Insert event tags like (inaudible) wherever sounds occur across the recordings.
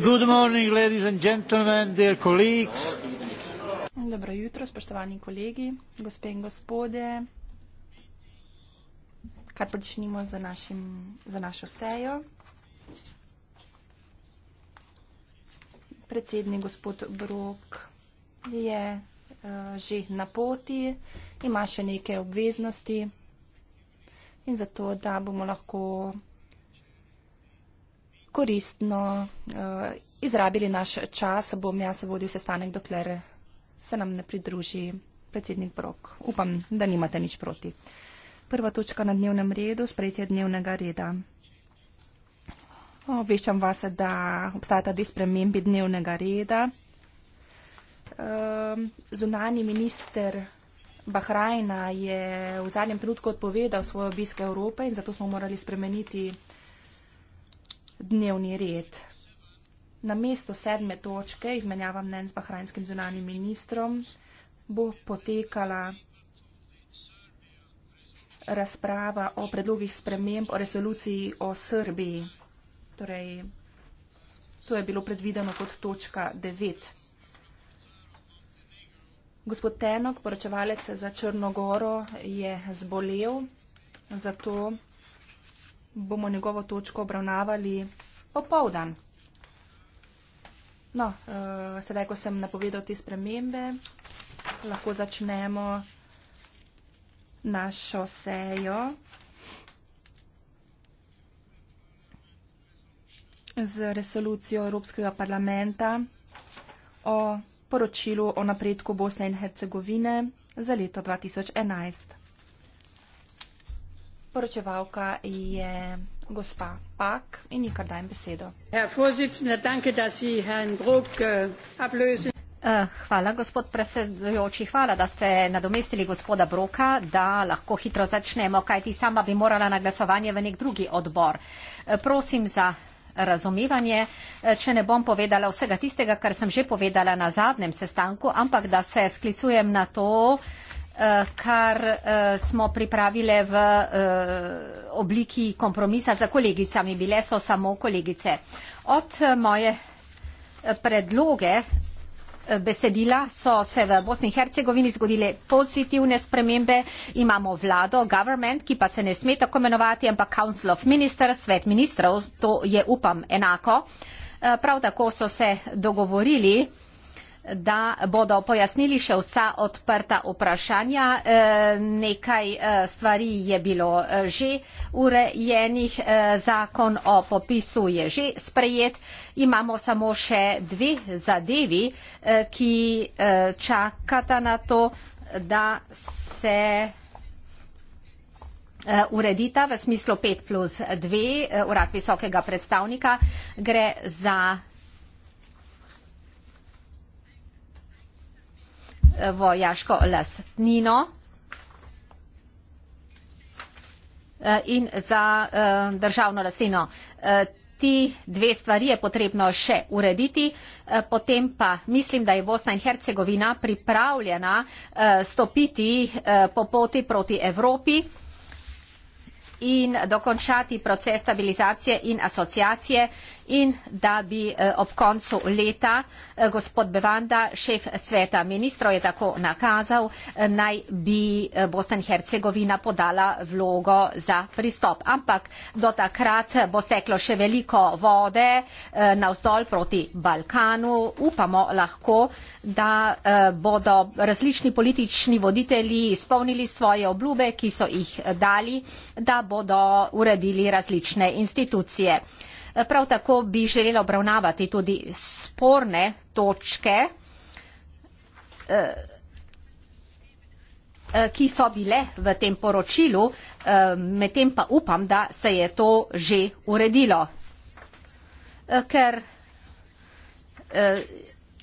Good morning, ladies and gentlemen, dear colleagues. Dobro jutro, spoštovani kolegi, gospe in gospode. Kar počnimo za našim, za našo sejo. Predsednik gospod Brok je, eh, že na poti, ima še neke obveznosti in zato, da bomo lahko koristno uh, izrabili naš čas. Bom jaz vodil sestanek, dokler se nam ne pridruži predsednik Brok. Upam, da nimate nič proti. Prva točka na dnevnem redu, sprejetje dnevnega reda. Obveščam vas, da obstajata dve spremembi dnevnega reda. Ehm, Zunani minister Bahrajna je v zadnjem trenutku odpovedal svoje obiske Evrope in zato smo morali spremeniti dnevni red. Na mesto sedme točke izmenjava mnen z bahrajnskim zunanim ministrom bo potekala razprava o predlogih sprememb o resoluciji o Srbiji. Torej, to je bilo predvideno kot točka 9. Gospod Tenok, poročevalec za Črnogoro, je zbolel, zato bomo njegovo točko obravnavali popovdan. No, uh, sedaj, ko sem napovedal te spremembe, lahko začnemo našo sejo z resolucijo Evropskega parlamenta o poročilu o napredku Bosne in Hercegovine za leto 2011. Poročevalka je gospa Pak in ji kar dajem besedo. Äh, äh, hvala, gospod predsedujoči. Hvala, da ste nadomestili gospoda Broka, da lahko hitro začnemo, kajti sama bi morala na glasovanje v nek drugi odbor. Äh, prosim za razumevanje, če ne bom povedala vsega tistega, kar sem že povedala na zadnjem sestanku, ampak da se sklicujem na to, Eh, kar eh, smo pripravile v eh, obliki kompromisa za kolegicami. Bile so samo kolegice. Od moje predloge besedila so se v Bosni in Hercegovini zgodile pozitivne spremembe. Imamo vlado, government, ki pa se ne sme tako imenovati, ampak Council of Ministers, svet ministrov, to je upam enako. Prav tako so se dogovorili, da bodo pojasnili še vsa odprta vprašanja. E, nekaj e, stvari je bilo e, že urejenih, zakon o popisu je že sprejet. Imamo samo še dve zadevi, ki čakata na to, da se uredita v smislu 5 plus 2 urad visokega predstavnika. Gre za vojaško lastnino eh, in za eh, državno lastnino. Eh, ti dve stvari je potrebno še urediti, potem pa mislim, da je Bosna in Hercegovina pripravljena stopiti po poti proti Evropi in dokončati proces stabilizacije in asociacije in da bi eh, ob koncu leta eh, gospod Bevanda, šef sveta ministrov, je tako nakazal, eh, naj bi Bosna in Hercegovina podala vlogo za pristop. Ampak do takrat bo steklo še veliko vode na vzdolj proti Balkanu. Upamo lahko, da bodo različni politični voditelji izpolnili svoje obljube, ki so jih dali, da bodo uredili različne institucije. Prav tako bi želela obravnavati tudi sporne točke, eh, eh, ki so bile v tem poročilu, eh, medtem pa upam, da se je to že uredilo. Ker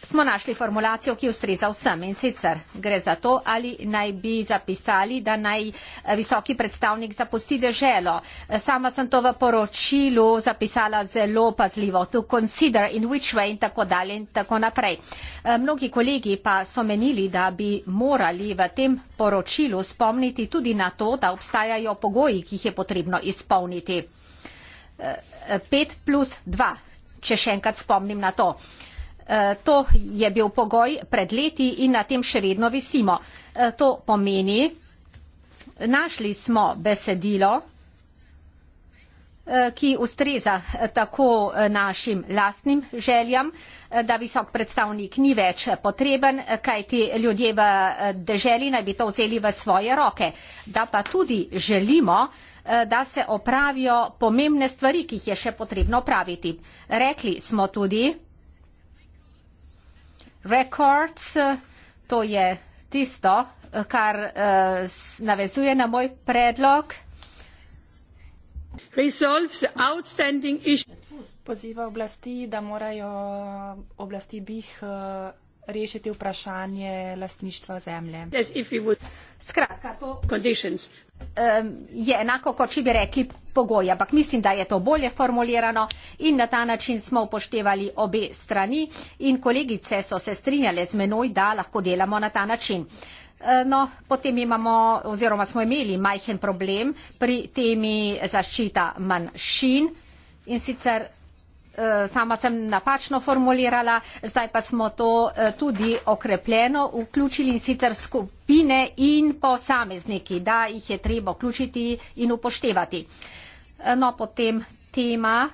smo našli formulacijo, ki ustreza vsem in sicer gre za to, ali naj bi zapisali, da naj eh, visoki predstavnik zapusti deželo. Eh, sama sem to v poročilu zapisala zelo pazljivo, to consider in which way in tako dalje in tako naprej. Eh, mnogi kolegi pa so menili, da bi morali v tem poročilu spomniti tudi na to, da obstajajo pogoji, ki jih je potrebno izpolniti. 5 plus 2, če še enkrat spomnim na to. Eh, to je bil pogoj pred leti in na tem še vedno visimo. Eh, to pomeni, našli smo besedilo, eh, ki ustreza tako našim lastnim željam, da visok predstavnik ni več potreben, kaj ti ljudje v deželi naj bi to vzeli v svoje roke, da pa tudi želimo, da se opravijo pomembne stvari, ki jih je še potrebno opraviti. Rekli smo tudi, Records, to je tisto, kar uh, navezuje na moj predlog. Poziva oblasti, da morajo oblasti bih uh, rešiti vprašanje lastništva zemlje. Yes, Skratka, po um, je enako, kot če bi rekli pogoje, ampak mislim, da je to bolje formulirano in na ta način smo upoštevali obe strani in kolegice so se strinjale z menoj, da lahko delamo na ta način. No, potem imamo oziroma smo imeli majhen problem pri temi zaščita manjšin in sicer Eh, sama sem napačno formulirala, zdaj pa smo to eh, tudi okrepljeno vključili in sicer skupine in posamezniki, da jih je treba vključiti in upoštevati. Eh, no, potem tema,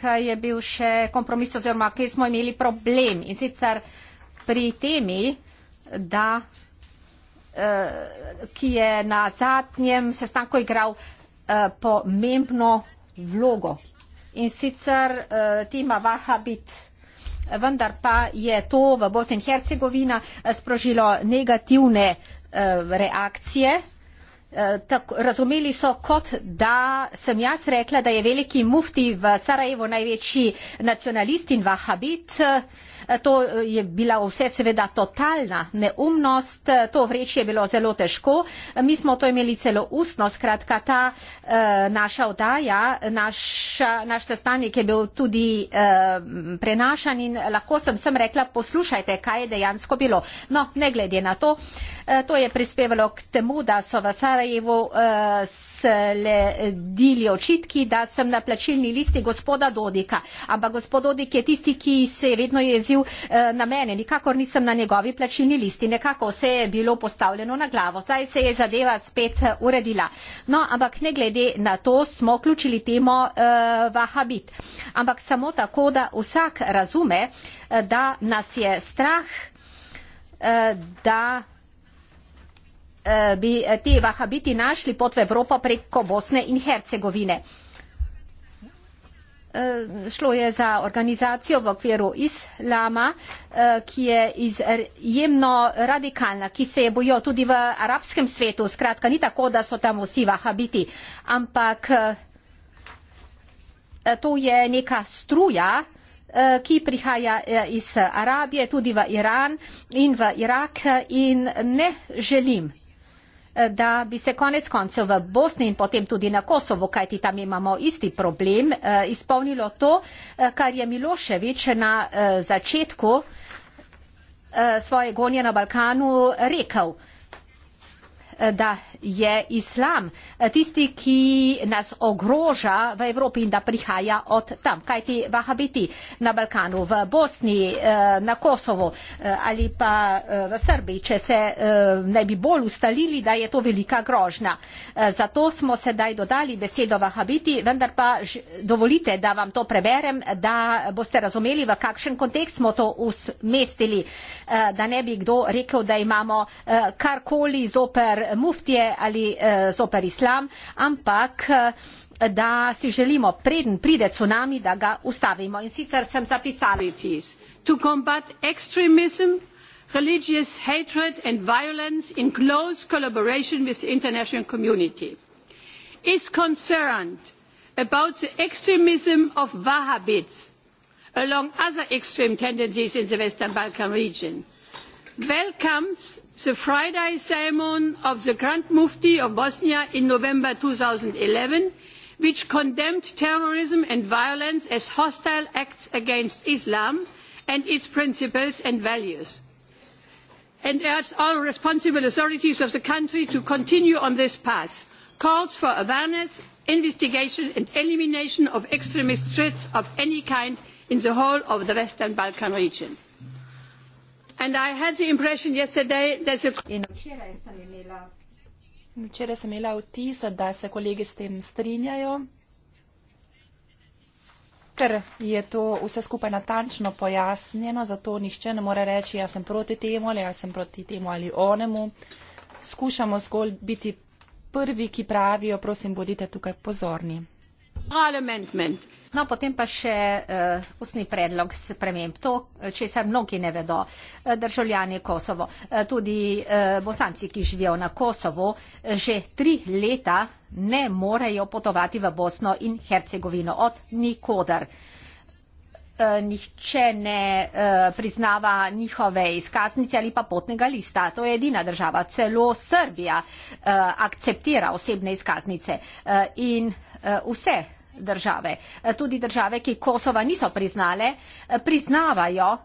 kaj je bil še kompromis oziroma kje smo imeli problem in sicer pri temi, da ki je na zadnjem sestanku igral pomembno vlogo in sicer uh, eh, tima Vahabit. Vendar pa je to v Bosni in Hercegovini eh, sprožilo negativne uh, reakcije Eh, tako, razumeli so, kot da sem jaz rekla, da je veliki mufti v Sarajevo največji nacionalist in vahabit. Eh, to je bila vse seveda totalna neumnost, eh, to vreči je bilo zelo težko. Mi smo to imeli celo ustno, skratka ta eh, naša odaja, naš, naš sestanek je bil tudi eh, prenašan in lahko sem sem rekla, poslušajte, kaj je dejansko bilo. No, ne glede na to, eh, to je prispevalo k temu, da so v Sarajevo Sarajevo uh, sledili očitki, da sem na plačilni listi gospoda Dodika. Ampak gospod Dodik je tisti, ki se je vedno jezil uh, na mene, nikakor nisem na njegovi plačilni listi, nekako vse je bilo postavljeno na glavo. Zdaj se je zadeva spet eh, uredila. No, ampak ne glede na to smo vključili temo uh, Vahabit. Ampak samo tako, da vsak razume, uh, da nas je strah, uh, da Eh, bi eh, ti vahabiti našli pot v Evropo preko Bosne in Hercegovine. Eh, šlo je za organizacijo v okviru islama, ki je izjemno radikalna, ki se je bojo tudi v arabskem svetu. Skratka, ni tako, da so tam vsi vahabiti, ampak to je neka struja, ki prihaja iz Arabije, tudi v Iran in v Irak in ne želim Eh, da bi se konec koncev v Bosni in potem tudi na Kosovo, kajti tam imamo isti problem, eh, izpolnilo to, eh, kar je Miloševič na začetku svoje gonje na Balkanu rekel da je islam eh, tisti, ki nas ogroža v Evropi in da prihaja od tam. Kaj ti vahabiti na Balkanu, v Bosni, eh, na Kosovo eh, ali pa v Srbiji, če se ne bi bolj ustalili, da je to velika grožnja. Zato smo sedaj dodali besedo vahabiti, vendar pa dovolite, da vam to preberem, da boste razumeli, v kakšen kontekst smo to usmestili, da ne bi kdo rekel, da imamo karkoli zoper muftije ali uh, zoper islam, ampak uh, da si želimo, preden pride tsunami, da ga ustavimo. In sicer sem zapisala. To combat extremism, religious hatred and violence in close collaboration with the international community. Is concerned about the extremism of Wahhabites along other extreme tendencies in the Western Balkan region. Welcomes the friday sermon of the grand mufti of bosnia in november two thousand and eleven which condemned terrorism and violence as hostile acts against islam and its principles and values and urged all responsible authorities of the country to continue on this path calls for awareness investigation and elimination of extremist threats of any kind in the whole of the western balkan region and i had the impression yesterday that the in včeraj sem imela vtis, da se kolegi s tem strinjajo, ker je to vse skupaj natančno pojasnjeno, zato nihče ne more reči, ja sem proti temu ali ja sem proti temu ali onemu. Skušamo zgolj biti prvi, ki pravijo, prosim, bodite tukaj pozorni. Parlamentment. No, potem pa še uh, ustni predlog sprememb. To, eh, če se mnogi ne vedo, eh, državljani Kosovo, tudi uh, bosanci, ki živijo na Kosovo, že tri leta ne morejo potovati v Bosno in Hercegovino od nikoder. Nihče ne uh, priznava njihove izkaznice ali pa potnega lista. To je edina država. Celo Srbija uh, akceptira osebne izkaznice uh, in uh, vse uh, države. Tudi države, ki Kosova niso priznale, priznavajo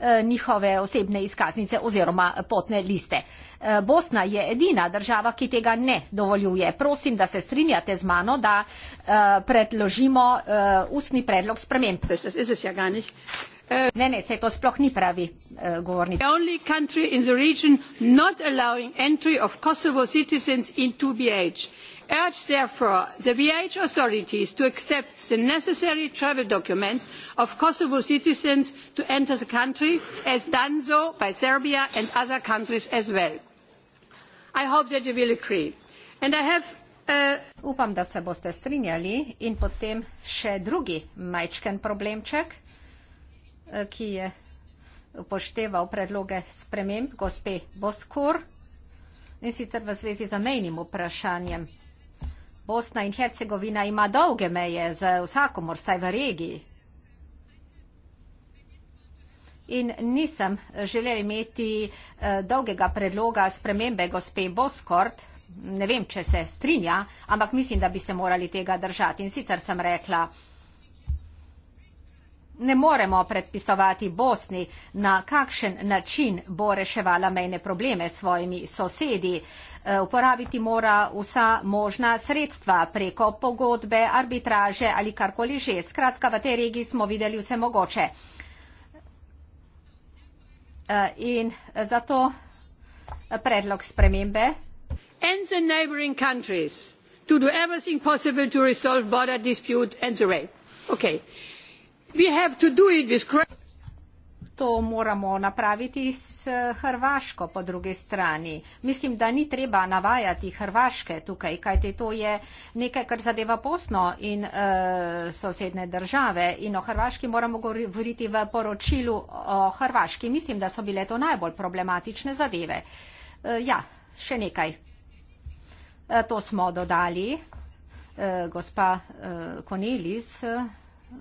eh, njihove osebne izkaznice oziroma potne liste. Eh, Bosna je edina država, ki tega ne dovoljuje. Prosim, da se strinjate z mano, da eh, predložimo ustni predlog sprememb. Das ist es ja gar nicht. Eh, ne, ne, se to sploh ni pravi uh, govornik. urge therefore the VH authorities to accept the necessary travel documents of Kosovo citizens to enter the country, as done so by Serbia and other countries as well. I hope that you will agree. And I have uh, Upam, da se boste strinjali in potem še drugi majčken problemček ki je upošteval predloge sprememb gospe Boskur in sicer v zvezi z mejnim vprašanjem. Bosna in Hercegovina ima dolge meje z vsakomor, saj v regiji. In nisem želel imeti eh, dolgega predloga spremembe gospe Boskort, ne vem, če se strinja, ampak mislim, da bi se morali tega držati. In sicer sem rekla, da ne moremo predpisovati Bosni, na kakšen način bo reševala mejne probleme s svojimi sosedi. E, uporabiti mora vsa možna sredstva preko pogodbe, arbitraže ali karkoli že. Skratka, v tej regiji smo videli vse mogoče. E, in zato predlog spremembe. To do everything possible to resolve border dispute and the rape. Okay. To moramo napraviti s eh, Hrvaško po drugi strani. Mislim, da ni treba navajati Hrvaške tukaj, kajte to je nekaj, kar zadeva Bosno in uh, sosedne države. In o Hrvaški moramo govoriti v poročilu o Hrvaški. Mislim, da so bile to najbolj problematične zadeve. Uh, ja, še nekaj. Uh, to smo dodali. Uh, gospa uh, Konelis. Uh, Eh,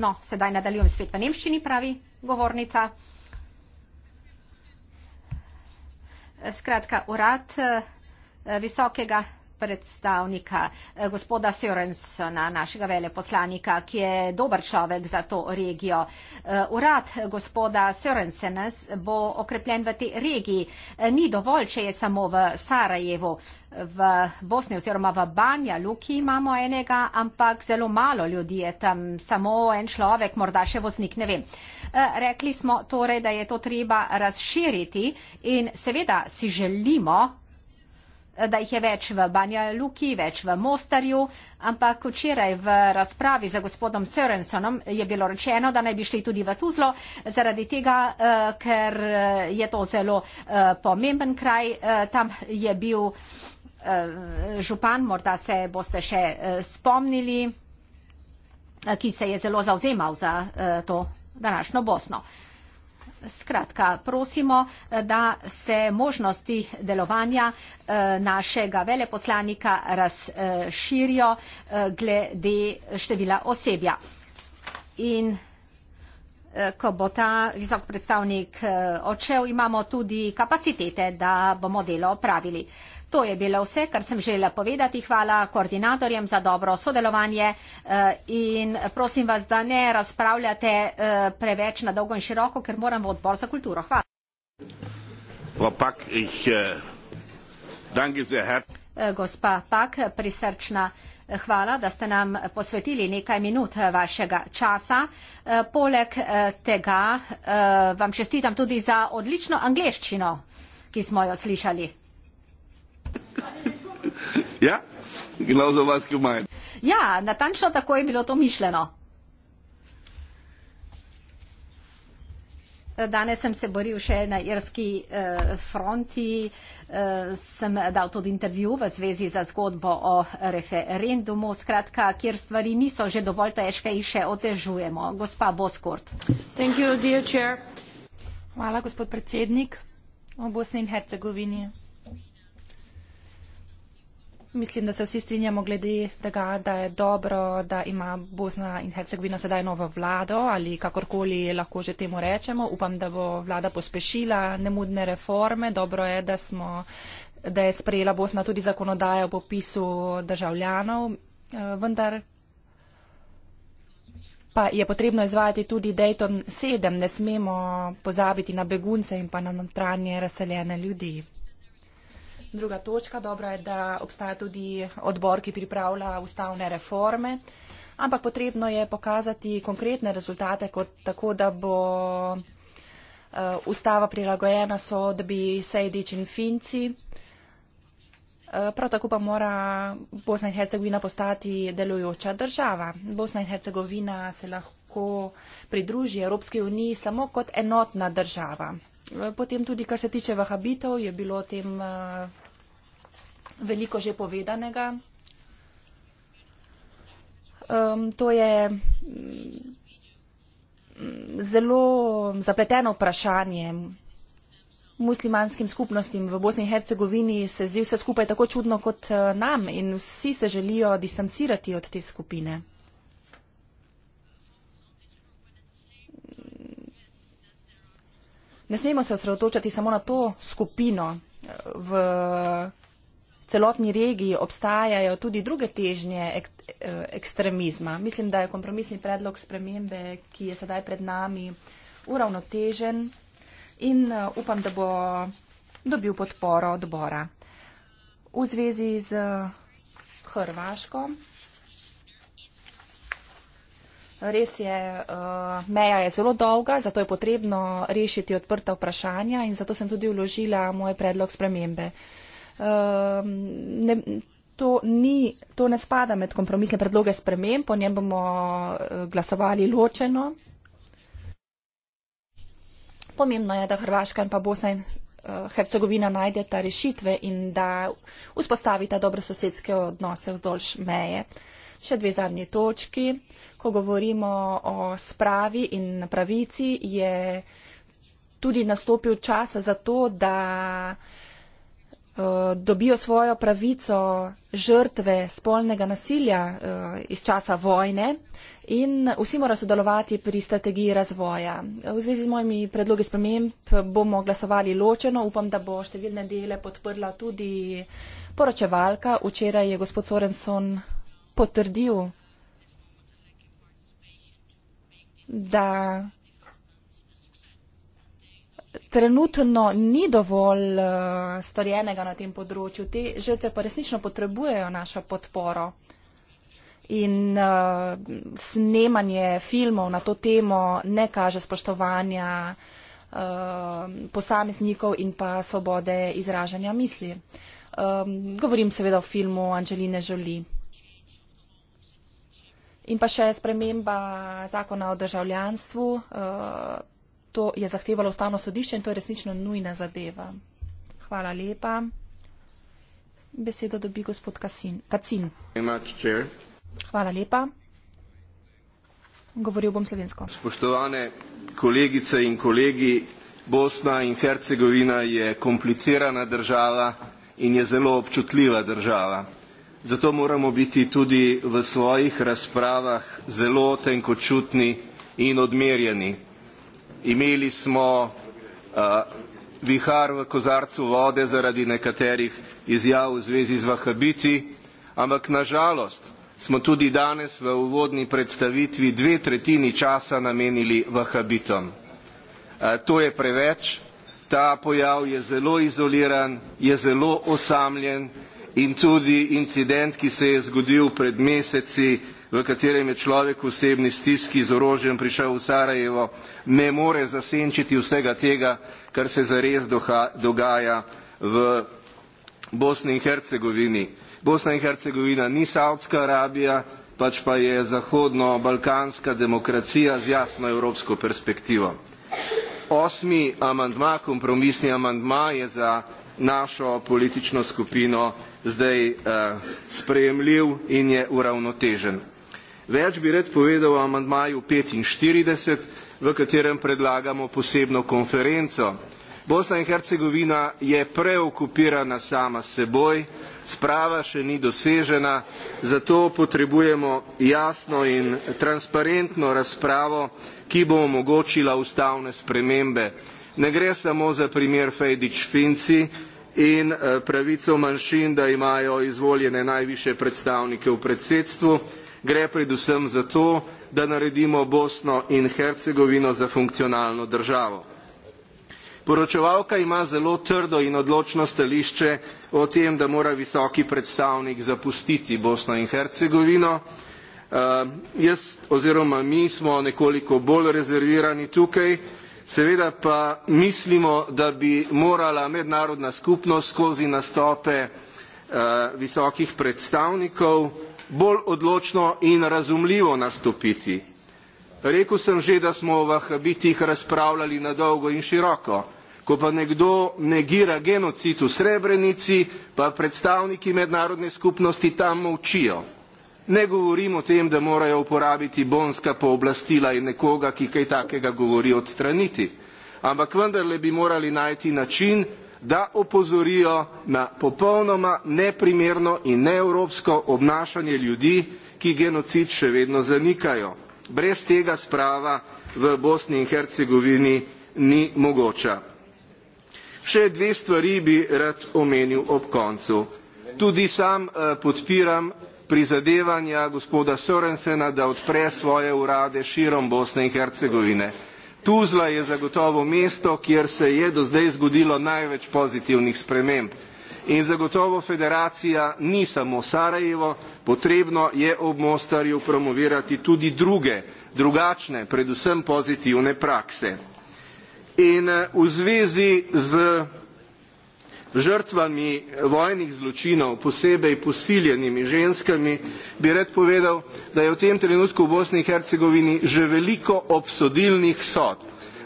no, sedaj nadaljujem spet v nemščini, pravi govornica. Skratka, urad eh, visokega predstavnika eh, gospoda Sørensona, našega veleposlanika, ki je dober človek za to regijo. Eh, urad eh, gospoda Sørensena bo okrepljen v tej regiji. Ni dovolj, če je samo v Sarajevu, v Bosni oziroma v Banja Luki imamo enega, ampak zelo malo ljudi je tam, samo en človek, morda še voznik, ne vem. Rekli smo torej, da je to treba razširiti in seveda si želimo, da jih je več v Banja Luki, več v Mostarju, ampak včeraj v razpravi za gospodom Sörensonom je bilo rečeno, da naj bi šli tudi v Tuzlo, zaradi tega, eh, ker eh, je to zelo eh, pomemben kraj. Tam je bil župan, morda se boste še spomnili, ki se je zelo zauzemal za to današnjo Bosno. Skratka, prosimo, eh, da se možnosti delovanja eh, našega veleposlanika razširijo eh, glede števila osebja. In ko bo ta visok predstavnik odšel, imamo tudi kapacitete, da bomo delo opravili. To je bilo vse, kar sem želela povedati. Hvala koordinatorjem za dobro sodelovanje eh, in prosim vas, da ne razpravljate eh, preveč na dolgo in široko, ker moram v odbor za kulturo. Hvala. Pak, ich, uh, Gospa Pak, prisrčna hvala, da ste nam posvetili nekaj minut vašega časa. Uh, poleg uh, tega uh, vam čestitam tudi za odlično angleščino, ki smo jo slišali ja, genau so war es gemeint. Ja, na dann schon da koi bilo to mišljeno. Danes sem se boril še na irski eh, fronti, eh, sem dal tudi intervju v zvezi za zgodbo o referendumu, skratka, kjer stvari niso že dovolj težke in še otežujemo. Gospa Boskort. You, Hvala, gospod predsednik v Bosni in Hercegovini. Mislim, da se vsi strinjamo glede tega, da je dobro, da ima Bosna in Hercegovina sedaj novo vlado ali kakorkoli lahko že temu rečemo. Upam, da bo vlada pospešila nemudne reforme. Dobro je, da, smo, da je sprejela Bosna tudi zakonodajo o popisu državljanov, eh, vendar. Pa je potrebno izvajati tudi Dayton 7, ne smemo pozabiti na begunce in pa na notranje razseljene ljudi. Druga točka, dobro je, da obstaja tudi odbor, ki pripravlja ustavne reforme, ampak potrebno je pokazati konkretne rezultate, kot tako, da bo eh, ustava prilagojena so, da bi sejdič in finci. Eh, prav tako pa mora Bosna in Hercegovina postati delujoča država. Bosna in Hercegovina se lahko pridruži Evropski uniji samo kot enotna država. Eh, potem tudi, kar se tiče vahabitov, je bilo tem veliko že povedanega. Um, to je um, zelo zapleteno vprašanje. Muslimanskim skupnostim v Bosni in Hercegovini se zdi vse skupaj tako čudno kot eh, nam in vsi se želijo distancirati od te skupine. Ne smemo se osredotočati samo na to skupino eh, v celotni regiji obstajajo tudi druge težnje ek, e, ekstremizma. Mislim, da je kompromisni predlog spremembe, ki je sedaj pred nami, uravnotežen in e, upam, da bo dobil podporo odbora. V zvezi z e, Hrvaško. Res je, meja je zelo dolga, zato je potrebno rešiti odprta vprašanja in zato sem tudi vložila moj predlog spremembe. Ehm, ne, to, ni, to ne spada med kompromisne predloge spremem, po njem bomo eh, glasovali ločeno. Pomembno je, da Hrvaška in pa Bosna in eh, Hercegovina najdeta rešitve in da vzpostavita dobre sosedske odnose vzdolž meje. Še dve zadnje točki. Ko govorimo o spravi in pravici, je tudi nastopil čas za to, da uh, Eh, dobijo svojo pravico žrtve spolnega nasilja eh, iz časa vojne in vsi morajo sodelovati pri strategiji razvoja. V zvezi z mojimi predlogi sprememb bomo glasovali ločeno. Upam, da bo številne dele podprla tudi poročevalka. Včeraj je gospod Sorenson potrdil, da trenutno ni dovolj eh, storjenega na tem področju. Te žrtve pa resnično potrebujejo našo podporo. In uh, snemanje filmov na to temo ne kaže spoštovanja uh, posameznikov in pa svobode izražanja misli. Um, govorim seveda o filmu Anželine Žoli. In pa še sprememba zakona o državljanstvu. Uh, to je zahtevalo ustavno sodišče in to je resnično nujna zadeva. Hvala lepa. Besedo dobi gospod Kacin. Kacin. Hvala lepa. Govoril bom slovensko. Spoštovane kolegice in kolegi, Bosna in Hercegovina je komplicirana država in je zelo občutljiva država. Zato moramo biti tudi v svojih razpravah zelo tenkočutni in odmerjeni imeli smo uh, vihar v kozarcu vode zaradi nekaterih izjav v zvezi z vahabiti, ampak nažalost smo tudi danes v uvodni predstavitvi dve tretjini časa namenili vahabitom. Uh, to je preveč, ta pojav je zelo izoliran, je zelo osamljen in tudi incident, ki se je zgodil pred meseci, v katerem je človek v osebni stiski z orožjem prišel v Sarajevo, ne more zasenčiti vsega tega, kar se zares doha, dogaja v Bosni in Hercegovini. Bosna in Hercegovina ni Saudska Arabija, pač pa je zahodno-balkanska demokracija z jasno evropsko perspektivo. Osmi amandma, kompromisni amandma je za našo politično skupino zdaj eh, sprejemljiv in je uravnotežen. Več bi rad povedal o amandmaju 45, v katerem predlagamo posebno konferenco. Bosna in Hercegovina je preokupirana sama seboj, sprava še ni dosežena, zato potrebujemo jasno in transparentno razpravo, ki bo omogočila ustavne spremembe. Ne gre samo za primer Fejdič Finci in eh, pravico manjšin, da imajo izvoljene najviše predstavnike v predsedstvu, gre predvsem za to da naredimo bosno in hercegovino za funkcionalno državo poročevalka ima zelo trdo in odločno stališče o tem da mora visoki predstavnik zapustiti bosno in hercegovino eh, jaz oziroma mi smo nekoliko bolj rezervirani tukaj seveda pa mislimo da bi morala mednarodna skupnost skozi nastope eh, visokih predstavnikov bolj odločno in razumljivo nastopiti. Rekl sem že, da smo o vahabitih razpravljali na dolgo in široko. Ko pa nekdo negira genocid v Srebrenici, pa predstavniki mednarodne skupnosti tam molčijo. Ne govorim o tem, da morajo uporabiti bonska pooblastila in nekoga, ki kaj takega govori, odstraniti. Ampak vendarle bi morali najti način, da opozorijo na popolnoma neprimerno in neevropsko obnašanje ljudi, ki genocid še vedno zanikajo. Brez tega sprava v Bosni in Hercegovini ni mogoča. Še dve stvari bi rad omenil ob koncu. Tudi sam eh, podpiram prizadevanja gospoda Sorensena, da odpre svoje urade širom Bosne in Hercegovine. Tuzla je zagotovo mesto, kjer se je do zdaj zgodilo največ pozitivnih sprememb. In zagotovo federacija ni samo Sarajevo, potrebno je ob Mostarju promovirati tudi druge, drugačne, predvsem pozitivne prakse. In eh, v zvezi z žrtvami vojnih zločinov, posebej posiljenimi ženskami, bi red povedal, da je v tem trenutku v Bosni in Hercegovini že veliko obsodilnih sod,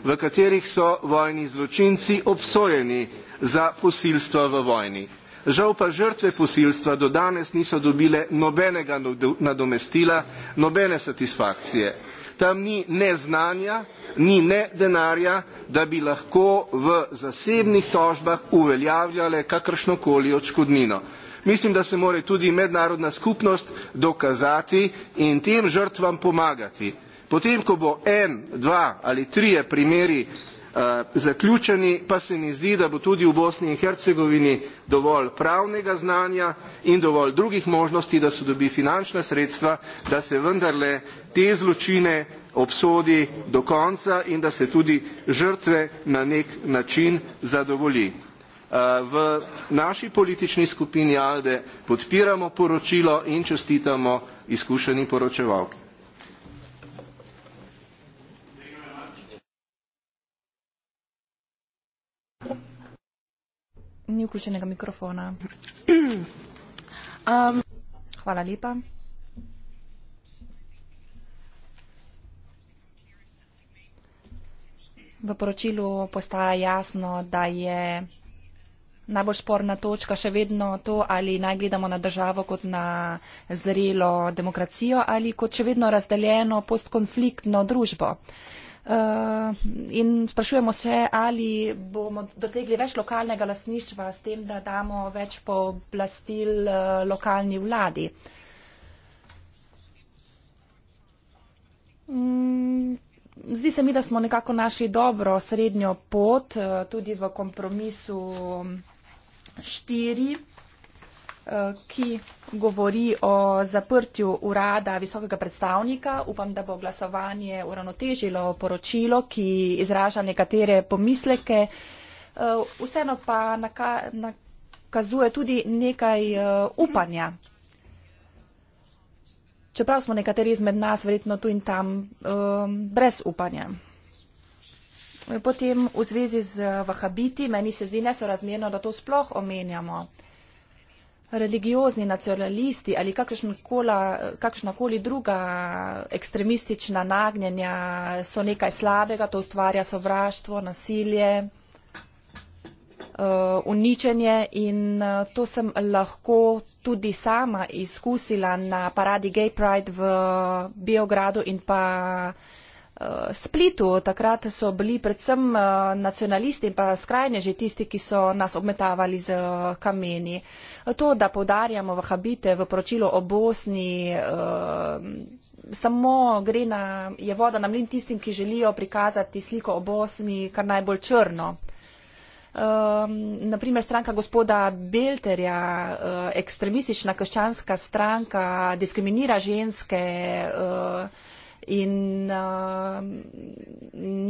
v katerih so vojni zločinci obsojeni za posilstva v vojni. Žal pa žrtve posilstva do danes niso dobile nobenega nadomestila, nobene satisfakcije tam ni ne znanja, ni ne denarja, da bi lahko v zasebnih tožbah uveljavljale kakršnokoli odškodnino. Mislim, da se mora tudi mednarodna skupnost dokazati in tem žrtvam pomagati. Potem, ko bo en, dva ali trije primeri Eh, zaključeni, pa se mi zdi, da bo tudi v Bosni in Hercegovini dovolj pravnega znanja in dovolj drugih možnosti, da se dobi finančna sredstva, da se vendarle te zločine obsodi do konca in da se tudi žrtve na nek način zadovolji. Eh, v naši politični skupini ALDE podpiramo poročilo in čestitamo izkušeni poročevalki. ni vključenega mikrofona. Um. Hvala lepa. V poročilu postaja jasno, da je najbolj sporna točka še vedno to, ali naj gledamo na državo kot na zrelo demokracijo ali kot še vedno razdeljeno postkonfliktno družbo. Eh, in sprašujemo se, ali bomo dosegli več lokalnega lasništva s tem, da damo več poblastil eh, lokalni vladi. Mm, zdi se mi, da smo nekako našli dobro srednjo pot eh, tudi v kompromisu mm, štiri. Eh, ki govori o zaprtju urada visokega predstavnika. Upam, da bo glasovanje uravnotežilo poročilo, ki izraža nekatere pomisleke. Eh, vseeno pa nakazuje tudi nekaj eh, upanja. Čeprav smo nekateri izmed nas verjetno tu in tam brez upanja. Potem v zvezi z vahabiti, meni se zdi nesorazmerno, da to sploh omenjamo religiozni nacionalisti ali kakršnakoli druga ekstremistična nagnjenja so nekaj slabega, to ustvarja sovraštvo, nasilje, uh, uničenje in uh, to sem lahko tudi sama izkusila na paradi Gay Pride v Beogradu in pa v Eh, Splitu. Takrat so bili predvsem eh, nacionalisti in pa skrajne že tisti, ki so nas obmetavali z eh, kameni. To, da povdarjamo vahabite v poročilo o Bosni, samo gre na, je voda na mlin tistim, ki želijo prikazati sliko o Bosni kar najbolj črno. Um, ehm, naprimer, stranka gospoda Belterja, uh, ekstremistična krščanska stranka, diskriminira ženske. Uh, in uh,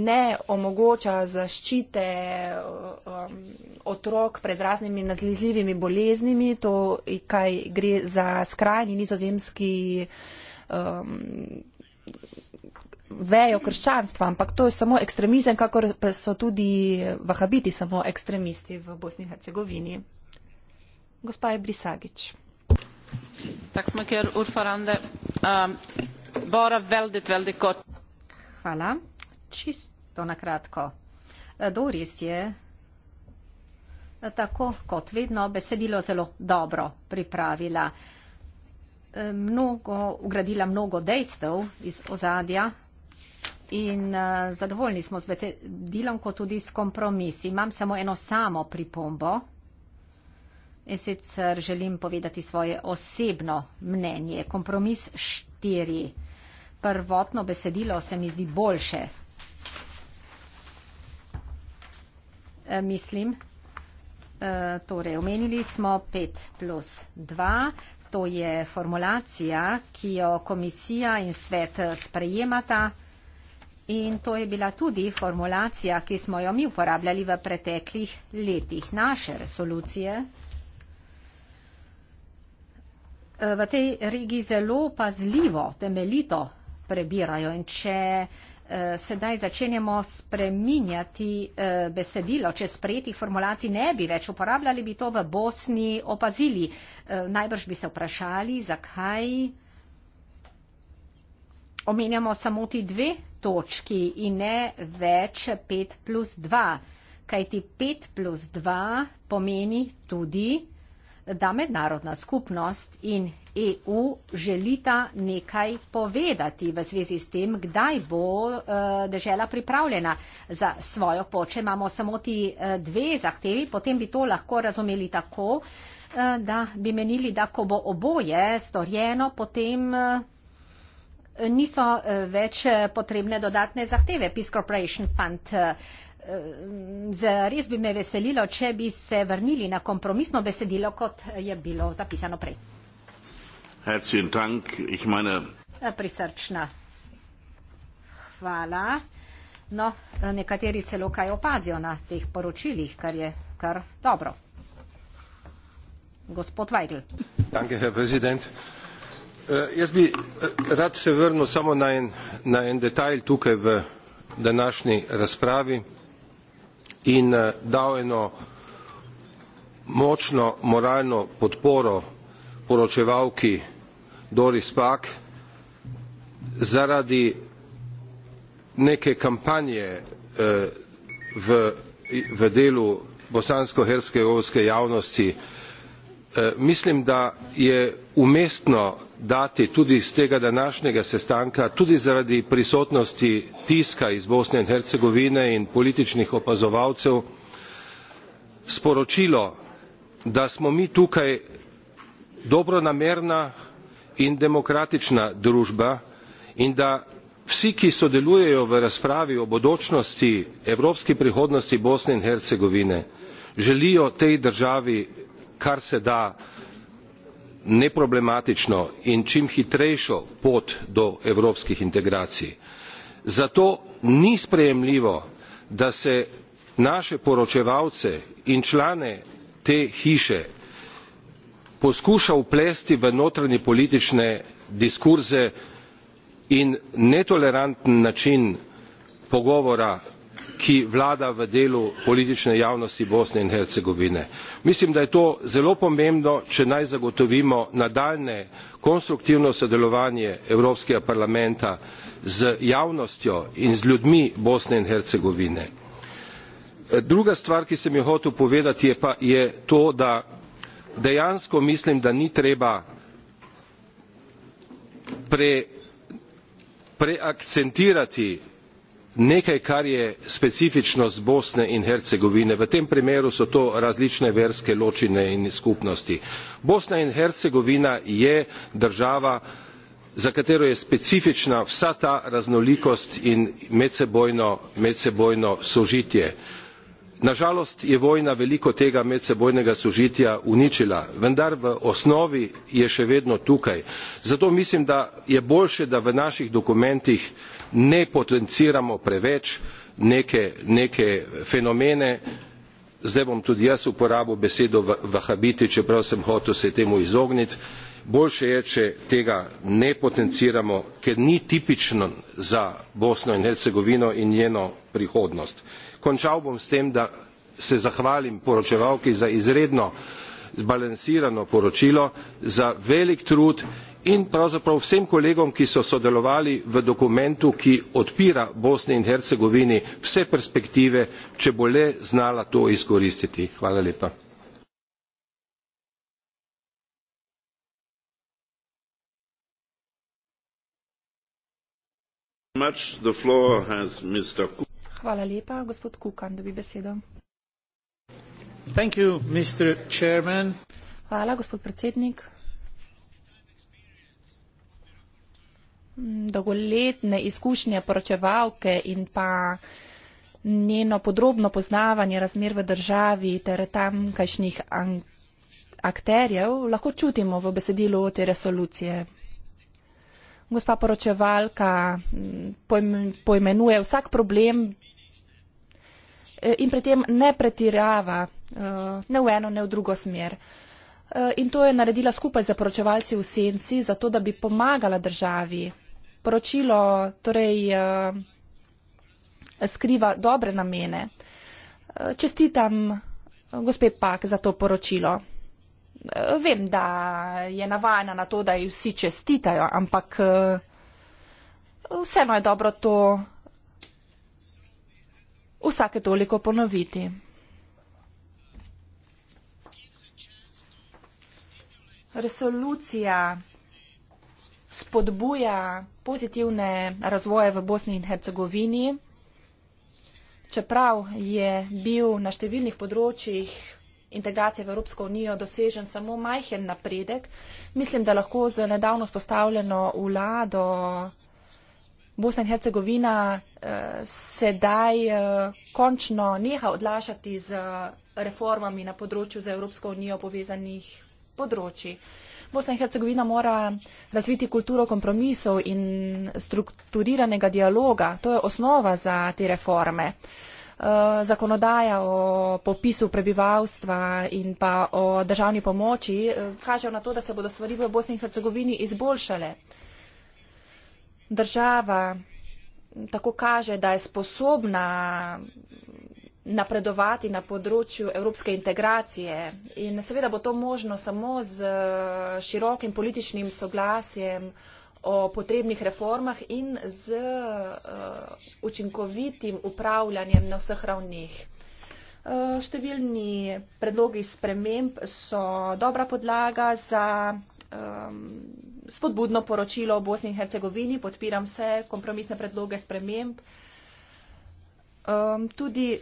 ne omogoča zaščite um, otrok pred raznimi nazlizljivimi boleznimi. To, kaj gre za skrajni nizozemski um, vejo krščanstva, ampak to je samo ekstremizem, kakor so tudi vahabiti samo ekstremisti v Bosni in Hercegovini. Gospa je Brisagič. Tak smo, ker Urfarande. Um, Hvala. Čisto na kratko. Doris je tako kot vedno besedilo zelo dobro pripravila. Mnogo, ugradila mnogo dejstev iz ozadja in zadovoljni smo z besedilom kot tudi s kompromisi. Imam samo eno samo pripombo in sicer želim povedati svoje osebno mnenje. Kompromis štiri. Prvotno besedilo se mi zdi boljše. E, mislim, e, torej omenili smo 5 plus 2, to je formulacija, ki jo komisija in svet sprejemata in to je bila tudi formulacija, ki smo jo mi uporabljali v preteklih letih. Naše resolucije v tej regiji zelo pazljivo, temeljito prebirajo in če eh, sedaj začenjamo spreminjati eh, besedilo, če sprejetih formulacij ne bi več uporabljali, bi to v Bosni opazili. Eh, najbrž bi se vprašali, zakaj omenjamo samo ti dve točki in ne več 5 plus 2, kajti 5 plus 2 pomeni tudi da mednarodna skupnost in EU želita nekaj povedati v zvezi s tem, kdaj bo eh, dežela pripravljena za svojo poče. Imamo samo ti eh, dve zahtevi, potem bi to lahko razumeli tako, eh, da bi menili, da ko bo oboje storjeno, potem niso več potrebne dodatne zahteve. Peace Corporation Fund uh, Ehm, zares bi me veselilo, če bi se vrnili na kompromisno besedilo, kot je bilo zapisano prej. Dank, ich meine... Eh, prisrčna. Hvala. No, eh, nekateri celo kaj opazijo na teh poročilih, kar je kar dobro. Gospod Weigl. Danke, herr Präsident. Eh, jaz bi rad se vrnil samo na en, na en detalj tukaj v današnji razpravi in eh, dal eno močno moralno podporo poročevalki Doris Pack zaradi neke kampanje eh, v, v delu bosansko-herske javnosti. Eh, mislim, da je umestno dati tudi s tega današnjega sestanka tudi zaradi prisotnosti tiska iz bosne in hercegovine in političnih opazovalcev sporočilo da smo mi tukaj dobronamerna in demokratična družba in da vsi ki sodelujejo v razpravi o bodočnosti evropski prihodnosti bosne in hercegovine želijo tej državi kar se da neproblematično in čim hitrejšo pot do evropskih integracij. zato ni sprejemljivo da se naše poročevalce in člane te hiše poskuša vplesti v notranje politične diskurze in netoleranten način pogovora ki vlada v delu politične javnosti bosne in hercegovine. mislim da je to zelo pomembno če naj zagotovimo nadaljnje konstruktivno sodelovanje evropskega parlamenta z javnostjo in z ljudmi bosne in hercegovine. druga stvar ki sem jo hotel povedati je pa je to da dejansko mislim da ni treba preakcentirati nekaj kar je specifičnost Bosne in Hercegovine. V tem primeru so to različne verske ločine in skupnosti. Bosna in Hercegovina je država, za katero je specifična vsa ta raznolikost in medsebojno, medsebojno sožitje na žalost je vojna veliko tega medsebojnega sožitja uničila vendar v osnovi je še vedno tukaj zato mislim da je boljše da v naših dokumentih ne potenciramo preveč neke, neke fenomene zdaj bom tudi jaz uporabil besedo vahabiti čeprav sem hotel se temu izogniti boljše je če tega ne potenciramo ker ni tipično za bosno in hercegovino in njeno prihodnost končal bom s tem da se zahvalim poročevalki za izredno zbalansirano poročilo za velik trud in pravzaprav vsem kolegom ki so sodelovali v dokumentu ki odpira bosni in hercegovini vse perspektive če bo le znala to izkoristiti hvala lepa Hvala lepa. Gospod Kukan, dobi besedo. You, Hvala, gospod predsednik. Dolgoletne izkušnje poročevalke in pa njeno podrobno poznavanje razmer v državi ter tamkajšnjih akterjev lahko čutimo v besedilu te resolucije gospa poročevalka poimenuje vsak problem eh, in pri tem ne pretirava eh, ne v eno, ne v drugo smer. Eh, in to je naredila skupaj za poročevalci v senci, zato da bi pomagala državi. Poročilo torej skriva dobre namene. Čestitam gospe Pak za to poročilo vem, da je navajena na to, da ji vsi čestitajo, ampak eh, vseeno je dobro to vsake toliko ponoviti. Resolucija spodbuja pozitivne razvoje v Bosni in Hercegovini, čeprav je bil na številnih področjih integracije v Evropsko unijo dosežen samo majhen napredek. Mislim, da lahko z nedavno spostavljeno vlado Bosna in Hercegovina eh, sedaj eh, končno neha odlašati z eh, reformami na področju za Evropsko unijo povezanih področji. Bosna in Hercegovina mora razviti kulturo kompromisov in strukturiranega dialoga. To je osnova za te reforme. Eh, Eh, zakonodaja o popisu prebivalstva in pa o državni pomoči eh, kažejo na to, da se bodo stvari v Bosni in Hercegovini izboljšale. Država tako kaže, da je sposobna napredovati na področju evropske integracije in seveda bo to možno samo z eh, širokim političnim soglasjem o potrebnih reformah in z uh, učinkovitim upravljanjem na vseh ravneh. Uh, številni predlogi sprememb so dobra podlaga za um, spodbudno poročilo o Bosni in Hercegovini. Podpiram vse kompromisne predloge sprememb. Um, tudi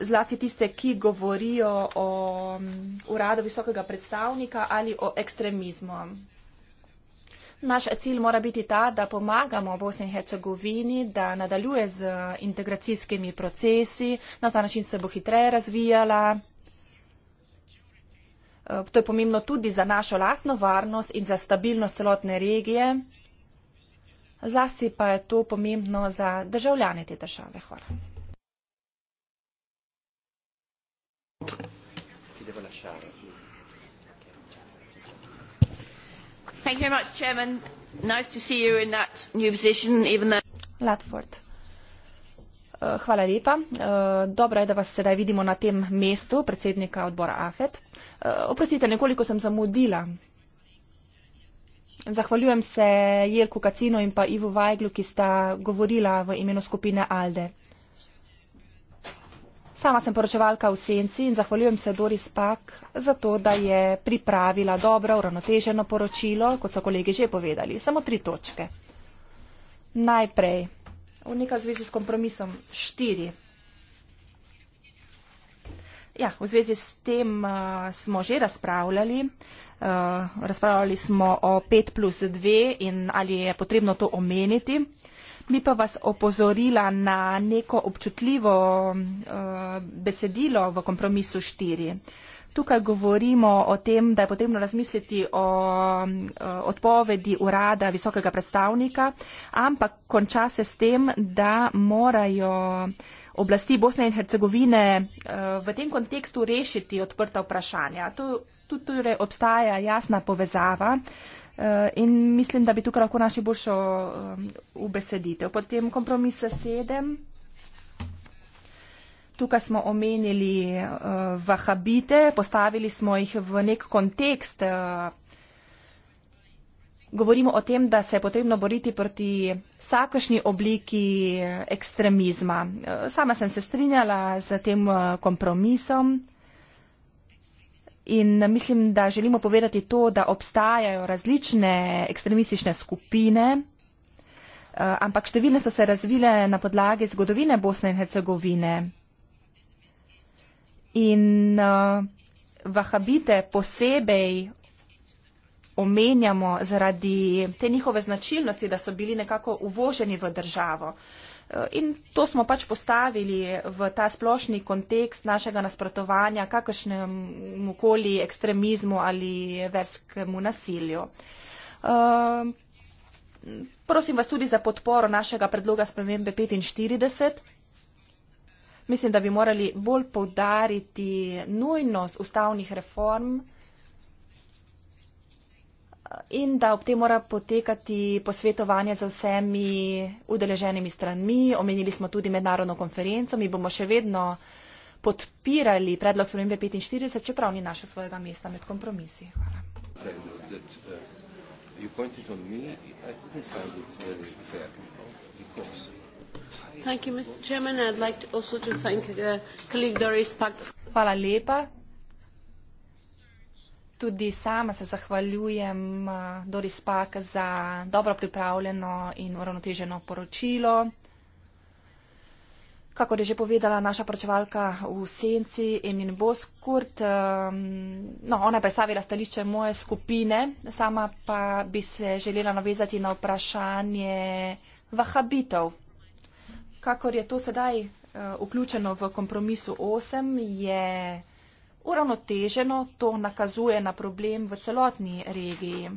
zlasti tiste, ki govorijo o um, uradu visokega predstavnika ali o ekstremizmu. Naš cilj mora biti ta, da pomagamo Bosni in Hercegovini, da nadaljuje z integracijskimi procesi, na ta način se bo hitreje razvijala. E, to je pomembno tudi za našo lastno varnost in za stabilnost celotne regije. Zlasti pa je to pomembno za državljane te države. Hvala. Thank you. Thank you very much, Chairman. Nice to see you in that new position, even though... Latford. Eh, hvala lepa. Eh, dobro je, da vas sedaj vidimo na tem mestu predsednika odbora AFET. Eh, oprostite, nekoliko sem zamudila. Zahvaljujem se Jelku Kacino in pa Ivu Vajglu, ki sta govorila v imenu skupine ALDE. Sama sem poročevalka v Senci in zahvaljujem se Doris Pak za to, da je pripravila dobro, uravnoteženo poročilo, kot so kolegi že povedali. Samo tri točke. Najprej, v nekaj zvezi s kompromisom, štiri. Ja, v zvezi s tem uh, smo že razpravljali. Uh, razpravljali smo o 5 plus 2 in ali je potrebno to omeniti. Uh, Bi pa vas opozorila na neko občutljivo uh, besedilo v kompromisu 4. Tukaj govorimo o tem, da je potrebno razmisliti o eh, odpovedi urada visokega predstavnika, ampak konča se s tem, da morajo oblasti Bosne in Hercegovine eh, v tem kontekstu rešiti odprta vprašanja. Tu, tu torej obstaja jasna povezava. Uh, Eh, in mislim, da bi tukaj lahko našli boljšo eh, ubeseditev. Potem kompromisa sedem. Tukaj smo omenili uh, vahabite, postavili smo jih v nek kontekst. Uh, govorimo o tem, da se je potrebno boriti proti vsakašnji obliki ekstremizma. Uh, sama sem se strinjala z tem uh, kompromisom. Uh, In mislim, da želimo povedati to, da obstajajo različne ekstremistične skupine, eh, ampak številne so se razvile na podlagi zgodovine Bosne in Hercegovine. In eh, vahabite posebej omenjamo zaradi te njihove značilnosti, da so bili nekako uvoženi v državo. In to smo pač postavili v ta splošni kontekst našega nasprotovanja kakršnemu koli ekstremizmu ali verskemu nasilju. Ehm, prosim vas tudi za podporo našega predloga spremembe 45. Mislim, da bi morali bolj povdariti nujnost ustavnih reform in da ob tem mora potekati posvetovanje z vsemi udeleženimi stranmi. Omenili smo tudi mednarodno konferenco, mi bomo še vedno podpirali predlog spremembe 45, čeprav ni našel svojega mesta med kompromisi. Hvala. Uh, Hvala lepa. Tudi sama se zahvaljujem eh, Doris Pak za dobro pripravljeno in uravnoteženo poročilo. Kako je že povedala naša poročevalka v senci Emin Boskurt, ehm, no, ona je predstavila stališče moje skupine, sama pa bi se želela navezati na vprašanje vahabitov. Kakor je to sedaj eh, vključeno v kompromisu 8, je uravnoteženo to nakazuje na problem v celotni regiji.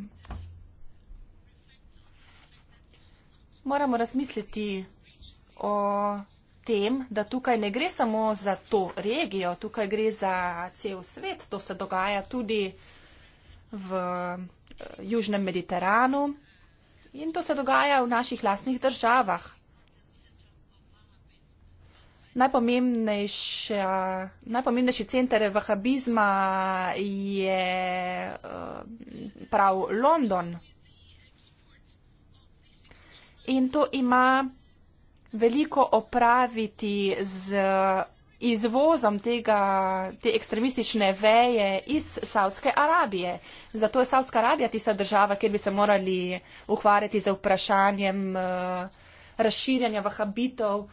Moramo razmisliti o tem, da tukaj ne gre samo za to regijo, tukaj gre za cel svet, to se dogaja tudi v eh, Južnem Mediteranu in to se dogaja v naših lastnih državah najpomembnejši center vahabizma je eh, prav London. In to ima veliko opraviti z izvozom tega, te ekstremistične veje iz Saudske Arabije. Zato je Saudska Arabija tista država, kjer bi se morali ukvarjati z vprašanjem uh, razširjanja vahabitov uh,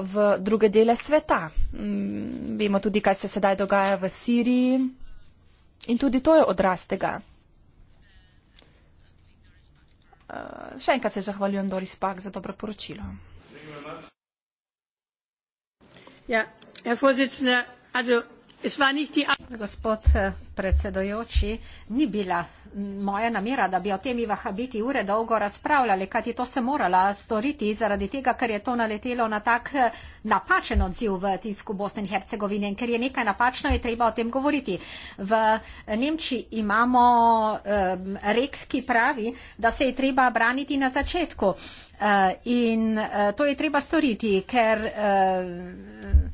v druge dele sveta. Mm, vemo tudi, kaj se sedaj dogaja v Siriji in tudi to je odraz tega. Eh, še enkrat se zahvaljujem Doris Pak za dobro poročilo. Ja, Herr Vorsitzender, also gospod eh, predsedujoči ni bila moja namera da bi o temi vahabiti ure dolgo razpravljali kajti to sem morala storiti zaradi tega ker je to naletelo na tak eh, napačen odziv v tisku bosne in hercegovine in ker je nekaj napačno je treba o tem govoriti v nemčiji imamo um, rek ki pravi da se je treba braniti na začetku uh, in uh, to je treba storiti ker uh,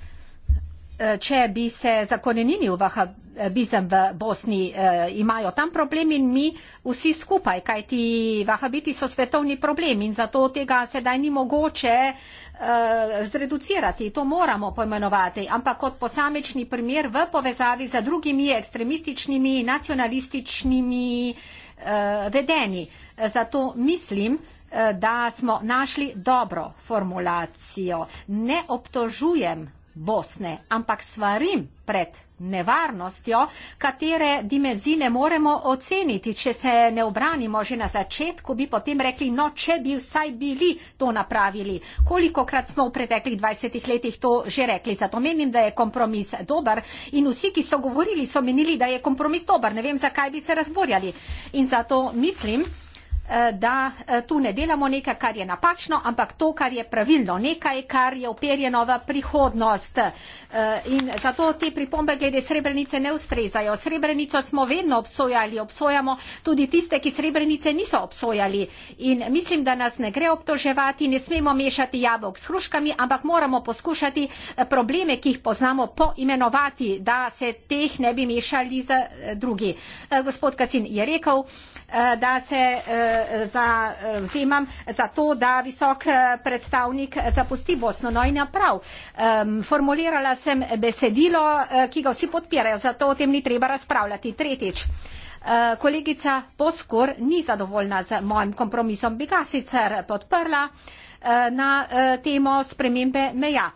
Eh, če bi se zakorenili v vahabizem v Bosni, eh, imajo tam problem in mi vsi skupaj, kajti vahabiti so svetovni problem in zato tega sedaj ni mogoče eh, zreducirati. To moramo pojmenovati, ampak kot posamečni primer v povezavi z drugimi ekstremističnimi, nacionalističnimi vedeni. Zato mislim, da smo našli dobro formulacijo. Ne obtožujem Bosne, ampak svarim pred nevarnostjo, katere dimenzije ne moremo oceniti. Če se ne obranimo že na začetku, bi potem rekli, no, če bi vsaj bili to napravili. Kolikokrat smo v preteklih 20 letih to že rekli, zato menim, da je kompromis dober in vsi, ki so govorili, so menili, da je kompromis dober. Ne vem, zakaj bi se razborjali. In zato mislim, Eh, da eh, tu ne delamo nekaj, kar je napačno, ampak to, kar je pravilno, nekaj, kar je operjeno v prihodnost. Eh, in zato te pripombe glede srebrenice ne ustrezajo. Srebrenico smo vedno obsojali, obsojamo tudi tiste, ki srebrenice niso obsojali. In mislim, da nas ne gre obtoževati, ne smemo mešati jabolk s hruškami, ampak moramo poskušati probleme, ki jih poznamo, poimenovati, da se teh ne bi mešali z drugi. Gospod Kacin je rekel, da se Eh, za, eh, vzemam za to, da visok eh, predstavnik zapusti Bosno. No in naprav. Ja, formulirala sem besedilo, ki ga vsi podpirajo, zato o tem ni treba razpravljati. Tretjič. Kolegica Poskor ni zadovoljna z mojim kompromisom, bi ga sicer podprla na temo spremembe meja.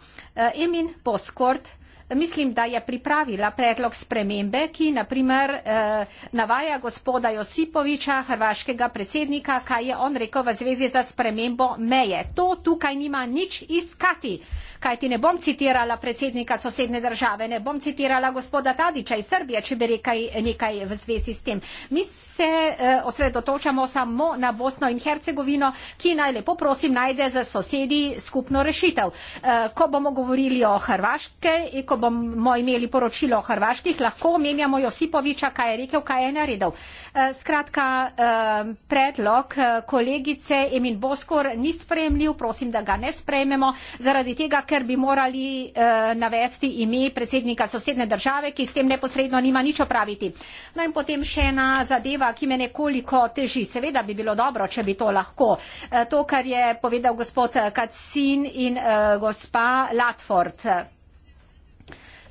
Emin Poskort mislim, da je pripravila predlog spremembe, ki naprimer eh, navaja gospoda Josipoviča, hrvaškega predsednika, kaj je on rekel v zvezi za spremembo meje. To tukaj nima nič iskati, kajti ne bom citirala predsednika sosedne države, ne bom citirala gospoda Tadiča iz Srbije, če bi rekel nekaj v zvezi s tem. Mi se eh, osredotočamo samo na Bosno in Hercegovino, ki naj lepo prosim najde za sosedi skupno rešitev. Eh, ko bomo govorili o Hrvaške in ko bomo imeli poročilo o Hrvaških, lahko omenjamo Josipoviča, kaj je rekel, kaj je naredil. Eh, skratka, eh, predlog eh, kolegice Emin Boskor ni spremljiv, prosim, da ga ne sprejmemo, zaradi tega, ker bi morali navesti ime predsednika sosedne države, ki s tem neposredno nima nič opraviti. No in potem še ena zadeva, ki me nekoliko teži. Seveda bi bilo dobro, če bi to lahko. To, kar je povedal gospod Kacin in gospa Latford.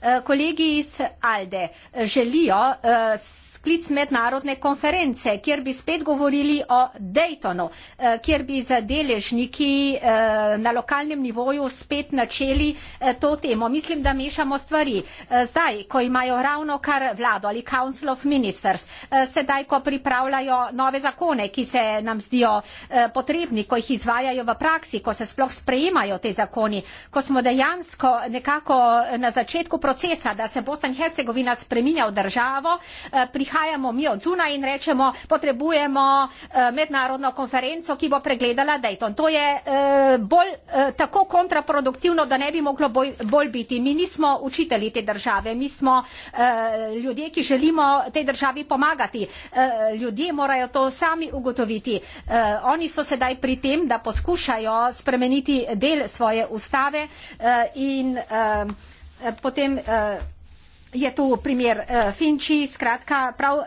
Eh, kolegi iz Alde eh, želijo eh, sklic mednarodne konference, kjer bi spet govorili o Daytonu, kjer bi za deležniki na lokalnem nivoju spet načeli to temo. Mislim, da mešamo stvari. Zdaj, ko imajo ravno kar vlado ali Council of Ministers, sedaj, ko pripravljajo nove zakone, ki se nam zdijo potrebni, ko jih izvajajo v praksi, ko se sploh sprejemajo te zakoni, ko smo dejansko nekako na začetku procesa, procesa, da se Bosna in Hercegovina spreminja v državo, eh, prihajamo mi od zunaj in rečemo, potrebujemo eh, mednarodno konferenco, ki bo pregledala Dayton. To je eh, bolj tako kontraproduktivno, da ne bi moglo bolj, bolj biti. Mi nismo učitelji te države, mi smo ljudje, ki želimo tej državi pomagati. Ljudje morajo to sami ugotoviti. Oni so sedaj pri tem, da poskušajo spremeniti del svoje ustave in uh... Eh, potem eh, je tu primer uh, Finči, skratka, prav uh,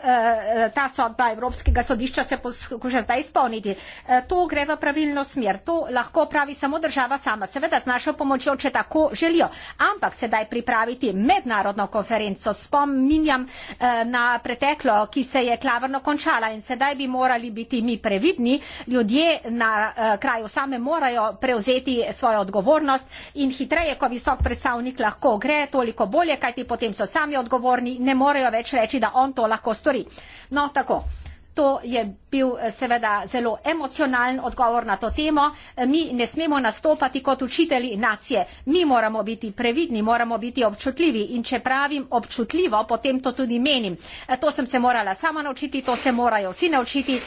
ta sodba Evropskega sodišča se poskuša zdaj izpolniti. Uh, to gre v pravilno smer, to lahko pravi samo država sama, seveda z našo pomočjo, če tako želijo, ampak sedaj pripraviti mednarodno konferenco, spominjam uh, na preteklo, ki se je klavrno končala in sedaj bi morali biti mi previdni, ljudje na uh, kraju same morajo prevzeti svojo odgovornost in hitreje, ko visok predstavnik lahko gre, toliko bolje, kajti potem so sami odgovorni ne morejo več reči, da on to lahko stori. No, tako. To je bil eh, seveda zelo emocionalen odgovor na to temo. Eh, mi ne smemo nastopati kot učitelji nacije. Mi moramo biti previdni, moramo biti občutljivi in če pravim občutljivo, potem to tudi menim. Eh, to sem se morala sama naučiti, to se morajo vsi naučiti.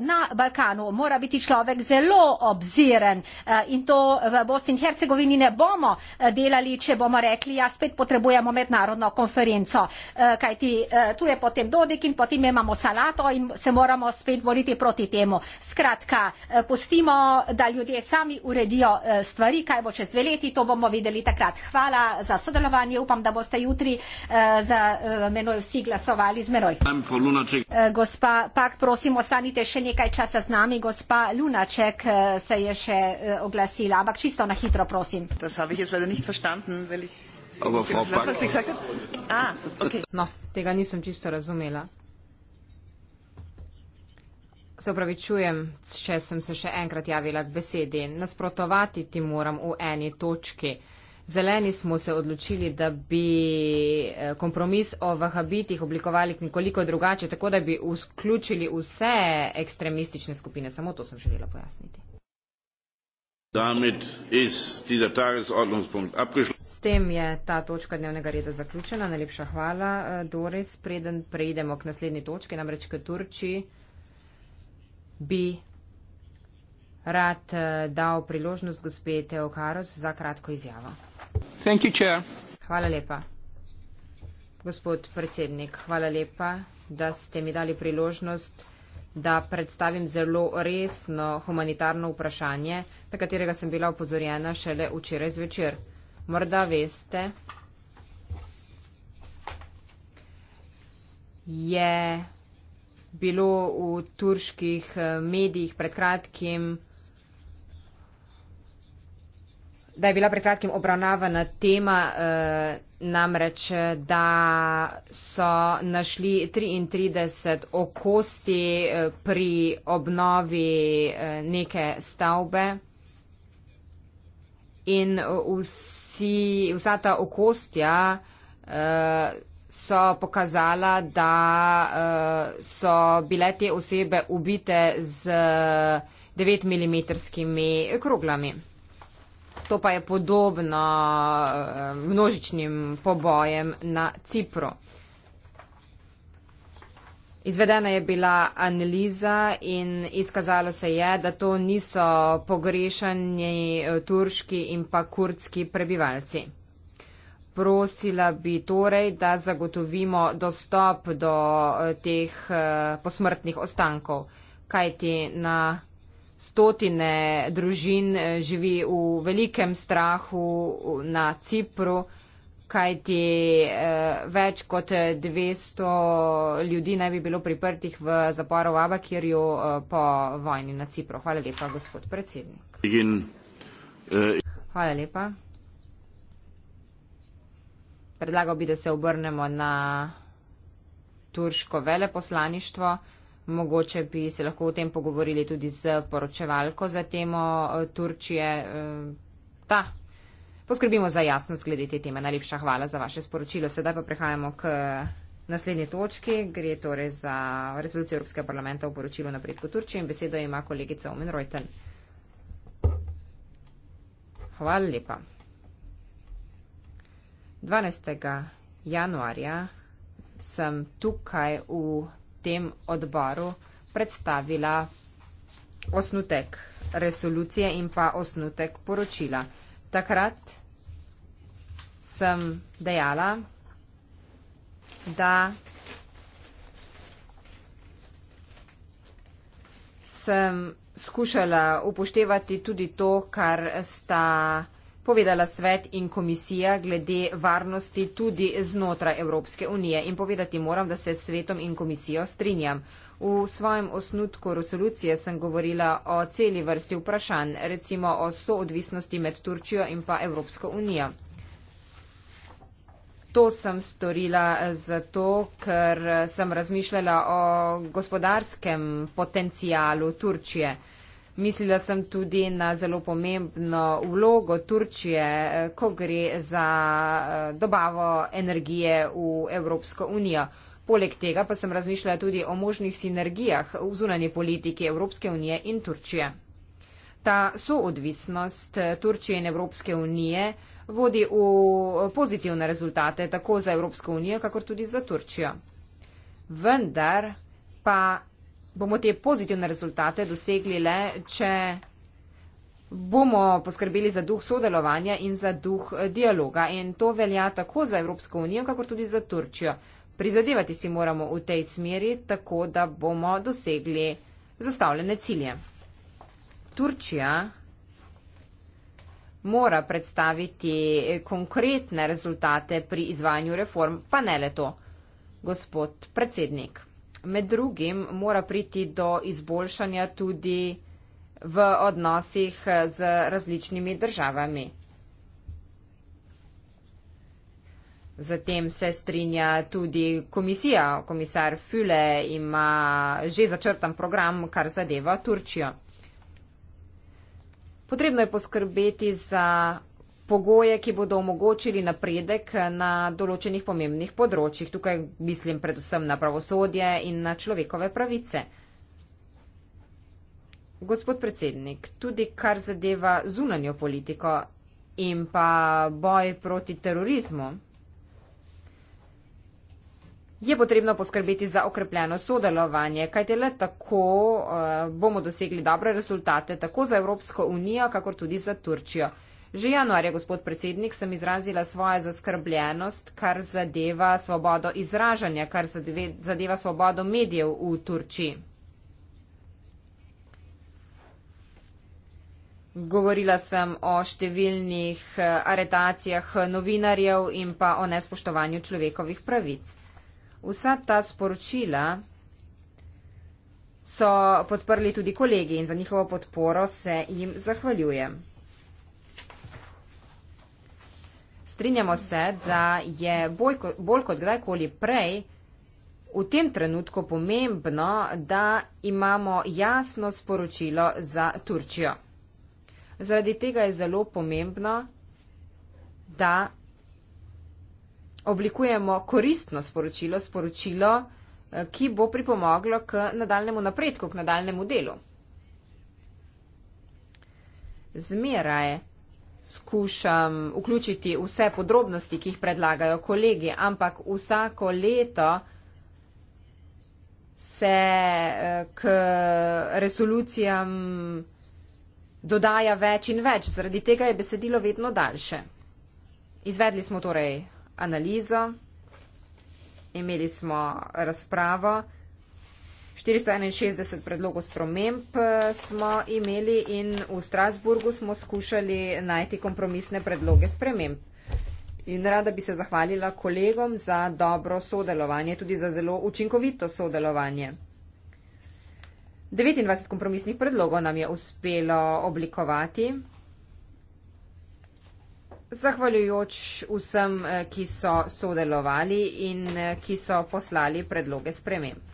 Na Balkanu mora biti človek zelo obziren in to v Bosni in Hercegovini ne bomo delali, če bomo rekli, ja spet potrebujemo mednarodno konferenco, kajti tu je potem dodek in potem imamo salato in se se moramo spet boriti proti temu. Skratka, eh, pustimo, da ljudje sami uredijo eh, stvari, kaj bo čez dve leti, to bomo videli takrat. Hvala za sodelovanje, upam, da boste jutri eh, za menoj vsi glasovali z menoj. Gospa Pak, prosim, ostanite še nekaj časa z nami. Gospa Lunaček se je še oglasila, ampak čisto na hitro, prosim. Ah, no, tega nisem čisto razumela. Se upravičujem, če sem se še enkrat javila k besedi. Nasprotovati ti moram v eni točki. Zeleni smo se odločili, da bi eh, kompromis o vahabitih oblikovali nekoliko drugače, tako da bi vključili vse ekstremistične skupine. Samo to sem želela pojasniti. S tem je ta točka dnevnega reda zaključena. Najlepša hvala, eh, Doris. Preden preidemo k naslednji točki, namreč k Turčiji bi rad eh, dal priložnost gospe Teo Karos za kratko izjavo. You, hvala lepa. Gospod predsednik, hvala lepa, da ste mi dali priložnost, da predstavim zelo resno humanitarno vprašanje, na katerega sem bila upozorjena šele včeraj zvečer. Morda veste, je. Yeah bilo v turških eh, medijih pred kratkim, da je bila pred kratkim obravnavana tema, eh, namreč, da so našli 33 okosti eh, pri obnovi neke stavbe. In vsi, vsa ta okostja so pokazala, da uh, so bile te osebe ubite z 9 mm kroglami. To pa je podobno uh, množičnim pobojem na Cipru. Izvedena je bila analiza in izkazalo se je, da to niso pogrešani eh, turški in pa kurdski prebivalci prosila bi torej, da zagotovimo dostop do eh, teh eh, posmrtnih ostankov, kajti na stotine družin eh, živi v velikem strahu na Cipru, kajti več kot 200 ljudi naj bi bilo priprtih v zaporu v Abakirju po vojni na Cipru. Hvala lepa, gospod predsednik. In, uh, Hvala lepa predlagal bi, da se obrnemo na turško veleposlaništvo. Mogoče bi se lahko o tem pogovorili tudi z poročevalko za temo eh, Turčije. Eh, ta. Poskrbimo za jasnost glede te teme. Najlepša hvala za vaše sporočilo. Sedaj pa prehajamo k naslednji točki. Gre torej za rezolucijo Evropskega parlamenta o poročilu napredku Turčije in besedo ima kolegica Omen Reuten. Hvala lepa. 12. januarja sem tukaj v tem odboru predstavila osnutek resolucije in pa osnutek poročila. Takrat sem dejala, da sem skušala upoštevati tudi to, kar sta povedala svet in komisija glede varnosti tudi znotraj Evropske unije. In povedati moram, da se s svetom in komisijo strinjam. V svojem osnutku resolucije sem govorila o celi vrsti vprašanj, recimo o soodvisnosti med Turčijo in pa Evropsko unijo. To sem storila zato, ker sem razmišljala o gospodarskem potencijalu Turčije. Mislila sem tudi na zelo pomembno vlogo Turčije, eh, ko gre za eh, dobavo energije v Evropsko unijo. Poleg tega pa sem razmišljala tudi o možnih sinergijah v zunanje politike Evropske unije in Turčije. Ta soodvisnost eh, Turčije in Evropske unije vodi v pozitivne rezultate tako za Evropsko unijo, kakor tudi za Turčijo. Vendar pa bomo te pozitivne rezultate dosegli le, če bomo poskrbeli za duh sodelovanja in za duh eh, dialoga. In to velja tako za Evropsko unijo, kakor tudi za Turčijo. Prizadevati si moramo v tej smeri, tako da bomo dosegli zastavljene cilje. Turčija mora predstaviti eh, konkretne rezultate pri izvajanju reform, pa ne le to, gospod predsednik. Med drugim mora priti do izboljšanja tudi v odnosih z različnimi državami. Zatem se strinja tudi komisija. Komisar Füle ima že začrtan program, kar zadeva Turčijo. Potrebno je poskrbeti za pogoje, ki bodo omogočili napredek na določenih pomembnih področjih. Tukaj mislim predvsem na pravosodje in na človekove pravice. Gospod predsednik, tudi kar zadeva zunanjo politiko in pa boj proti terorizmu, je potrebno poskrbeti za okrepljeno sodelovanje, kajte le tako uh, bomo dosegli dobre rezultate tako za Evropsko unijo, kakor tudi za Turčijo. Že januarja, gospod predsednik, sem izrazila svojo zaskrbljenost, kar zadeva svobodo izražanja, kar zadeva svobodo medijev v Turčiji. Govorila sem o številnih eh, aretacijah novinarjev in pa o nespoštovanju človekovih pravic. Vsa ta sporočila so podprli tudi kolegi in za njihovo podporo se jim zahvaljujem. strinjamo se, da je bolj, bolj kot kdajkoli prej v tem trenutku pomembno, da imamo jasno sporočilo za Turčijo. Zaradi tega je zelo pomembno, da oblikujemo koristno sporočilo, sporočilo, eh, ki bo pripomoglo k nadaljemu napredku, k nadaljemu delu. Zmeraj skušam vključiti vse podrobnosti, ki jih predlagajo kolegi, ampak vsako leto se eh, k resolucijam dodaja več in več. Zaradi tega je besedilo vedno daljše. Izvedli smo torej analizo, imeli smo razpravo. 461 predlogov sprememb eh, smo imeli in v Strasburgu smo skušali najti kompromisne predloge sprememb. In rada bi se zahvalila kolegom za dobro sodelovanje, tudi za zelo učinkovito sodelovanje. 29 kompromisnih predlogov nam je uspelo oblikovati. Zahvaljujoč vsem, eh, ki so sodelovali in eh, ki so poslali predloge sprememb.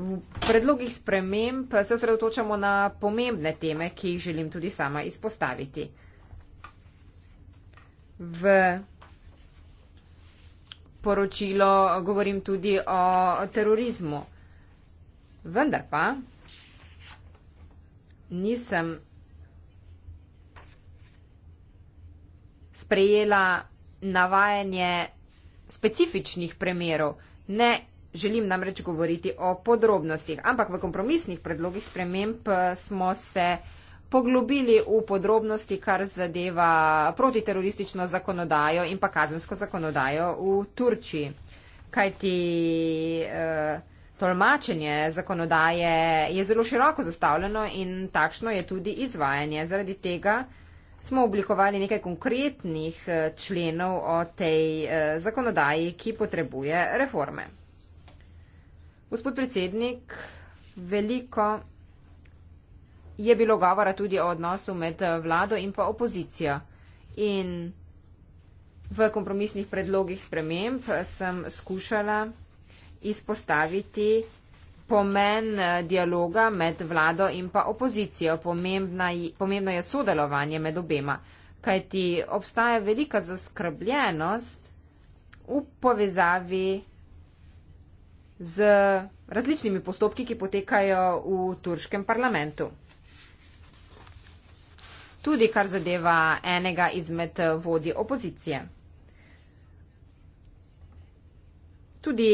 V predlogih sprememb se osredotočamo na pomembne teme, ki jih želim tudi sama izpostaviti. V poročilo govorim tudi o terorizmu. Vendar pa nisem sprejela navajanje specifičnih primerov, ne Želim namreč govoriti o podrobnostih, ampak v kompromisnih predlogih sprememb eh, smo se poglobili v podrobnosti, kar zadeva protiteroristično zakonodajo in pa kazensko zakonodajo v Turčiji. Kajti eh, tolmačenje zakonodaje je zelo široko zastavljeno in takšno je tudi izvajanje. Zaradi tega smo oblikovali nekaj konkretnih eh, členov o tej zakonodaji, ki potrebuje reforme. Gospod predsednik, veliko je bilo govora tudi o odnosu med eh, vlado in pa opozicijo. In v kompromisnih predlogih sprememb eh, sem skušala izpostaviti pomen eh, dialoga med vlado in pa opozicijo. Pomembno je sodelovanje med obema, kajti obstaja velika zaskrbljenost v povezavi z različnimi postopki, ki potekajo v turškem parlamentu. Tudi kar zadeva enega izmed eh, vodi opozicije. Tudi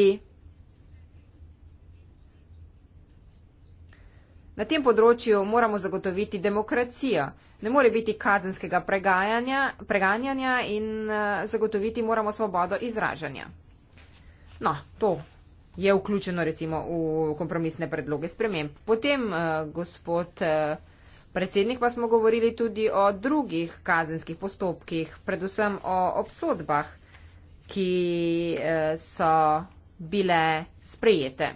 na tem področju moramo zagotoviti demokracijo. Ne more biti kazenskega preganjanja in eh, zagotoviti moramo svobodo izražanja. No, to je vključeno recimo v kompromisne predloge sprememb. Potem, eh, gospod eh, predsednik, pa smo govorili tudi o drugih kazenskih postopkih, predvsem o obsodbah, ki eh, so bile sprejete.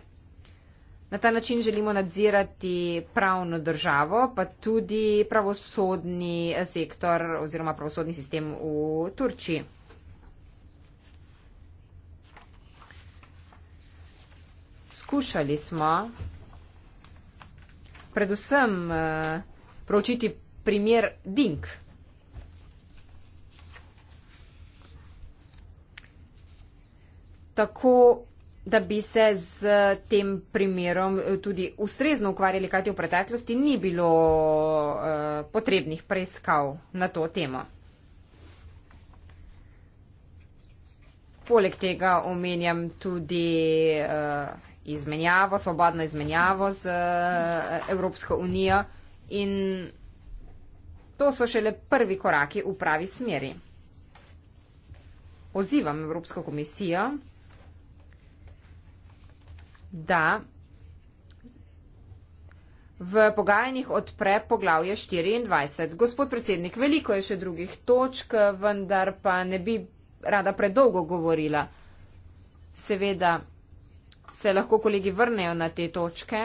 Na ta način želimo nadzirati pravno državo, pa tudi pravosodni sektor oziroma pravosodni sistem v Turčiji. poskušali smo predvsem uh, eh, pročiti primer Dink. Tako, da bi se z tem primerom eh, tudi ustrezno ukvarjali, kajti v preteklosti ni bilo uh, potrebnih preiskav na to temo. Poleg tega omenjam tudi uh, izmenjavo, svobodno izmenjavo z eh, Evropsko unijo in to so šele prvi koraki v pravi smeri. Ozivam Evropsko komisijo, da v pogajanjih odpre poglavje 24. Gospod predsednik, veliko je še drugih točk, vendar pa ne bi rada predolgo govorila. Seveda se lahko kolegi vrnejo na te točke,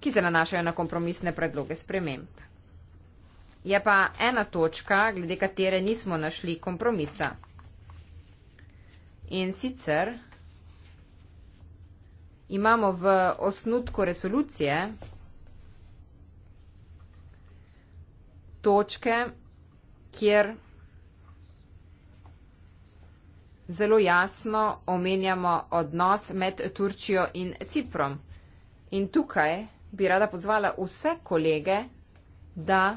ki se nanašajo na kompromisne predloge sprememb. Je pa ena točka, glede katere nismo našli kompromisa. In sicer imamo v osnutku resolucije točke, kjer zelo jasno omenjamo odnos med Turčijo in Ciprom. In tukaj bi rada pozvala vse kolege, da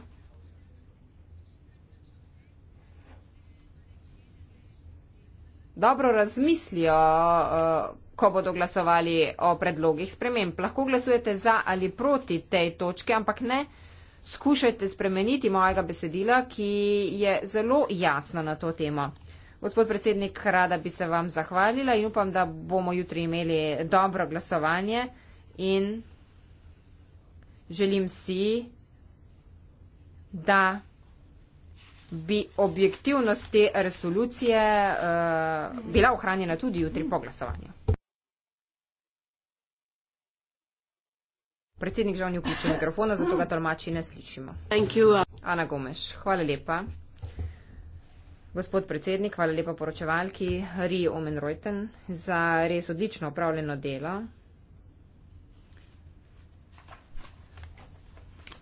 dobro razmislijo, eh, ko bodo glasovali o predlogih sprememb. Lahko glasujete za ali proti tej točki, ampak ne. Skušajte spremeniti mojega besedila, ki je zelo jasno na to temo. Gospod predsednik, rada bi se vam zahvalila in upam, da bomo jutri imeli dobro glasovanje in želim si, da bi objektivnost te resolucije uh, bila ohranjena tudi jutri po glasovanju. Predsednik žal ni vključil mikrofona, zato ga tolmači ne slišimo. Ana Gomeš, hvala lepa. Gospod predsednik, hvala lepa poročevalki Ri Omenrojten za res odlično upravljeno delo.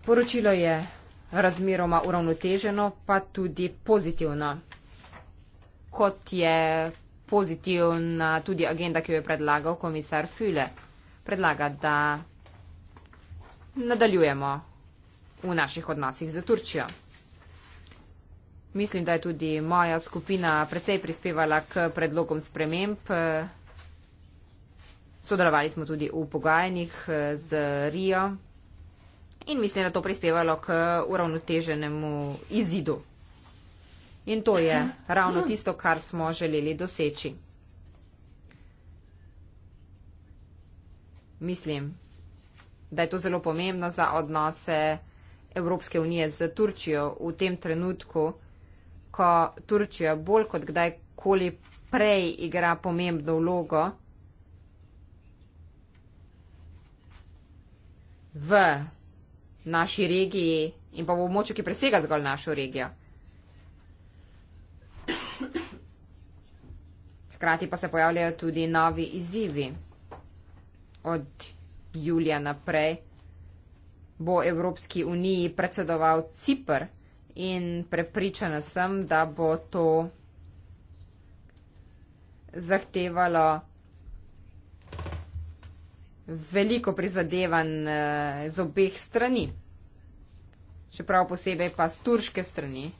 Poročilo je razmeroma uravnoteženo, pa tudi pozitivno. Kot je pozitivna tudi agenda, ki jo je predlagal komisar Füle. Predlaga, da nadaljujemo v naših odnosih z Turčijo. Mislim, da je tudi moja skupina precej prispevala k predlogom sprememb. Sodelovali smo tudi v pogajanjih eh, z Rio in mislim, da to prispevalo k uravnoteženemu izidu. In to je ravno ja. tisto, kar smo želeli doseči. Mislim, da je to zelo pomembno za odnose Evropske unije z Turčijo v tem trenutku, ko Turčija bolj kot kdajkoli prej igra pomembno vlogo v naši regiji in pa v območju, ki presega zgolj našo regijo. Hkrati pa se pojavljajo tudi novi izzivi. Od julija naprej bo Evropski uniji predsedoval Cipr in prepričana sem, da bo to zahtevalo veliko prizadevanj eh, z obeh strani, čeprav posebej pa z turške strani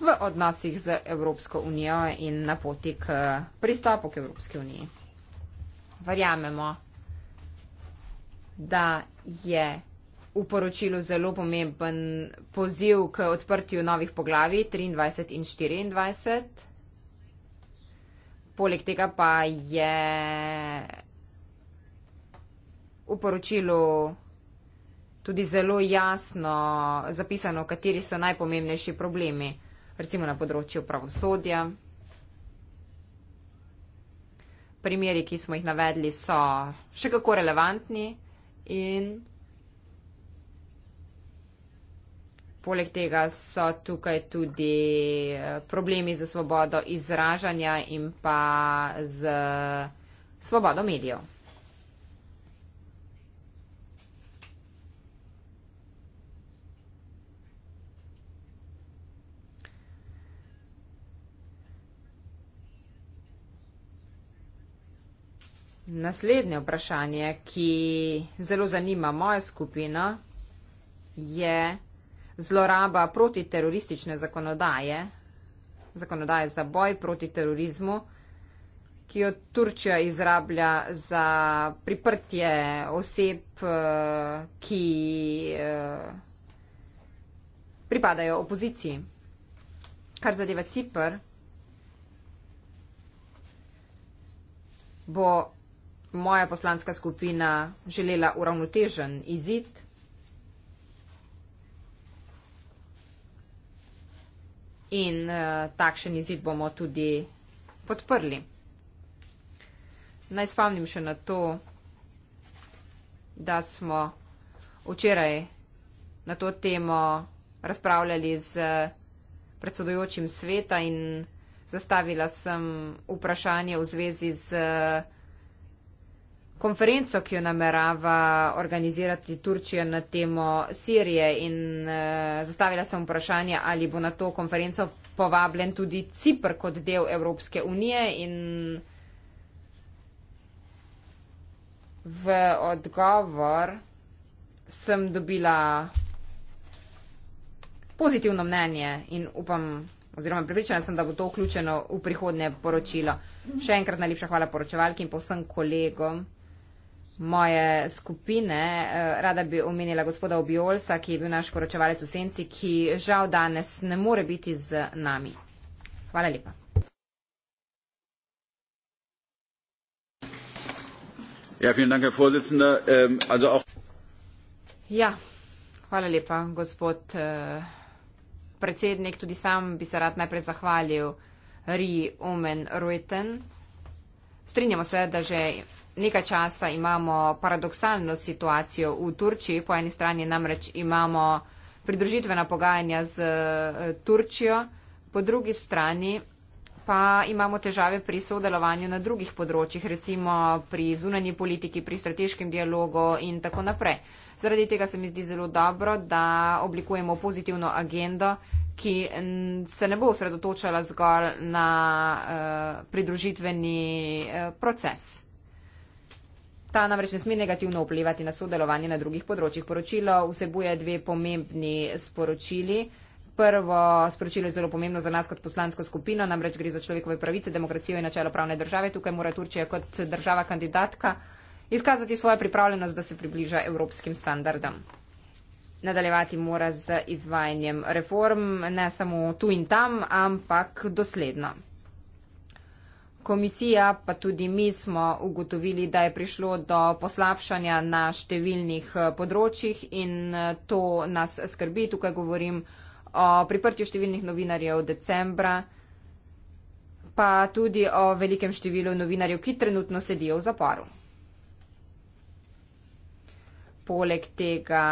v odnosih z Evropsko unijo in na poti k eh, pristopu k Evropski uniji. Verjamemo, da je v poročilu zelo pomemben poziv k odprtju novih poglavi 23 in 24. Poleg tega pa je v poročilu tudi zelo jasno zapisano, kateri so najpomembnejši problemi, recimo na področju pravosodja. Primeri, ki smo jih navedli, so še kako relevantni in poleg tega so tukaj tudi eh, problemi za svobodo izražanja in pa z eh, svobodo medijev. Naslednje vprašanje, ki zelo zanima mojo skupino, je zloraba protiteroristične zakonodaje, zakonodaje za boj proti terorizmu, ki jo Turčija izrablja za priprtje oseb, eh, ki eh, pripadajo opoziciji. Kar zadeva Cipr, bo moja poslanska skupina želela uravnotežen izid in uh, takšen izid bomo tudi podprli. Naj spomnim še na to, da smo včeraj na to temo razpravljali z predsedojočim sveta in zastavila sem vprašanje v zvezi z uh, konferenco, ki jo namerava organizirati Turčija na temo Sirije in e, zastavila sem vprašanje, ali bo na to konferenco povabljen tudi Cipr kot del Evropske unije in v odgovor sem dobila pozitivno mnenje in upam, oziroma pripričana sem, da bo to vključeno v prihodnje poročilo. Še enkrat najlepša hvala poročevalki in posem kolegom moje skupine. Eh, rada bi omenila gospoda Obiolsa, ki je bil naš poročevalec v Senci, ki žal danes ne more biti z nami. Hvala lepa. Ja, dank, ähm, also auch... ja, hvala lepa, gospod eh, predsednik. Tudi sam bi se rad najprej zahvalil Ri Omen Rueten. Strinjamo se, da že nekaj časa imamo paradoksalno situacijo v Turčiji. Po eni strani namreč imamo pridružitvena pogajanja z eh, Turčijo, po drugi strani pa imamo težave pri sodelovanju na drugih področjih, recimo pri zunanji politiki, pri strateškem dialogu in tako naprej. Zaradi tega se mi zdi zelo dobro, da oblikujemo pozitivno agendo, ki se ne bo osredotočala zgolj na uh, pridružitveni uh, proces. Ta namreč ne sme negativno vplivati na sodelovanje na drugih področjih. Poročilo vsebuje dve pomembni sporočili. Prvo sporočilo je zelo pomembno za nas kot poslansko skupino, namreč gre za človekove pravice, demokracijo in načelo pravne države. Tukaj mora Turčija kot država kandidatka izkazati svojo pripravljenost, da se približa evropskim standardam. Nadaljevati mora z izvajanjem reform ne samo tu in tam, ampak dosledno. Komisija pa tudi mi smo ugotovili, da je prišlo do poslabšanja na številnih eh, področjih in eh, to nas skrbi. Tukaj govorim o priprtju številnih novinarjev decembra, pa tudi o velikem številu novinarjev, ki trenutno sedijo v zaporu. Poleg tega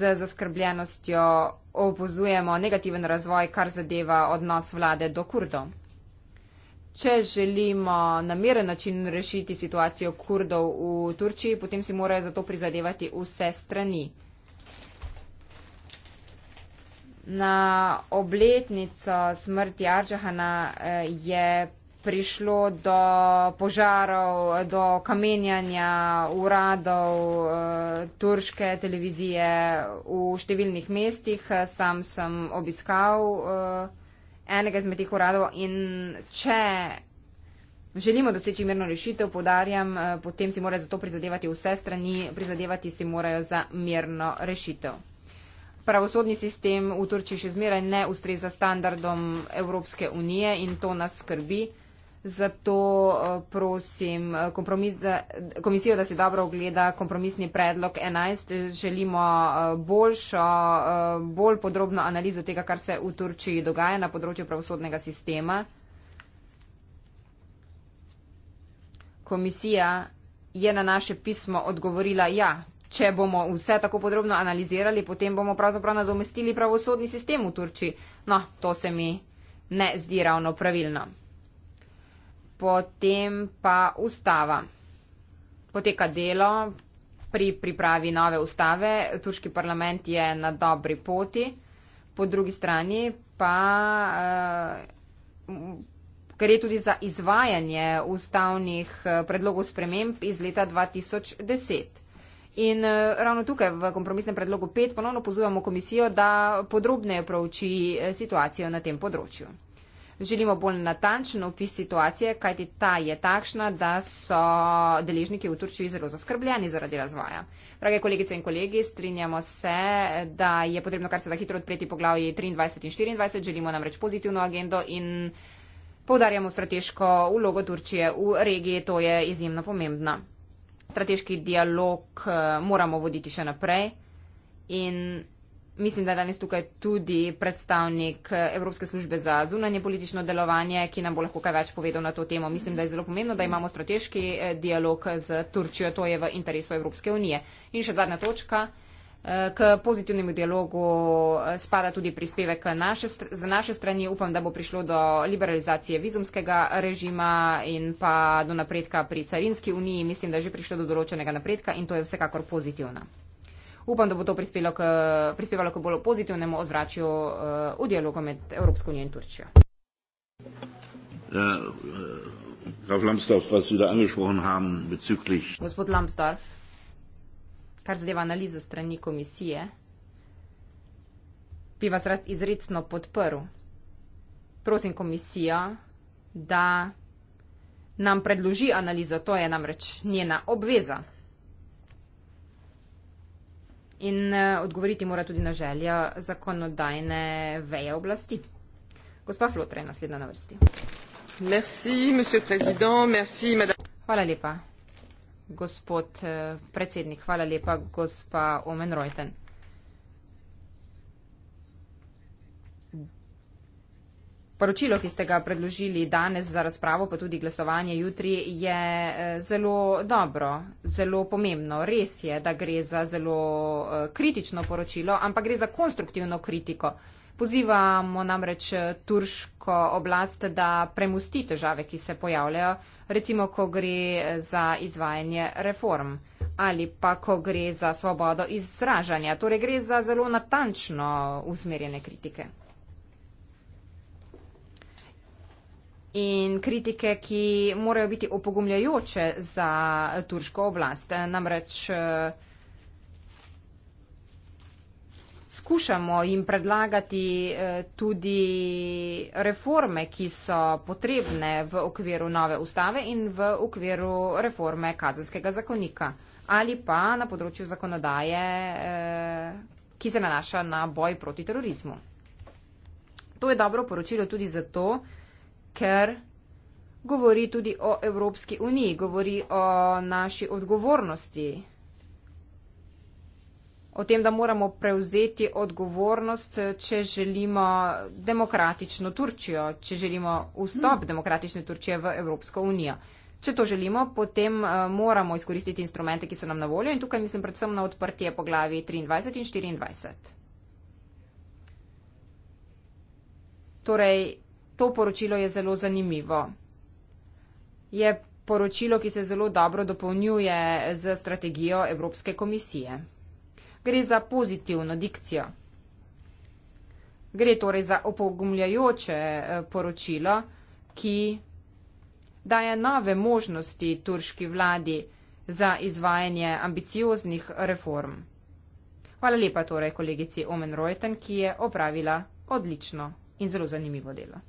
z zaskrbljenostjo opozujemo negativen razvoj, kar zadeva odnos vlade do kurdov če želimo na miren način rešiti situacijo kurdov v Turčiji, potem si morajo za to prizadevati vse strani. Na obletnico smrti Arđahana eh, je prišlo do požarov, do kamenjanja uradov eh, turške televizije v številnih mestih. Sam sem obiskal. Eh, enega izmed teh uradov in če želimo doseči mirno rešitev, podarjam, eh, potem si morajo za to prizadevati vse strani, prizadevati si morajo za mirno rešitev. Pravosodni sistem v Turčiji še zmeraj ne ustreza standardom Evropske unije in to nas skrbi. Zato eh, prosim eh, da, komisijo, da si dobro ogleda kompromisni predlog 11. Želimo eh, boljšo, bolj podrobno analizo tega, kar se v Turčiji dogaja na področju pravosodnega sistema. Komisija je na naše pismo odgovorila ja. Če bomo vse tako podrobno analizirali, potem bomo pravzaprav nadomestili pravosodni sistem v Turčiji. No, to se mi ne zdi ravno pravilno potem pa ustava. Poteka delo pri pripravi nove ustave. Turški parlament je na dobri poti, po drugi strani pa. Uh, eh, ker je tudi za izvajanje ustavnih eh, predlogov sprememb iz leta 2010. In eh, ravno tukaj v kompromisnem predlogu 5 ponovno pozivamo komisijo, da podrobneje prouči situacijo na tem področju želimo bolj natančen opis situacije, kajti ta je takšna, da so deležniki v Turčiji zelo zaskrbljeni zaradi razvoja. Drage kolegice in kolegi, strinjamo se, da je potrebno kar se da hitro odpreti poglavje 23 in 24, želimo namreč pozitivno agendo in povdarjamo strateško ulogo Turčije v regiji, to je izjemno pomembna. Strateški dialog eh, moramo voditi še naprej. In Mislim, da je danes tukaj tudi predstavnik eh, Evropske službe za zunanje politično delovanje, ki nam bo lahko kaj več povedal na to temo. Mislim, da je zelo pomembno, da imamo strateški eh, dialog z Turčijo, to je v interesu Evropske unije. In še zadnja točka. Eh, k pozitivnemu dialogu spada tudi prispevek naše, z naše strani. Upam, da bo prišlo do liberalizacije vizumskega režima in pa do napredka pri carinski uniji. Mislim, da je že prišlo do določenega napredka in to je vsekakor pozitivno. Upam, da bo to k, prispevalo k bolj pozitivnemu ozračju uh, v dialogu med Evropsko unijo in Turčijo. Ja, eh, Gospod Lambsdorff, kar zadeva analizo strani komisije, bi vas rad izredno podprl. Prosim komisijo, da nam predloži analizo, to je namreč njena obveza. In eh, odgovoriti mora tudi na želja zakonodajne veje oblasti. Gospa Flotra je naslednja na vrsti. Merci, Merci, hvala lepa, gospod eh, predsednik. Hvala lepa, gospa Omen Reuten. Poročilo, ki ste ga predložili danes za razpravo, pa tudi glasovanje jutri, je eh, zelo dobro, zelo pomembno. Res je, da gre za zelo eh, kritično poročilo, ampak gre za konstruktivno kritiko. Pozivamo namreč eh, turško oblast, da premusti težave, ki se pojavljajo, recimo, ko gre za izvajanje reform ali pa ko gre za svobodo izražanja. Torej gre za zelo natančno usmerjene kritike. in kritike, ki morajo biti opogumljajoče za turško oblast. Namreč eh, skušamo jim predlagati eh, tudi reforme, ki so potrebne v okviru nove ustave in v okviru reforme kazenskega zakonika ali pa na področju zakonodaje, eh, ki se nanaša na boj proti terorizmu. To je dobro poročilo tudi zato, ker govori tudi o Evropski uniji, govori o naši odgovornosti, o tem, da moramo prevzeti odgovornost, če želimo demokratično Turčijo, če želimo vstop hmm. demokratične Turčije v Evropsko unijo. Če to želimo, potem eh, moramo izkoristiti instrumente, ki so nam na voljo in tukaj mislim predvsem na odprtje po glavi 23 in 24. Torej, to poročilo je zelo zanimivo. Je poročilo, ki se zelo dobro dopolnjuje z strategijo Evropske komisije. Gre za pozitivno dikcijo. Gre torej za opogumljajoče eh, poročilo, ki daje nove možnosti turški vladi za izvajanje ambicioznih reform. Hvala lepa torej kolegici Omen Rojten, ki je opravila odlično in zelo zanimivo delo.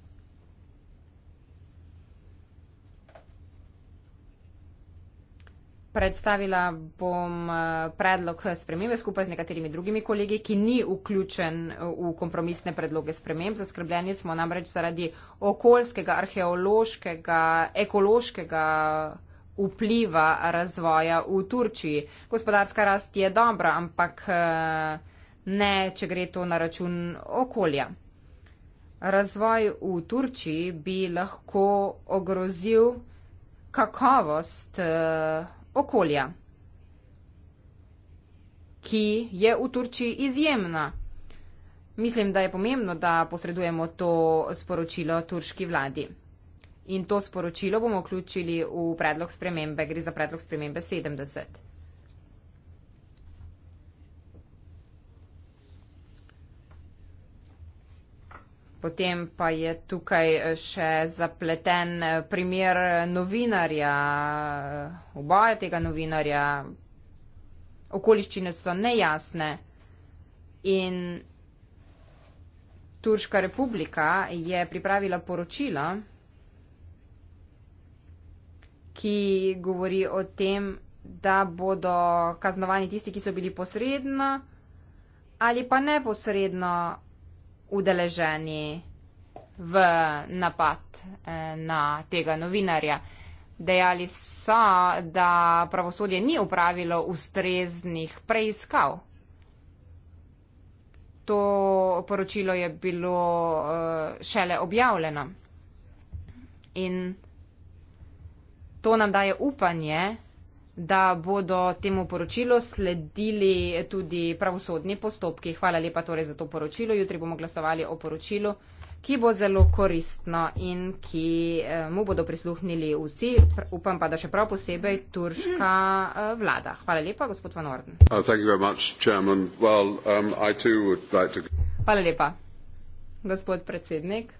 predstavila bom eh, predlog spremembe skupaj z nekaterimi drugimi kolegi, ki ni vključen eh, v kompromisne predloge sprememb. Zaskrbljeni smo namreč zaradi okoljskega, arheološkega, ekološkega vpliva razvoja v Turčiji. Gospodarska rast je dobra, ampak eh, ne, če gre to na račun okolja. Razvoj v Turčiji bi lahko ogrozil kakovost okolja, ki je v Turčiji izjemna. Mislim, da je pomembno, da posredujemo to sporočilo turški vladi. In to sporočilo bomo vključili v predlog spremembe, gre za predlog spremembe 70. Potem pa je tukaj eh, še zapleten eh, primer eh, novinarja, oboje tega novinarja. Okoliščine so nejasne in Turška republika je pripravila poročilo, ki govori o tem, da bodo kaznovani tisti, ki so bili posredno ali pa neposredno udeleženi v napad eh, na tega novinarja. Dejali so, da pravosodje ni upravilo ustreznih preiskav. To poročilo je bilo eh, šele objavljeno. In to nam daje upanje, da bodo temu poročilu sledili tudi pravosodni postopki. Hvala lepa torej za to poročilo. Jutri bomo glasovali o poročilu, ki bo zelo koristno in ki eh, mu bodo prisluhnili vsi, upam pa, da še prav posebej turška eh, vlada. Hvala lepa, gospod Van Orden. Uh, um, Hvala lepa, gospod predsednik.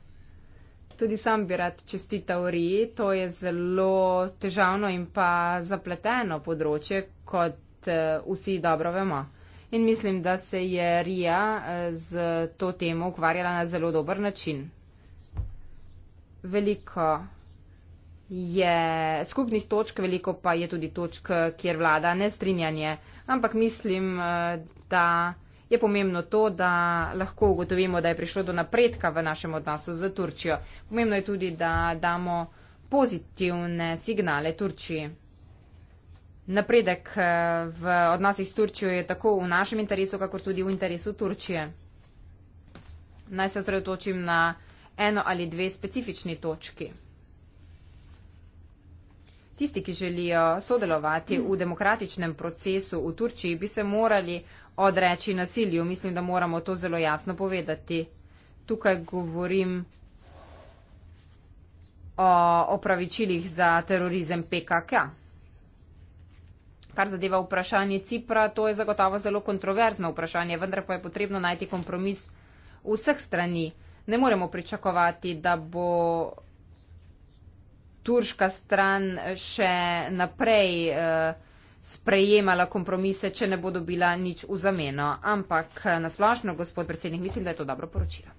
Tudi sam bi rad čestital Riji, to je zelo težavno in pa zapleteno področje, kot eh, vsi dobro vemo. In mislim, da se je Rija z eh, to temo ukvarjala na zelo dober način. Veliko je skupnih točk, veliko pa je tudi točk, kjer vlada nestrinjanje. Ampak mislim, eh, da je pomembno to, da lahko ugotovimo, da je prišlo do napredka v našem odnosu z Turčijo. Pomembno je tudi, da damo pozitivne signale Turčiji. Napredek eh, v odnosih s Turčijo je tako v našem interesu, kakor tudi v interesu Turčije. Naj se osredotočim na eno ali dve specifični točki. Tisti, ki želijo sodelovati v demokratičnem procesu v Turčiji, bi se morali odreči nasilju. Mislim, da moramo to zelo jasno povedati. Tukaj govorim o opravičilih za terorizem PKK. Kar zadeva vprašanje Cipra, to je zagotovo zelo kontroverzno vprašanje, vendar pa je potrebno najti kompromis vseh strani. Ne moremo pričakovati, da bo turška stran še naprej eh, sprejemala kompromise, če ne bo dobila nič v zameno. Ampak eh, nasplošno, gospod predsednik, mislim, da je to dobro poročilo.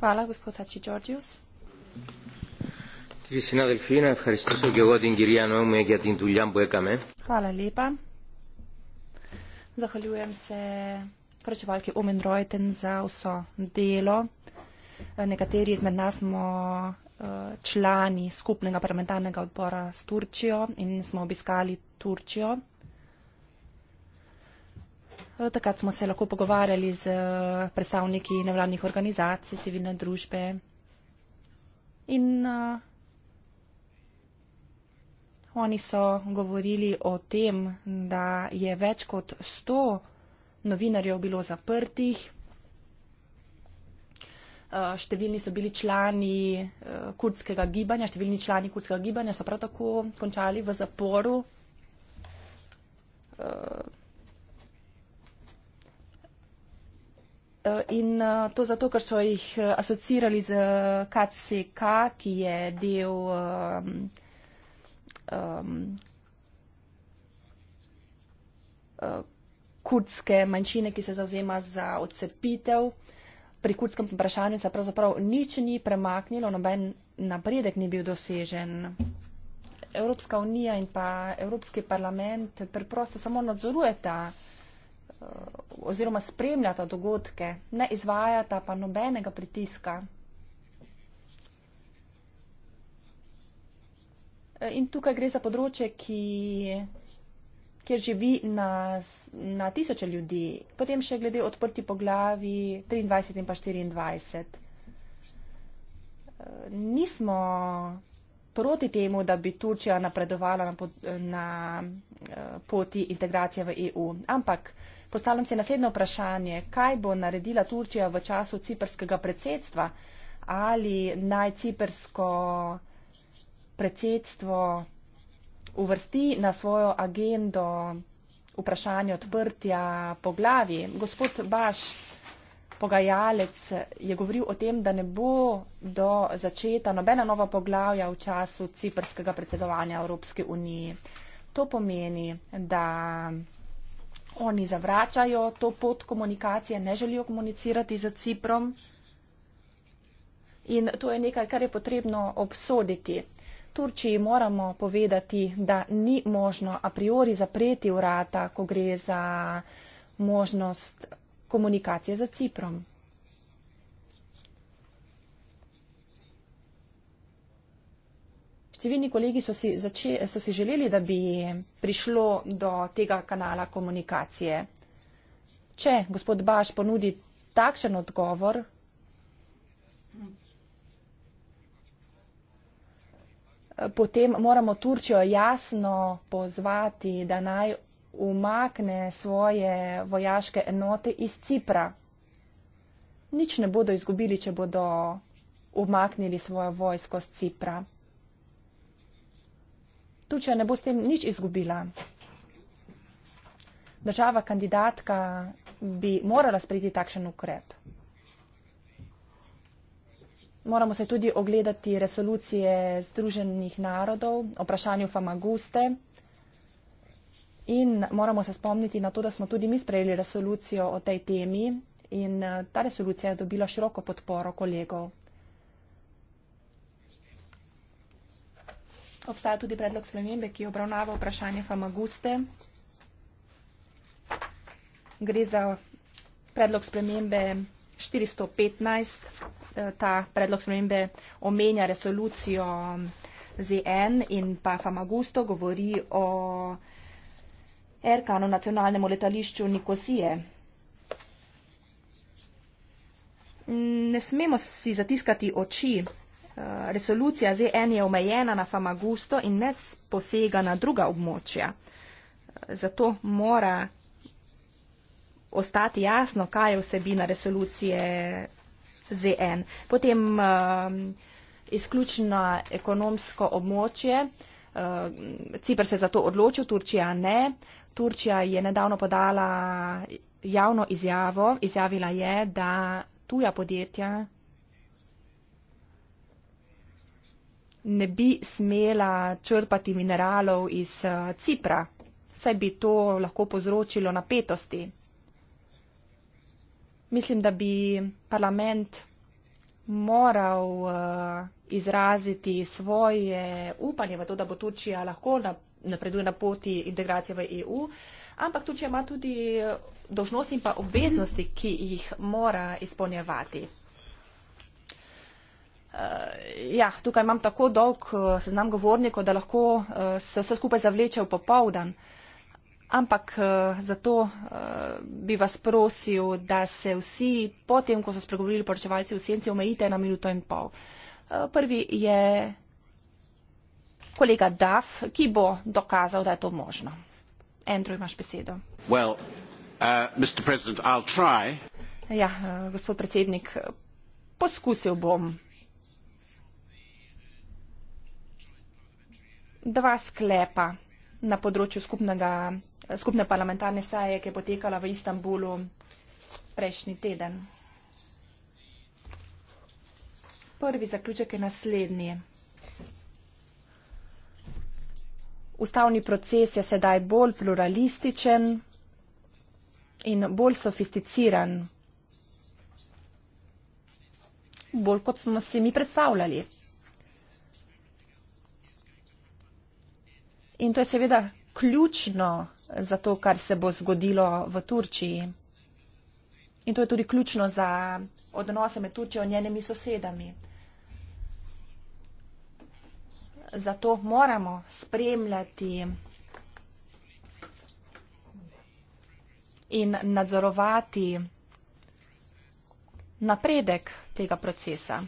Hvala, gospod Sači Georgius. Kristina Delfina, Haristoso Gjogodin Girijano, Megatin Duljan Bojkame. Hvala lepa. Zahvaljujem se poročevalki Omen Reuten za vso delo. Nekateri izmed nas smo eh, člani skupnega parlamentarnega odbora s Turčijo in smo obiskali Turčijo. Eh, takrat smo se lahko pogovarjali z eh, predstavniki nevladnih organizacij, civilne družbe in uh, oni so govorili o tem, da je več kot sto novinarjev bilo zaprtih. Eh, številni so bili člani eh, kurdskega gibanja, številni člani kurdskega gibanja so prav tako končali v zaporu. Eh, in to zato, ker so jih asocirali z KCK, ki je del um, um, kurdske manjšine, ki se zauzema za odcepitev pri kurdskem vprašanju se pravzaprav nič ni premaknilo, noben napredek ni bil dosežen. Evropska unija in pa Evropski parlament preprosto samo nadzorujeta eh, oziroma spremljata dogodke, ne izvajata pa nobenega pritiska. Eh, in tukaj gre za področje, ki kjer živi na, na tisoče ljudi. Potem še glede odprti poglavi 23 in pa 24. Eh, nismo proti temu, da bi Turčija napredovala na, na eh, poti integracije v EU, ampak postavljam se naslednje vprašanje, kaj bo naredila Turčija v času ciperskega predsedstva ali naj cipersko predsedstvo uvrsti na svojo agendo vprašanje odprtja poglavi. Gospod Baš, pogajalec, je govoril o tem, da ne bo do začeta nobena nova poglavja v času ciprskega predsedovanja Evropske unije. To pomeni, da oni zavračajo to pot komunikacije, ne želijo komunicirati z Ciprom. In to je nekaj, kar je potrebno obsoditi. Turčiji moramo povedati, da ni možno a priori zapreti vrata, ko gre za možnost komunikacije za Ciprom. Številni kolegi so si, so si želeli, da bi prišlo do tega kanala komunikacije. Če gospod Baš ponudi takšen odgovor, potem moramo Turčijo jasno pozvati, da naj umakne svoje vojaške enote iz Cipra. Nič ne bodo izgubili, če bodo umaknili svojo vojsko z Cipra. Turčija ne bo s tem nič izgubila. Država kandidatka bi morala sprejeti takšen ukrep. Moramo se tudi ogledati resolucije Združenih narodov o vprašanju Famaguste in moramo se spomniti na to, da smo tudi mi sprejeli resolucijo o tej temi in eh, ta resolucija je dobila široko podporo kolegov. Obstaja tudi predlog spremembe, ki obravnava vprašanje Famaguste. Gre za predlog spremembe 415. Eh, ta predlog spremembe omenja resolucijo ZN in pa Famagusto govori o Erkanu, nacionalnemu letališču Nikosije. Ne smemo si zatiskati oči. Eh, resolucija ZN je omejena na Famagusto in ne posega na druga območja. Eh, zato mora ostati jasno, kaj je vsebina resolucije ZN. Potem uh, izključno ekonomsko območje. Uh, um, Cipr se je za to odločil, Turčija ne. Turčija je nedavno podala javno izjavo. Izjavila je, da tuja podjetja ne bi smela črpati mineralov iz uh, Cipra, saj bi to lahko povzročilo napetosti mislim, da bi parlament moral uh, izraziti svoje upanje v to, da bo Turčija lahko napreduje na poti integracije v EU, ampak Turčija ima tudi eh, dožnosti in pa obveznosti, ki jih mora izpolnjevati. Uh, ja, tukaj imam tako dolg uh, seznam govornikov, da lahko uh, se vse skupaj zavleče v popovdan. Uh, ampak eh, zato eh, bi vas prosil, da se vsi, potem ko so spregovorili poročevalci v senci, omejite na minuto in pol. Eh, prvi je kolega Duff, ki bo dokazal, da je to možno. Andrew, imaš besedo. Well, uh, ja, uh, gospod predsednik, poskusil bom. Dva sklepa na področju skupnega, skupne parlamentarne saje, ki je potekala v Istanbulu prejšnji teden. Prvi zaključek je naslednji. Ustavni proces je sedaj bolj pluralističen in bolj sofisticiran, bolj kot smo si mi predstavljali. In to je seveda ključno za to, kar se bo zgodilo v Turčiji. In to je tudi ključno za odnose med Turčijo in njenimi sosedami. Zato moramo spremljati in nadzorovati napredek tega procesa.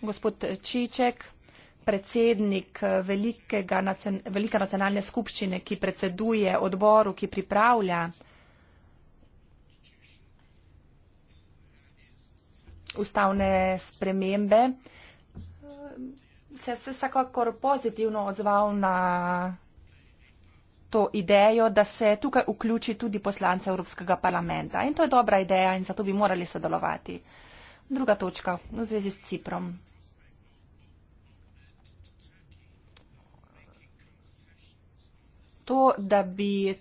Gospod Čiček, predsednik eh, nacion velike nacionalne skupščine, ki predseduje odboru, ki pripravlja ustavne spremembe, se je vsekakor pozitivno odzval na to idejo, da se tukaj vključi tudi poslance Evropskega parlamenta. In to je dobra ideja in zato bi morali sodelovati. Druga točka v zvezi s Ciprom. to, da bi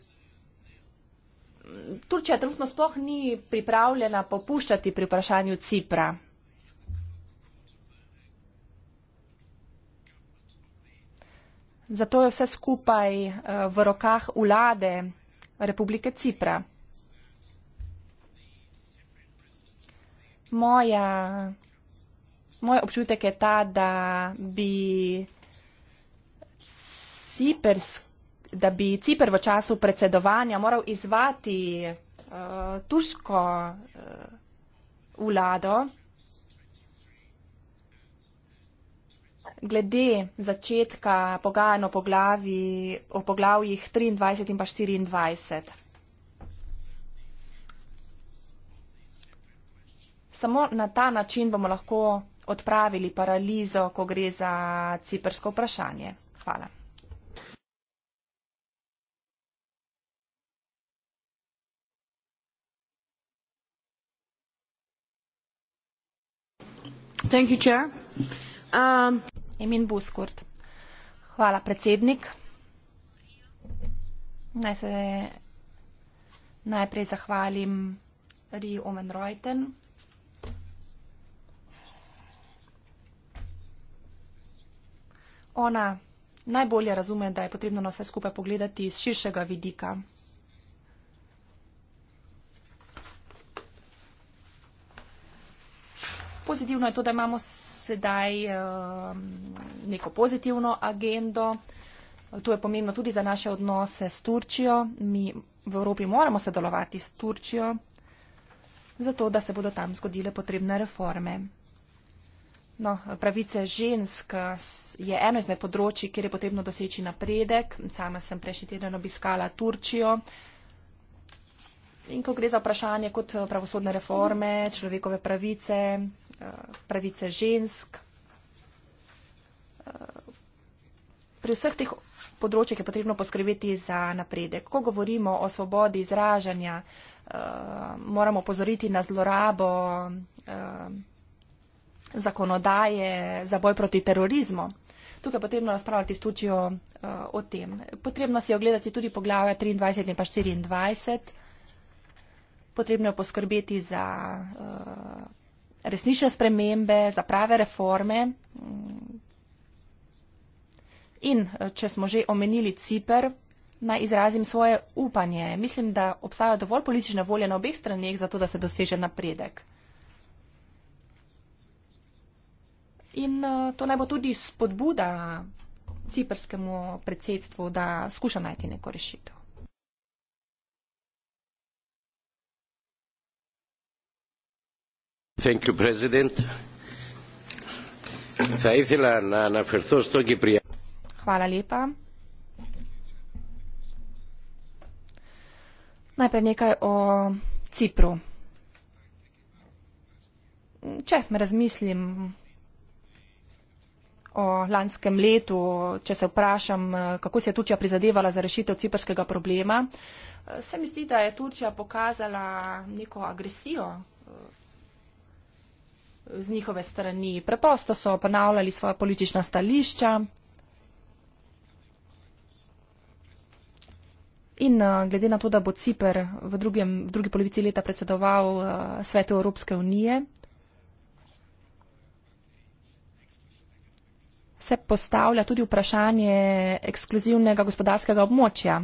Turčija trenutno sploh ni pripravljena popuščati pri vprašanju Cipra. Zato je vse skupaj eh, v rokah vlade Republike Cipra. Moja, moj občutek je ta, da bi ciperski da bi Cipr v času predsedovanja moral izvati uh, eh, turško uh, vlado glede začetka pogajanj o, poglavi, o poglavjih 23 in pa 24. Samo na ta način bomo lahko odpravili paralizo, ko gre za ciprsko vprašanje. Hvala. Thank you, chair. Um, Emin Buskurt. Hvala, predsednik. Naj se najprej zahvalim Ri Omen Reuten. Ona najbolje razume, da je potrebno na vse skupaj pogledati iz širšega vidika. pozitivno je to, da imamo sedaj um, neko pozitivno agendo. To je pomembno tudi za naše odnose s Turčijo. Mi v Evropi moramo sodelovati s Turčijo, zato da se bodo tam zgodile potrebne reforme. No, pravice žensk je eno izmed področji, kjer je potrebno doseči napredek. Sama sem prejšnji teden obiskala Turčijo. In ko gre za vprašanje kot pravosodne reforme, človekove pravice, pravice žensk. Eh, pri vseh teh področjih je potrebno poskrbeti za napredek. Ko govorimo o svobodi izražanja, eh, moramo pozoriti na zlorabo eh, zakonodaje za boj proti terorizmu. Tukaj je potrebno razpravljati s tučijo o tem. Potrebno si je ogledati tudi poglavja 23 in pa 24. Potrebno je poskrbeti za resnične spremembe, za prave reforme. In eh, če smo že omenili Cipr, naj izrazim svoje upanje. Mislim, da obstaja dovolj politične volje na obeh straneh za to, da se doseže napredek. In eh, to naj bo tudi spodbuda ciprskemu predsedstvu, da skuša najti neko rešitev. Thank you, President. Θα ήθελα να αναφερθώ στο Κυπριακό. Χαλά λίπα. Najprej nekaj o Cipru. Če razmislim o lanskem letu, če se vprašam, kako se je Turčija prizadevala za rešitev ciprskega problema, se mi zdi, da je Turčija pokazala neko agresijo z njihove strani. Preprosto so ponavljali svoja politična stališča. In eh, glede na to, da bo Cipr v, drugem, v drugi polovici leta predsedoval eh, svetu Evropske unije, se postavlja tudi vprašanje ekskluzivnega gospodarskega območja.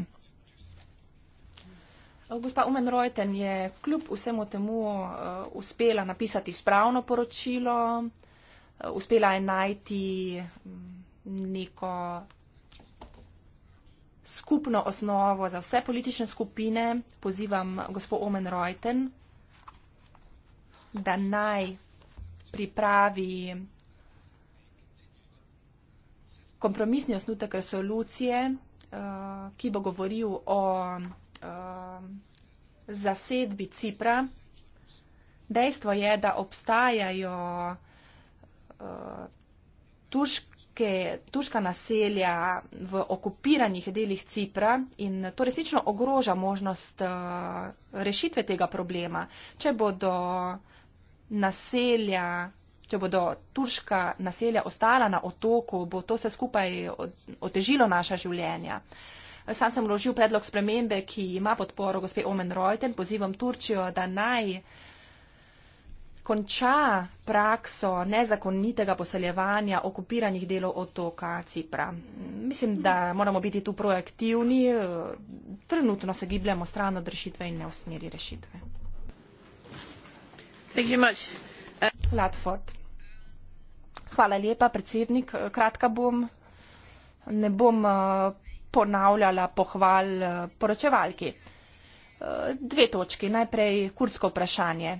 Gospa Umen Rojten je kljub vsemu temu eh, uspela napisati spravno poročilo, eh, uspela je najti mm, neko skupno osnovo za vse politične skupine. Pozivam gospod Omen Rojten, da naj pripravi kompromisni osnutek resolucije, eh, ki bo govoril o Um, zasedbi Cipra. Dejstvo je, da obstajajo uh, tuške, tuška naselja v okupiranih delih Cipra in to resnično ogroža možnost uh, rešitve tega problema. Če bodo naselja, če bodo turška naselja ostala na otoku, bo to vse skupaj otežilo naša življenja. Uh, Sam sem vložil predlog spremembe, ki ima podporo gospe Omen Reuten. Pozivam Turčijo, da naj konča prakso nezakonitega poseljevanja okupiranih delov otoka Cipra. Mislim, da moramo biti tu proaktivni. Trenutno se gibljamo stran od rešitve in ne v smeri rešitve. Latford. Hvala lepa, predsednik. Kratka bom. Ne bom eh, ponavljala pohval eh, poročevalki. Eh, dve točki. Najprej kurdsko vprašanje.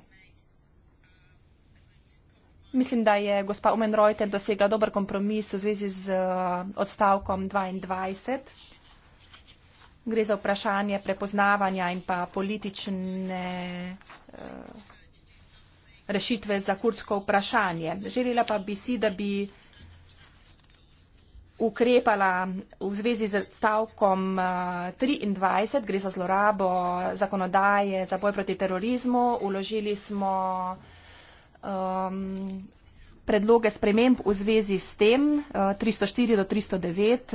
Mislim, da je gospa Omen Reuter dosegla dober kompromis v zvezi z eh, odstavkom 22. Gre za vprašanje prepoznavanja in pa politične rešitve za kurdsko vprašanje. Želela pa bi si, da bi ukrepala v zvezi z stavkom 23, eh, gre za zlorabo zakonodaje za boj proti terorizmu. Uložili smo um, predloge sprememb v zvezi s tem 304 eh, do 309.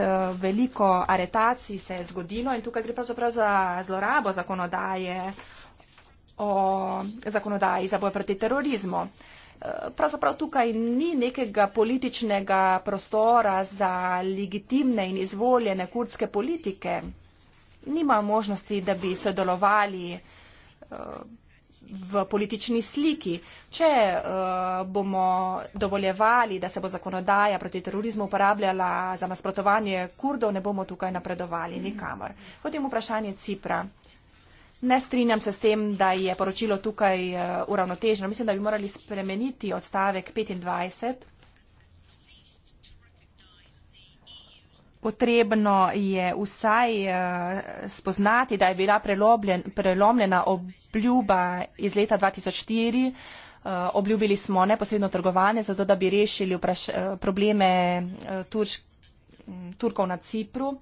Eh, veliko aretacij se je zgodilo in tukaj gre pravzaprav za zlorabo zakonodaje o zakonodaji za boj proti terorizmu pravzaprav tukaj ni nekega političnega prostora za legitimne in izvoljene kurdske politike. Nima možnosti, da bi sodelovali eh, v politični sliki. Če eh, bomo dovoljevali, da se bo zakonodaja proti terorizmu uporabljala za nasprotovanje kurdov, ne bomo tukaj napredovali nikamor. Potem vprašanje Cipra. Ne strinjam se s tem, da je poročilo tukaj eh, uravnoteženo. Mislim, da bi morali spremeniti odstavek 25. Potrebno je vsaj eh, spoznati, da je bila prelomljena obljuba iz leta 2004. Eh, obljubili smo neposredno trgovanje, zato da bi rešili probleme Turkov na Cipru.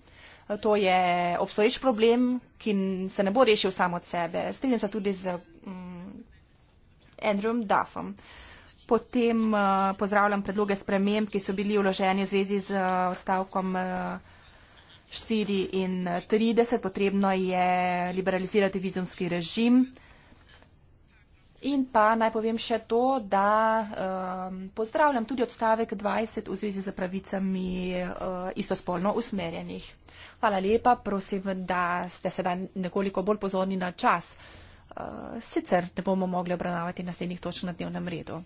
To je obstoječ problem, ki se ne bo rešil sam od sebe. Strinjam se tudi z um, Andrewom Duffom. Potem uh, pozdravljam predloge sprememb, ki so bili vloženi v zvezi z uh, odstavkom uh, eh, 34. Potrebno je liberalizirati vizumski režim. In pa naj povem še to, da um, pozdravljam tudi odstavek 20 v zvezi z pravicami uh, istospolno usmerjenih. Hvala lepa, prosim, da ste sedaj nekoliko bolj pozorni na čas. Uh, sicer ne bomo mogli obravnavati naslednjih točk na dnevnem redu.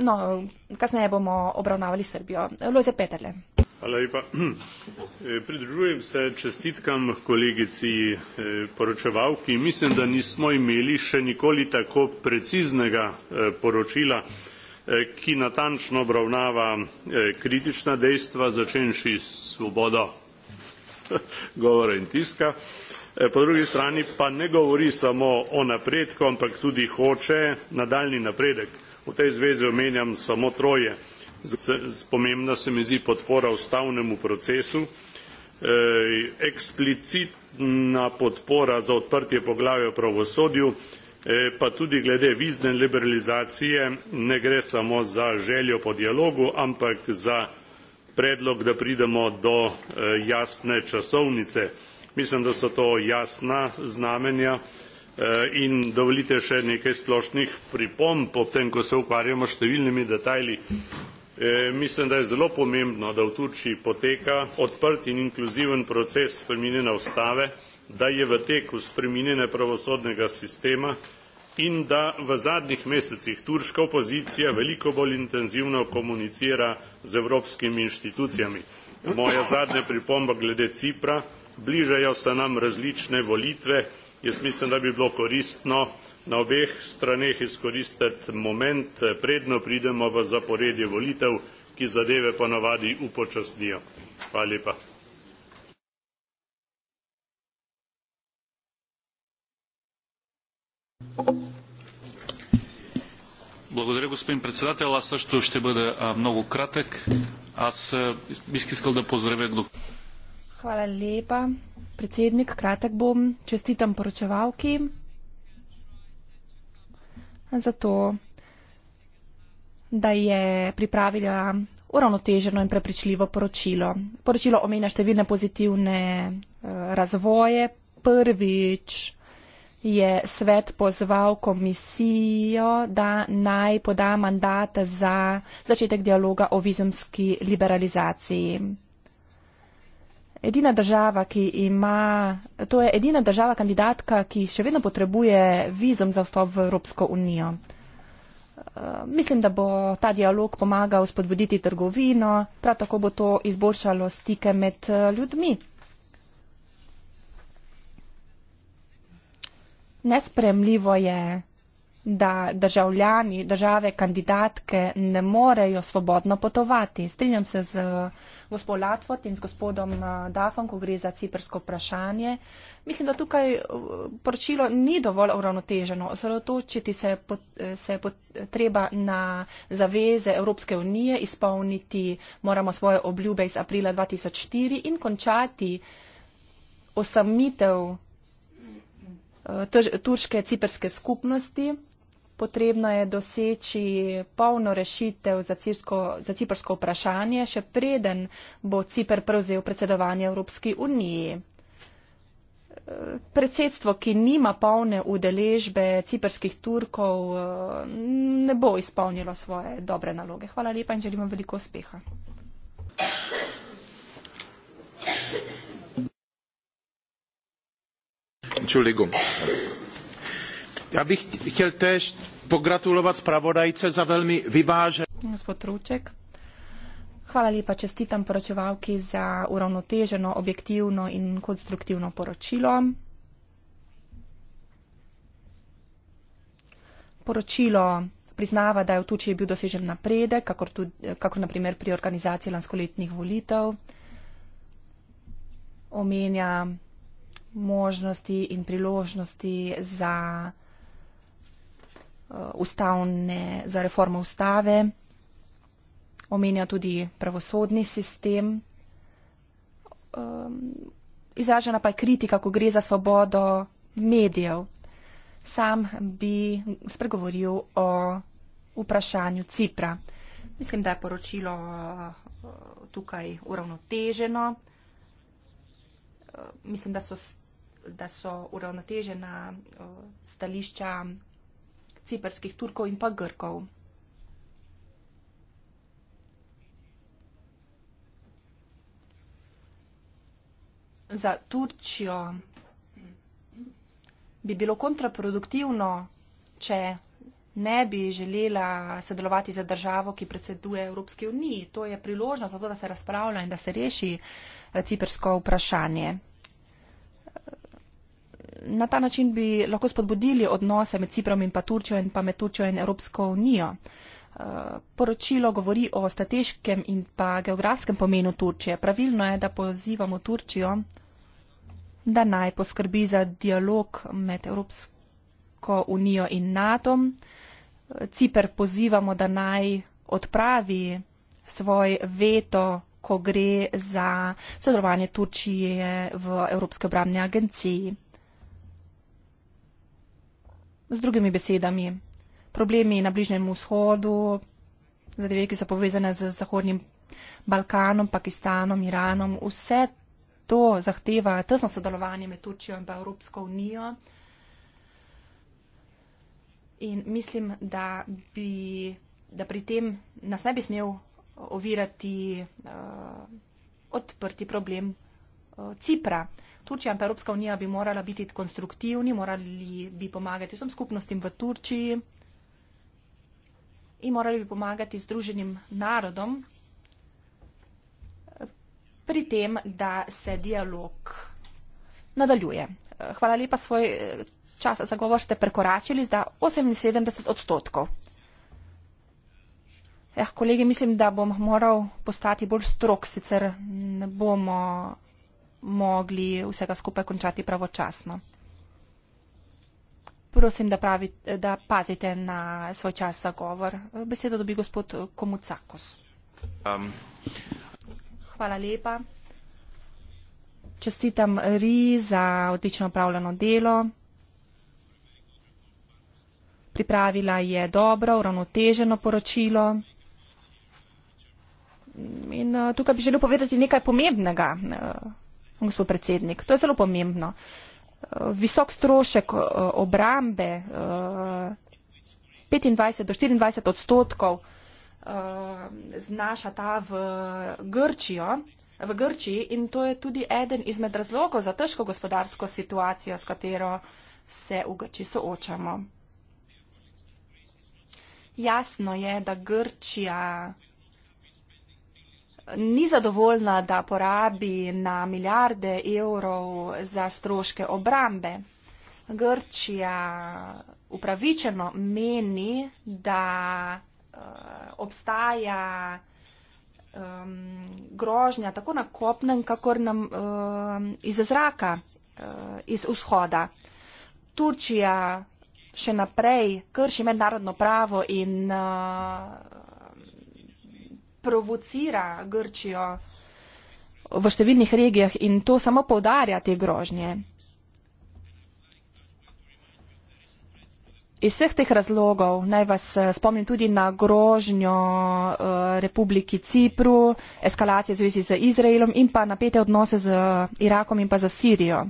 No, kasneje bomo obravnavali Srbijo. Lojze Peterle. Hvala lepa. E, pridružujem se čestitkam kolegici e, poročevalki. Mislim, da nismo imeli še nikoli tako preciznega e, poročila, ki natančno obravnava kritična dejstva, začenši svobodo (laughs) govora in tiska. Po drugi strani pa ne govori samo o napredku, ampak tudi hoče nadaljni napredek. V tej zvezi omenjam samo troje pomembna se mi zdi podpora ustavnemu procesu eh, eksplicitna podpora za odprtje poglavja o pravosodju eh, pa tudi glede vizne liberalizacije ne gre samo za željo po dialogu ampak za predlog da pridemo do eh, jasne časovnice mislim da so to jasna znamenja in dovolite še nekaj splošnih pripomb ob tem ko se ukvarjamo s številnimi detajli E, mislim, da je zelo pomembno, da v Turčiji poteka odprt in inkluziven proces spreminjene ustave, da je v teku spreminjene pravosodnega sistema in da v zadnjih mesecih turška opozicija veliko bolj intenzivno komunicira z evropskimi inštitucijami. Moja zadnja pripomba glede Cipra, bližajo se nam različne volitve, jaz mislim, da bi bilo koristno, na obeh straneh izkoristiti moment, eh, predno pridemo v zaporedje volitev, ki zadeve ponavadi upočasnijo. Hvala lepa. Благодаря, господин председател. Аз също ще бъда а, много кратък. Аз бих искал да поздравя Гдук. Хвала лепа. Председник, кратък бом. Честитам поручевалки zato da je pripravila uravnoteženo in prepričljivo poročilo. Poročilo omenja številne pozitivne eh, razvoje. Prvič je svet pozval komisijo, da naj poda mandat za začetek dialoga o vizumski liberalizaciji. Edina država, ki ima, to je edina država kandidatka, ki še vedno potrebuje vizum za vstop v Evropsko unijo. Eh, mislim, da bo ta dialog pomagal spodbuditi trgovino, prav tako bo to izboljšalo stike med eh, ljudmi. Nespremljivo je, da državljani, države kandidatke ne morejo svobodno potovati. Strinjam se z eh, gospod Latford in z gospodom eh, Dafom, ko gre za ciprsko vprašanje. Mislim, da tukaj eh, poročilo ni dovolj uravnoteženo. Osredotočiti se, se potreba na zaveze Evropske unije, izpolniti moramo svoje obljube iz aprila 2004 in končati osamitev turške ciperske skupnosti, potrebno je doseči polno rešitev za, cirsko, za ciprsko vprašanje, še preden bo Cipr prevzel predsedovanje Evropski uniji. Predsedstvo, ki nima polne udeležbe ciprskih Turkov, ne bo izpolnilo svoje dobre naloge. Hvala lepa in želimo veliko uspeha. Čulegum. Já bych chtěl též pogratulovat spravodajce za velmi vyvážený. Gospod Trůček. Hvala lepa, čestitam poročevalki za uravnoteženo, objektivno in konstruktivno poročilo. Poročilo priznava, da je v Tučiji bil dosežen napredek, kakor, tudi, kakor naprimer pri organizaciji lanskoletnih volitev. Omenja možnosti in priložnosti za Eh, ustavne, za reformo ustave, omenja tudi pravosodni sistem. Eh, izražena pa je kritika, ko gre za svobodo medijev. Sam bi spregovoril o vprašanju Cipra. Mislim, da je poročilo eh, tukaj uravnoteženo. Mislim, da so, da so uravnotežena stališča ciperskih Turkov in pa Grkov. Za Turčijo bi bilo kontraproduktivno, če ne bi želela sodelovati za državo, ki predseduje Evropski uniji. To je priložnost za to, da se razpravlja in da se reši eh, ciprsko vprašanje na ta način bi lahko spodbudili odnose med Ciprom in pa Turčjo in pa med Turčjo in Evropsko unijo. Eh, poročilo govori o strateškem in pa geografskem pomenu Turčije. Pravilno je, da pozivamo Turčijo, da naj poskrbi za dialog med Evropsko unijo in NATO. Ciper pozivamo, da naj odpravi svoj veto, ko gre za sodelovanje Turčije v Evropske obramne agenciji z drugimi besedami, problemi na Bližnjem vzhodu, zadeve, ki so povezane z Zahodnim Balkanom, Pakistanom, Iranom, vse to zahteva tesno sodelovanje med Turčijo in pa Evropsko unijo. In mislim, da, bi, da pri tem nas ne bi smel ovirati uh, odprti problem uh, Cipra. Turčija, ampak Evropska unija bi morala biti konstruktivni, morali bi pomagati vsem skupnostim v Turčiji in morali bi pomagati združenim narodom pri tem, da se dialog nadaljuje. Hvala lepa, svoj eh, čas za govor ste prekoračili za 78 odstotkov. Eh, kolegi, mislim, da bom moral postati bolj strok, sicer ne bomo mogli vsega skupaj končati pravočasno. Prosim, da, pravi, da pazite na svoj čas za govor. Besedo dobi gospod Komucakos. Um. Hvala lepa. Čestitam Ri za odlično upravljeno delo. Pripravila je dobro, uravnoteženo poročilo. In uh, tukaj bi želel povedati nekaj pomembnega. Uh, gospod predsednik. To je zelo pomembno. Eh, visok strošek eh, obrambe 25 eh, do 24 odstotkov znaša ta v, Grčijo, v Grčiji in to je tudi eden izmed razlogov za težko gospodarsko situacijo, s katero se v Grčiji soočamo. Jasno je, da Grčija ni zadovoljna, da porabi na milijarde evrov za stroške obrambe. Grčija upravičeno meni, da uh, obstaja um, grožnja tako na kopnem, kakor nam uh, iz zraka, uh, iz vzhoda. Turčija še naprej krši mednarodno pravo in uh, provocira Grčijo v številnih regijah in to samo povdarja te grožnje. Iz vseh teh razlogov naj vas eh, spomnim tudi na grožnjo eh, Republiki Cipru, eskalacije v zvezi z Izraelom in pa napete odnose z eh, Irakom in pa z Sirijo.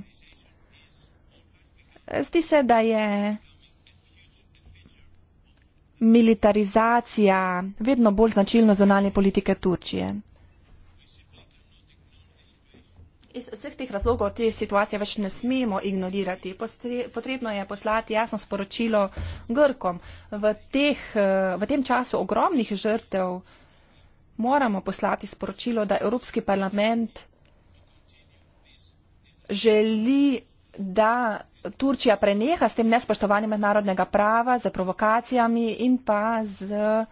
Zdi se, da je militarizacija vedno bolj značilno zonalne politike Turčije. Iz vseh teh razlogov te situacije več ne smemo ignorirati. Potrebno je poslati jasno sporočilo Grkom. V, teh, eh, v tem času ogromnih žrtev moramo poslati sporočilo, da Evropski parlament želi da Turčija preneha s tem nespoštovanjem mednarodnega prava, z provokacijami in pa z eh,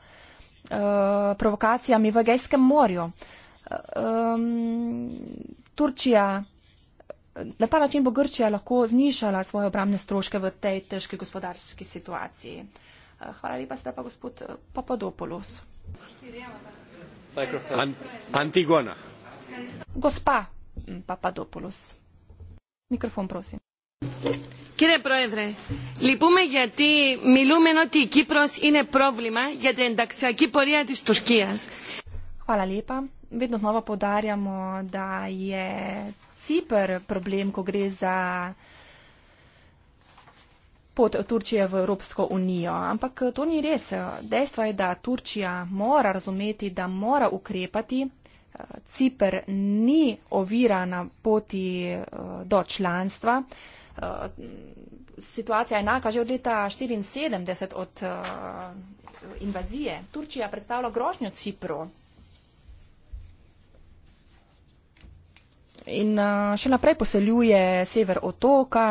provokacijami v Egejskem morju. Ehm, Turčija, na ta način bo Grčija lahko znišala svoje obramne stroške v tej težki gospodarski situaciji. Eh, hvala lepa, zdaj pa gospod eh, Papadopoulos. Antigona. Gospa hm, Papadopoulos. Μικροφόν, πρόσεχε. Κύριε Πρόεδρε, λυπούμε γιατί μιλούμε ότι η Κύπρος είναι πρόβλημα για την ενταξιακή πορεία της Τουρκίας. Hvala lepa. Vedno znova podarjamo, da je Cipr problem, ko gre za pot Turčije v Evropsko unijo. Ampak to ni res. Dejstvo je, da Turčija mora razumeti, da mora ukrepati, Cipr ni ovira na poti eh, do članstva. Eh, situacija je enaka že od leta 1974, od eh, invazije. Turčija predstavlja grožnjo Cipru. In še naprej poseljuje sever otoka.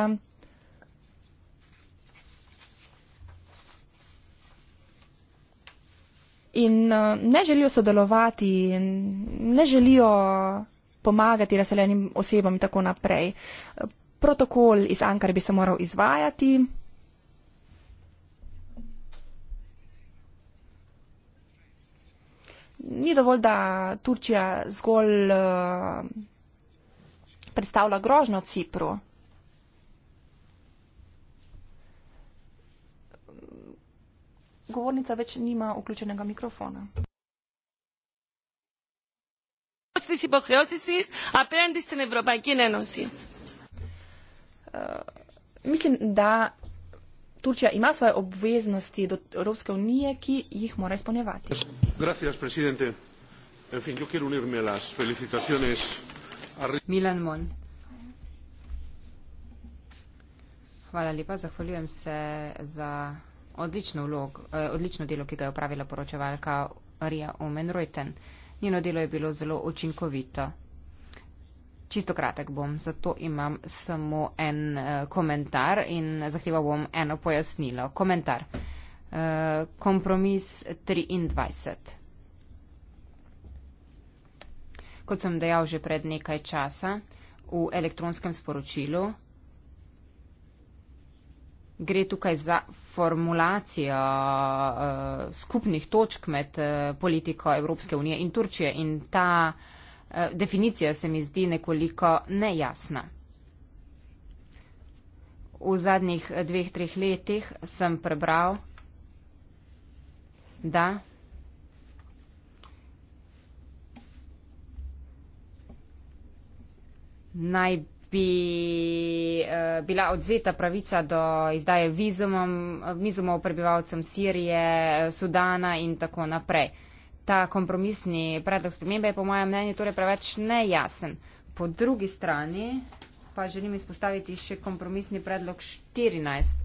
in uh, ne želijo sodelovati, ne želijo pomagati razseljenim osebam in tako naprej. Protokol iz Ankar bi se moral izvajati. Ni dovolj, da Turčija zgolj uh, predstavlja grožno Cipru. govornica več nima vključenega mikrofona. Mislim, da Turčija ima svoje obveznosti do Evropske unije, ki jih mora izpolnjevati. Milan Mon. Hvala lepa, zahvaljujem se za odlično, vlog, eh, odlično delo, ki ga je upravila poročevalka Rija Omenrojten. Njeno delo je bilo zelo učinkovito. Čisto kratek bom, zato imam samo en eh, komentar in zahteval bom eno pojasnilo. Komentar. Eh, kompromis 23. Kot sem dejal že pred nekaj časa, v elektronskem sporočilu gre tukaj za formulacijo uh, skupnih točk med uh, politiko Evropske unije in Turčije in ta uh, definicija se mi zdi nekoliko nejasna. V zadnjih dveh, treh letih sem prebral, da naj bi bi eh, bila odzeta pravica do izdaje vizumom, vizumov prebivalcem Sirije, eh, Sudana in tako naprej. Ta kompromisni predlog spremembe je po mojem mnenju torej preveč nejasen. Po drugi strani pa želim izpostaviti še kompromisni predlog 14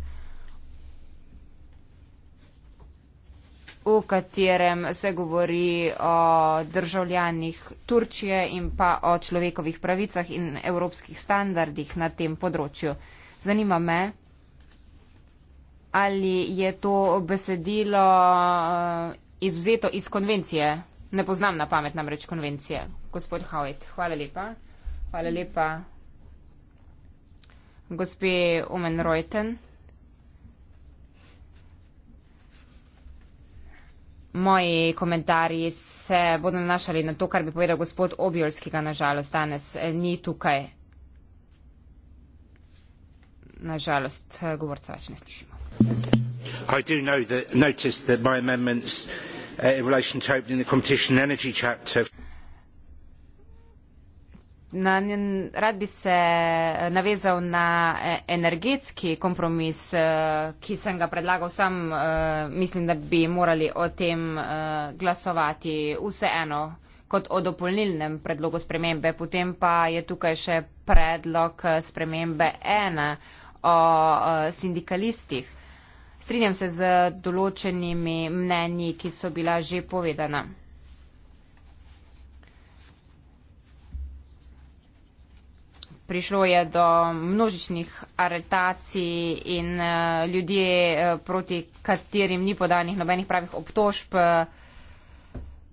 v katerem se govori o državljanih Turčije in pa o človekovih pravicah in evropskih standardih na tem področju. Zanima me, ali je to besedilo eh, izvzeto iz konvencije. Ne poznam na pamet namreč konvencije. Gospod Hawit, hvala lepa. Hvala lepa. Gospe Umen Reuten. Moji komentarji se bodo nanašali na to, kar bi povedal gospod Obiolski, ki ga nažalost danes eh, ni tukaj. Nažalost, eh, govorca več ne slišimo. Uh, in energy chapter na, rad bi se eh, navezal na eh, energetski kompromis, eh, ki sem ga predlagal sam. Mislim, da bi morali o tem glasovati vseeno kot o dopolnilnem predlogu spremembe. Potem pa je tukaj še predlog spremembe ena o sindikalistih. Strinjam se z določenimi mnenji, ki so bila že povedana. prišlo je do množičnih aretacij in eh, ljudje, eh, proti katerim ni podanih nobenih pravih obtožb, eh,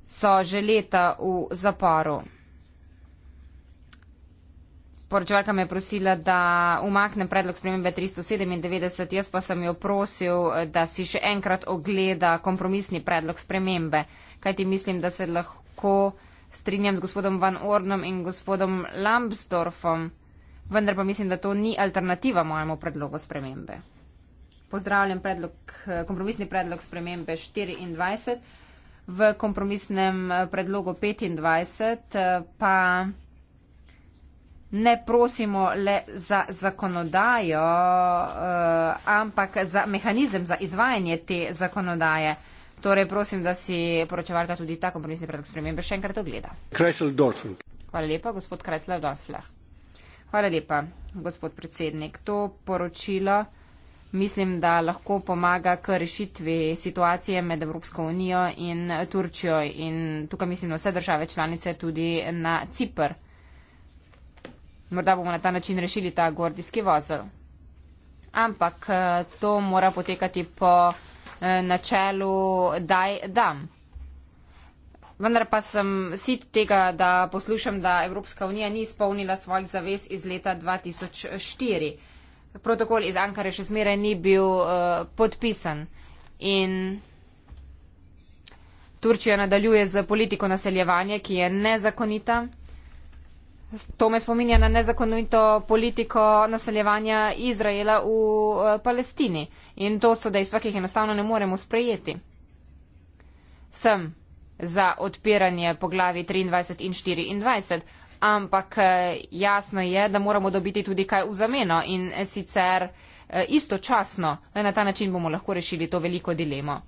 so že leta v zaporu. Poročevalka me je prosila, da umaknem predlog spremembe 397, jaz pa sem jo prosil, da si še enkrat ogleda kompromisni predlog spremembe, kajti mislim, da se lahko strinjam z gospodom Van Ornom in gospodom Lambsdorfom vendar pa mislim, da to ni alternativa mojemu predlogu spremembe. Pozdravljam predlog, kompromisni predlog spremembe 24. V kompromisnem eh, predlogu 25 eh, pa ne prosimo le za zakonodajo, eh, ampak za mehanizem za izvajanje te zakonodaje. Torej prosim, da si poročevalka tudi ta kompromisni predlog spremembe še enkrat ogleda. Hvala lepa, gospod Kresler Dorfler. Hvala lepa, gospod predsednik. To poročilo mislim, da lahko pomaga k rešitvi situacije med Evropsko unijo in Turčijo in tukaj mislim na vse države članice, tudi na Cipr. Morda bomo na ta način rešili ta gordijski vozel. Ampak eh, to mora potekati po eh, načelu daj dam vendar pa sem sit tega, da poslušam, da Evropska unija ni izpolnila svojih zavez iz leta 2004. Protokol iz Ankare še zmeraj ni bil uh, podpisan in Turčija nadaljuje z politiko naseljevanja, ki je nezakonita. To me spominja na nezakonito politiko naseljevanja Izraela v uh, Palestini in to so dejstva, ki jih enostavno ne moremo sprejeti. Sem za odpiranje poglavi 23 in 24, ampak eh, jasno je, da moramo dobiti tudi kaj v zameno in sicer eh, istočasno. Na ta način bomo lahko rešili to veliko dilemo.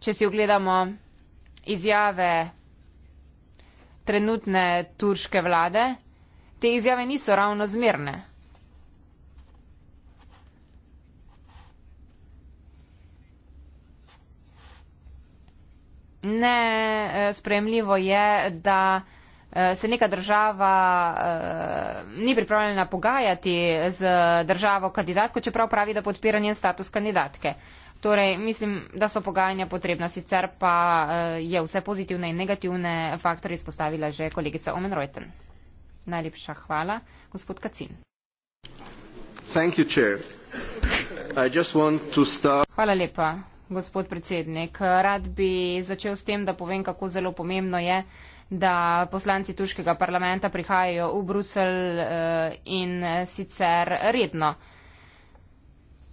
Če si ogledamo izjave trenutne turške vlade, te izjave niso ravno zmerne. ne sprejemljivo je, da eh, se neka država uh, ni pripravljena pogajati z državo kandidatko, čeprav pravi, da podpira njen status kandidatke. Torej, mislim, da so pogajanja potrebna, sicer pa uh, je vse pozitivne in negativne faktore izpostavila že kolegica Omen Reuten. Najlepša hvala, gospod Kacin. Hvala lepa gospod predsednik. Rad bi začel s tem, da povem, kako zelo pomembno je, da poslanci turškega parlamenta prihajajo v Brusel eh, in sicer redno.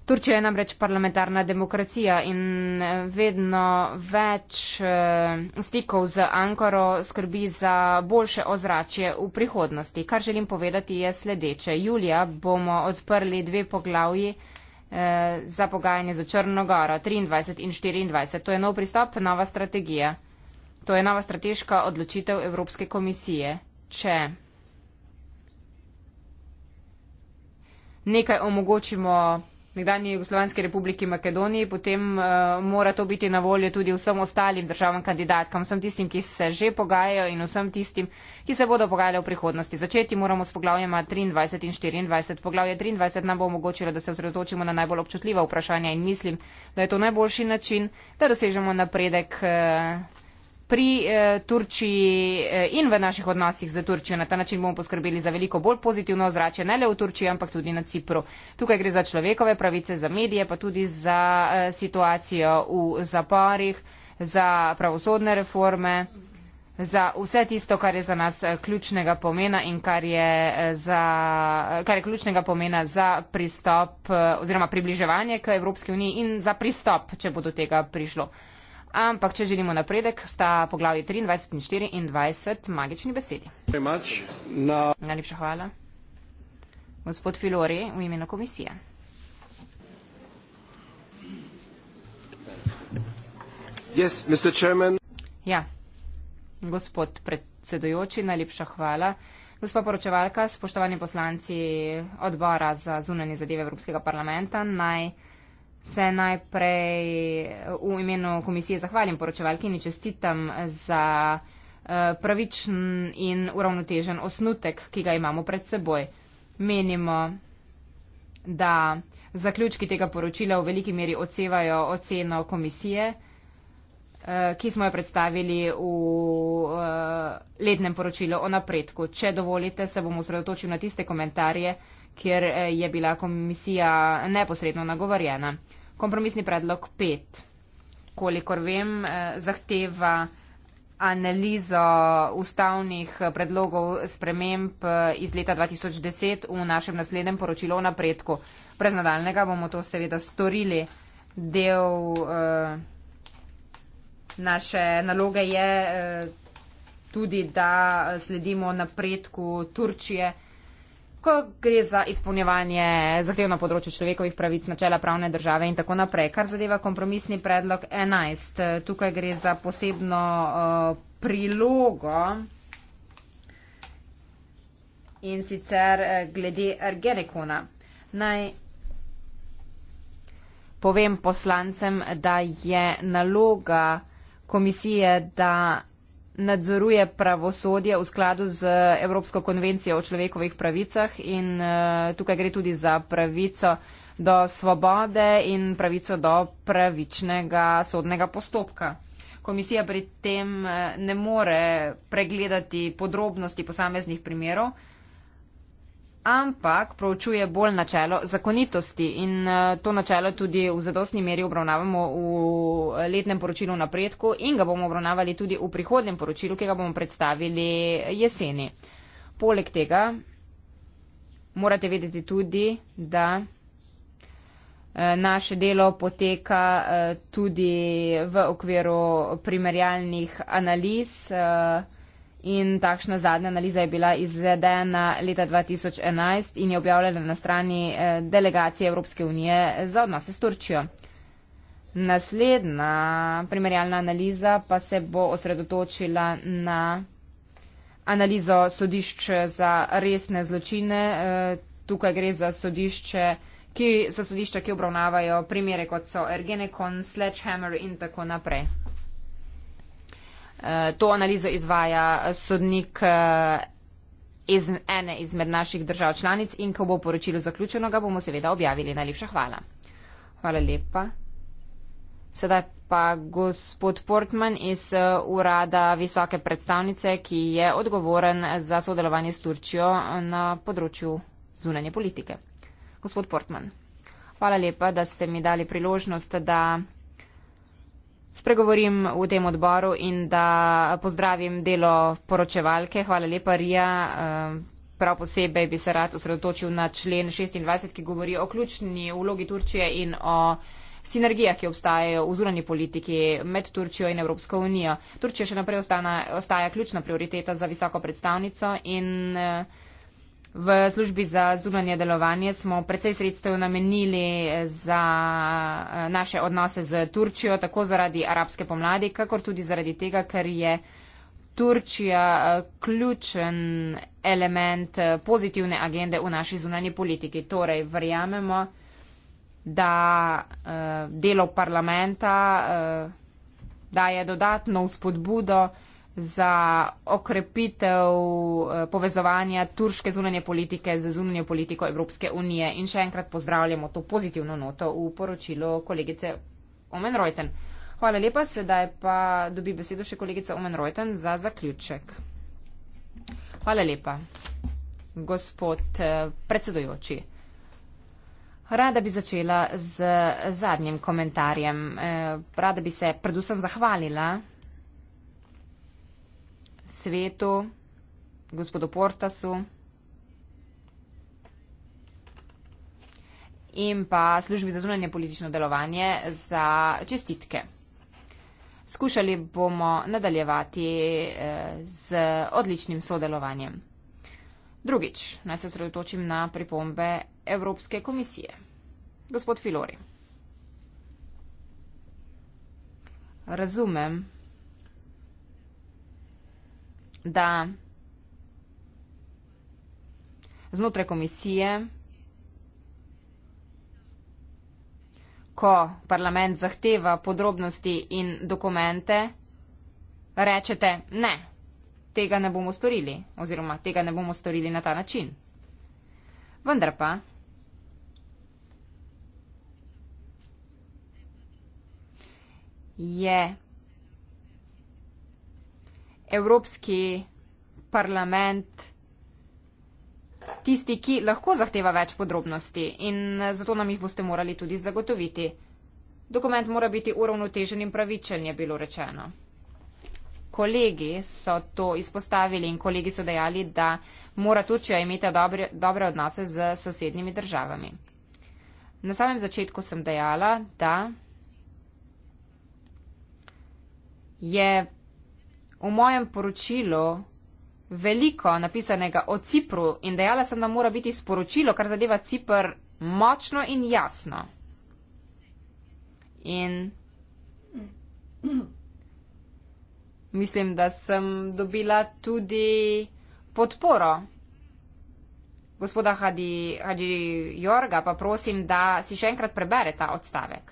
Turčija je namreč parlamentarna demokracija in eh, vedno več eh, stikov z Ankaro skrbi za boljše ozračje v prihodnosti. Kar želim povedati je sledeče. Julija bomo odprli dve poglavji eh, za pogajanje za Črnogoro 23 in 24. To je nov pristop, nova strategija. To je nova strateška odločitev Evropske komisije. Če nekaj omogočimo nekdanji Jugoslovanski republiki Makedoniji, potem uh, mora to biti na voljo tudi vsem ostalim državam kandidatkam, vsem tistim, ki se že pogajajo in vsem tistim, ki se bodo pogajali v prihodnosti. Začeti moramo s poglavjama 23 in 24. Poglavje 23 nam bo omogočilo, da se osredotočimo na najbolj občutljiva vprašanja in mislim, da je to najboljši način, da dosežemo napredek. Uh, pri eh, Turčiji eh, in v naših odnosih z Turčijo. Na ta način bomo poskrbeli za veliko bolj pozitivno ozračje ne le v Turčiji, ampak tudi na Cipru. Tukaj gre za človekove pravice, za medije, pa tudi za eh, situacijo v zaporih, za pravosodne reforme. Za vse tisto, kar je za nas ključnega pomena in kar je, za, kar je ključnega pomena za pristop oziroma približevanje k Evropski uniji in za pristop, če bo do tega prišlo ampak če želimo napredek, sta poglavje 23 in 24 magični besedi. Na... Najlepša hvala. Gospod Filori, v imenu komisije. Yes, ja, gospod predsedojoči, najlepša hvala. Gospa poročevalka, spoštovani poslanci odbora za zunanje zadeve Evropskega parlamenta, naj se najprej v imenu komisije zahvalim poročevalki in čestitam za eh, pravičen in uravnotežen osnutek, ki ga imamo pred seboj. Menimo, da zaključki tega poročila v veliki meri odsevajo oceno komisije, eh, ki smo jo predstavili v eh, letnem poročilu o napredku. Če dovolite, se bom osredotočil na tiste komentarje, kjer eh, je bila komisija neposredno nagovarjena. Kompromisni predlog 5, kolikor vem, eh, zahteva analizo ustavnih predlogov sprememb eh, iz leta 2010 v našem naslednjem poročilu o napredku. Prez nadaljnega bomo to seveda storili. Del eh, naše naloge je eh, tudi, da sledimo napredku Turčije ko gre za izpolnjevanje zahtev na področju človekovih pravic, načela pravne države in tako naprej. Kar zadeva kompromisni predlog 11, tukaj gre za posebno uh, prilogo in sicer uh, glede Ergenekona. Naj povem poslancem, da je naloga komisije, da nadzoruje pravosodje v skladu z Evropsko konvencijo o človekovih pravicah in eh, tukaj gre tudi za pravico do svobode in pravico do pravičnega sodnega postopka. Komisija pri tem eh, ne more pregledati podrobnosti posameznih primerov, ampak proučuje bolj načelo zakonitosti in eh, to načelo tudi v zadostni meri obravnavamo v eh, letnem poročilu napredku in ga bomo obravnavali tudi v prihodnem poročilu, ki ga bomo predstavili jeseni. Poleg tega morate vedeti tudi, da eh, naše delo poteka tudi v okviru primerjalnih analiz, in takšna zadnja analiza je bila izvedena leta 2011 in je objavljena na strani eh, delegacije Evropske unije za odnose s Turčijo. Naslednja primerjalna analiza pa se bo osredotočila na analizo sodišč za resne zločine. Eh, tukaj gre za sodišče, ki, sodišča, ki obravnavajo primere kot so Ergenekon, Sledgehammer in tako naprej. Eh, to analizo izvaja eh, sodnik eh, iz ene izmed naših držav članic in ko bo poročilo zaključeno, ga bomo seveda objavili. Najlepša hvala. Hvala lepa. Sedaj pa gospod Portman iz urada visoke predstavnice, ki je odgovoren za sodelovanje s Turčijo na področju zunanje politike. Gospod Portman, hvala lepa, da ste mi dali priložnost, da spregovorim v tem odboru in da pozdravim delo poročevalke. Hvala lepa, Rija. Ehm, prav posebej bi se rad osredotočil na člen 26, ki govori o ključni vlogi Turčije in o sinergijah, ki obstajajo v zunanji politiki med Turčijo in Evropsko unijo. Turčija še naprej ostana, ostaja ključna prioriteta za visoko predstavnico in eh, V službi za zunanje delovanje smo precej sredstev namenili za eh, naše odnose z Turčijo, tako zaradi arabske pomladi, kakor tudi zaradi tega, ker je Turčija eh, ključen element eh, pozitivne agende v naši zunanji politiki. Torej, verjamemo, da delo parlamenta daje dodatno vzpodbudo za okrepitev eh, povezovanja turške zunanje politike z zunanjo politiko Evropske unije. In še enkrat pozdravljamo to pozitivno noto v poročilo kolegice Omen Reuten. Hvala lepa, sedaj pa dobi besedo še kolegica Omen Reuten za zaključek. Hvala lepa, gospod eh, predsedojoči. Rada bi začela z zadnjim komentarjem. Eh, rada bi se predvsem zahvalila svetu, gospodu Portasu in pa službi za zunanje politično delovanje za čestitke. Skušali bomo nadaljevati eh, z odličnim sodelovanjem. Drugič, naj se osredotočim na pripombe Evropske komisije. Gospod Filori. Razumem da znotraj komisije, ko parlament zahteva podrobnosti in dokumente, rečete ne, tega ne bomo storili oziroma tega ne bomo storili na ta način. Vendar pa. Je Evropski parlament tisti, ki lahko zahteva več podrobnosti in zato nam jih boste morali tudi zagotoviti. Dokument mora biti uravnotežen in pravičen, je bilo rečeno. Kolegi so to izpostavili in kolegi so dejali, da mora Turčija imeti dobre, dobre odnose z sosednjimi državami. Na samem začetku sem dejala, da je v mojem poročilu veliko napisanega o Cipru in dejala sem, da mora biti sporočilo, kar zadeva Cipr, močno in jasno. In mislim, da sem dobila tudi podporo gospoda Hadi, Hadi Jorga, pa prosim, da si še enkrat prebere ta odstavek.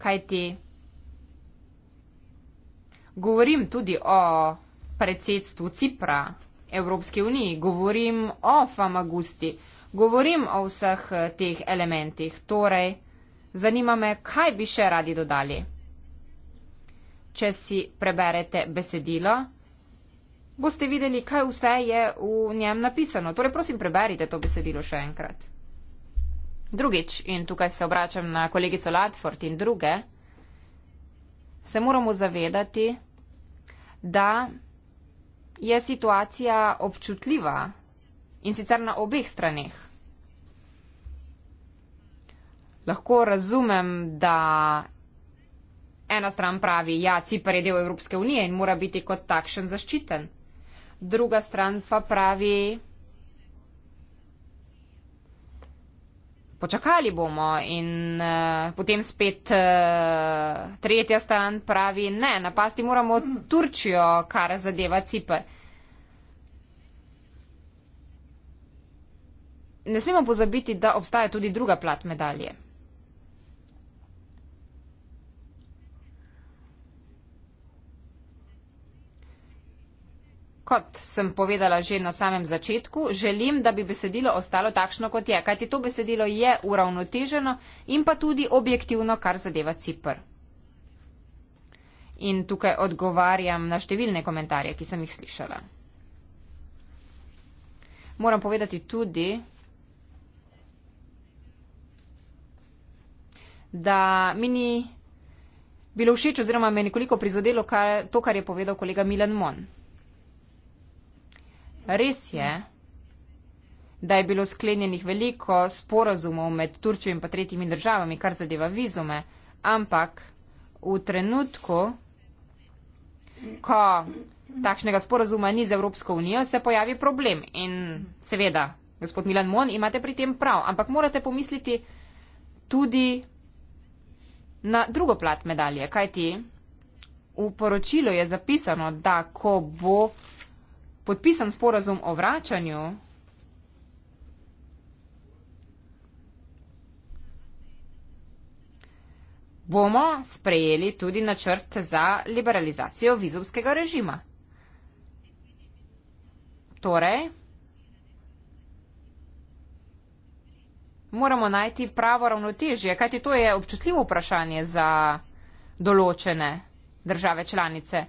Kaj ti? govorim tudi o predsedstvu Cipra Evropske unije, govorim o Famagusti, govorim o vseh eh, teh elementih. Torej, zanima me, kaj bi še radi dodali. Če si preberete besedilo, boste videli, kaj vse je v njem napisano. Torej, prosim, preberite to besedilo še enkrat. Drugič, in tukaj se obračam na kolegico Latford in druge, se moramo zavedati, da je situacija občutljiva in sicer na obeh straneh. Lahko razumem, da ena stran pravi, ja, Cipr je del Evropske unije in mora biti kot takšen zaščiten. Druga stran pa pravi, počakali bomo. In uh, potem spet uh, tretja stran pravi, ne, napasti moramo Turčijo, kar zadeva Cipr. Ne smemo pozabiti, da obstaja tudi druga plat medalje. kot sem povedala že na samem začetku, želim, da bi besedilo ostalo takšno, kot je, kajti to besedilo je uravnoteženo in pa tudi objektivno, kar zadeva Cipr. In tukaj odgovarjam na številne komentarje, ki sem jih slišala. Moram povedati tudi, da mi ni bilo všeč oziroma me je nekoliko prizadelo to, kar je povedal kolega Milan Mon. Res je, da je bilo sklenjenih veliko sporazumov med Turčjo in pa tretjimi državami, kar zadeva vizume, ampak v trenutku, ko takšnega sporazuma ni z Evropsko unijo, se pojavi problem. In seveda, gospod Milan Mon, imate pri tem prav, ampak morate pomisliti tudi na drugo plat medalje, kajti v poročilu je zapisano, da ko bo podpisan sporazum o vračanju, bomo sprejeli tudi načrt za liberalizacijo vizumskega režima. Torej, moramo najti pravo ravnotežje, kajti to je občutljivo vprašanje za določene države članice.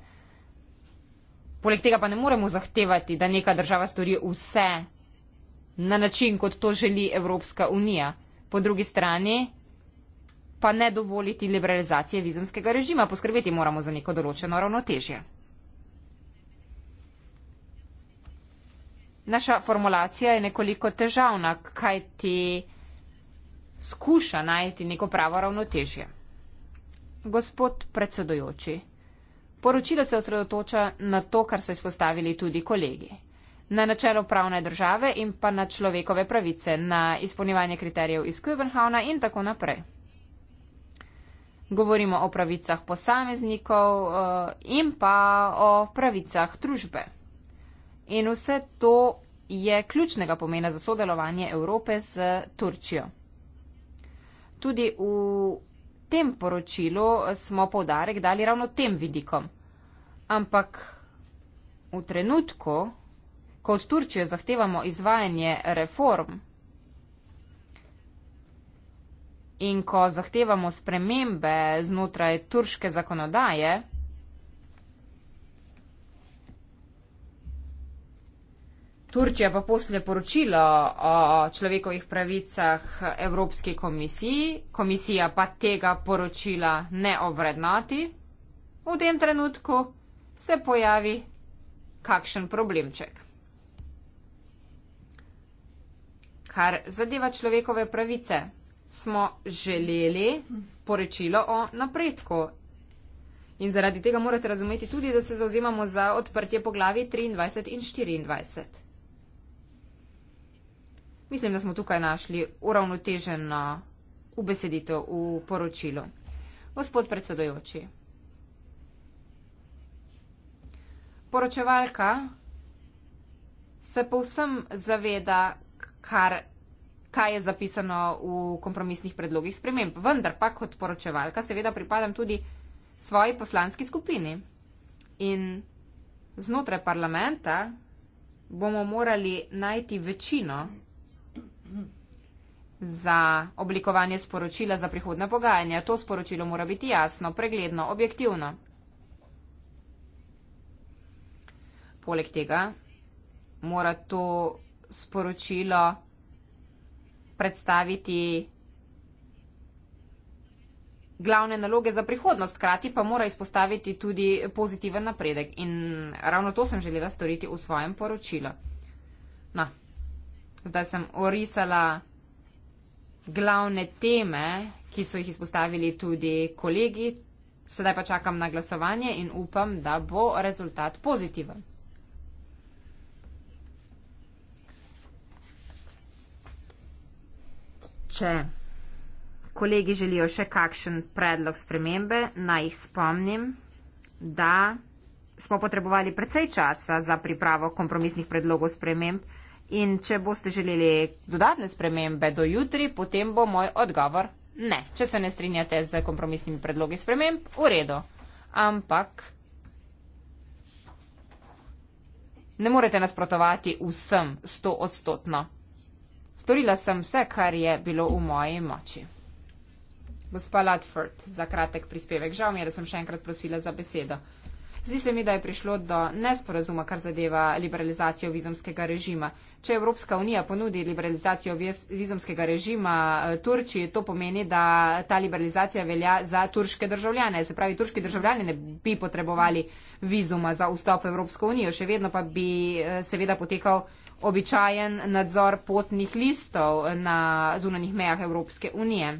Poleg tega pa ne moremo zahtevati, da neka država stori vse na način, kot to želi Evropska unija. Po drugi strani pa ne dovoliti liberalizacije vizumskega režima, poskrbeti moramo za neko določeno ravnotežje. Naša formulacija je nekoliko težavna, kaj ti skuša najti neko pravo ravnotežje. Gospod predsedojoči. Poročilo se osredotoča na to, kar so izpostavili tudi kolegi. Na načelo pravne države in pa na človekove pravice, na izpolnjevanje kriterijev iz Kübenhavna in tako naprej. Govorimo o pravicah posameznikov eh, in pa o pravicah družbe. In vse to je ključnega pomena za sodelovanje Evrope z Turčijo. Tudi v tem poročilu smo povdarek dali ravno tem vidikom. Ampak v trenutku, ko od Turčije zahtevamo izvajanje reform in ko zahtevamo spremembe znotraj turške zakonodaje, Turčija pa posle poročilo o človekovih pravicah Evropske komisiji, komisija pa tega poročila ne ovrednoti, v tem trenutku se pojavi kakšen problemček. Kar zadeva človekove pravice, smo želeli poročilo o napredku. In zaradi tega morate razumeti tudi, da se zauzemamo za odprtje poglavi 23 in 24. Mislim, da smo tukaj našli uravnotežen ubeseditev v poročilu. Gospod predsedojoči. Poročevalka se povsem zaveda, kar, kaj je zapisano v kompromisnih predlogih sprememb. Vendar pa kot poročevalka seveda pripadam tudi svoji poslanski skupini. In znotraj parlamenta bomo morali najti večino za oblikovanje sporočila za prihodna pogajanja. To sporočilo mora biti jasno, pregledno, objektivno. Poleg tega mora to sporočilo predstaviti glavne naloge za prihodnost, krati pa mora izpostaviti tudi pozitiven napredek. In ravno to sem želela storiti v svojem poročilu. Na, no, zdaj sem orisala glavne teme, ki so jih izpostavili tudi kolegi. Sedaj pa čakam na glasovanje in upam, da bo rezultat pozitiven. Če kolegi želijo še kakšen predlog spremembe, naj jih spomnim, da smo potrebovali precej časa za pripravo kompromisnih predlogov sprememb. In če boste želeli dodatne spremembe do jutri, potem bo moj odgovor ne. Če se ne strinjate z kompromisnimi predlogi sprememb, v redu. Ampak ne morete nasprotovati vsem sto odstotno. Storila sem vse, kar je bilo v moji moči. Gospa Ladford, za kratek prispevek. Žal mi je, da sem še enkrat prosila za besedo. Zdi se mi, da je prišlo do nesporazuma, kar zadeva liberalizacijo vizumskega režima. Če Evropska unija ponudi liberalizacijo vizumskega režima eh, Turčiji, to pomeni, da ta liberalizacija velja za turške državljane. Se pravi, turški državljani ne bi potrebovali vizuma za vstop v Evropsko unijo, še vedno pa bi eh, seveda potekal običajen nadzor potnih listov na zunanjih mejah Evropske unije.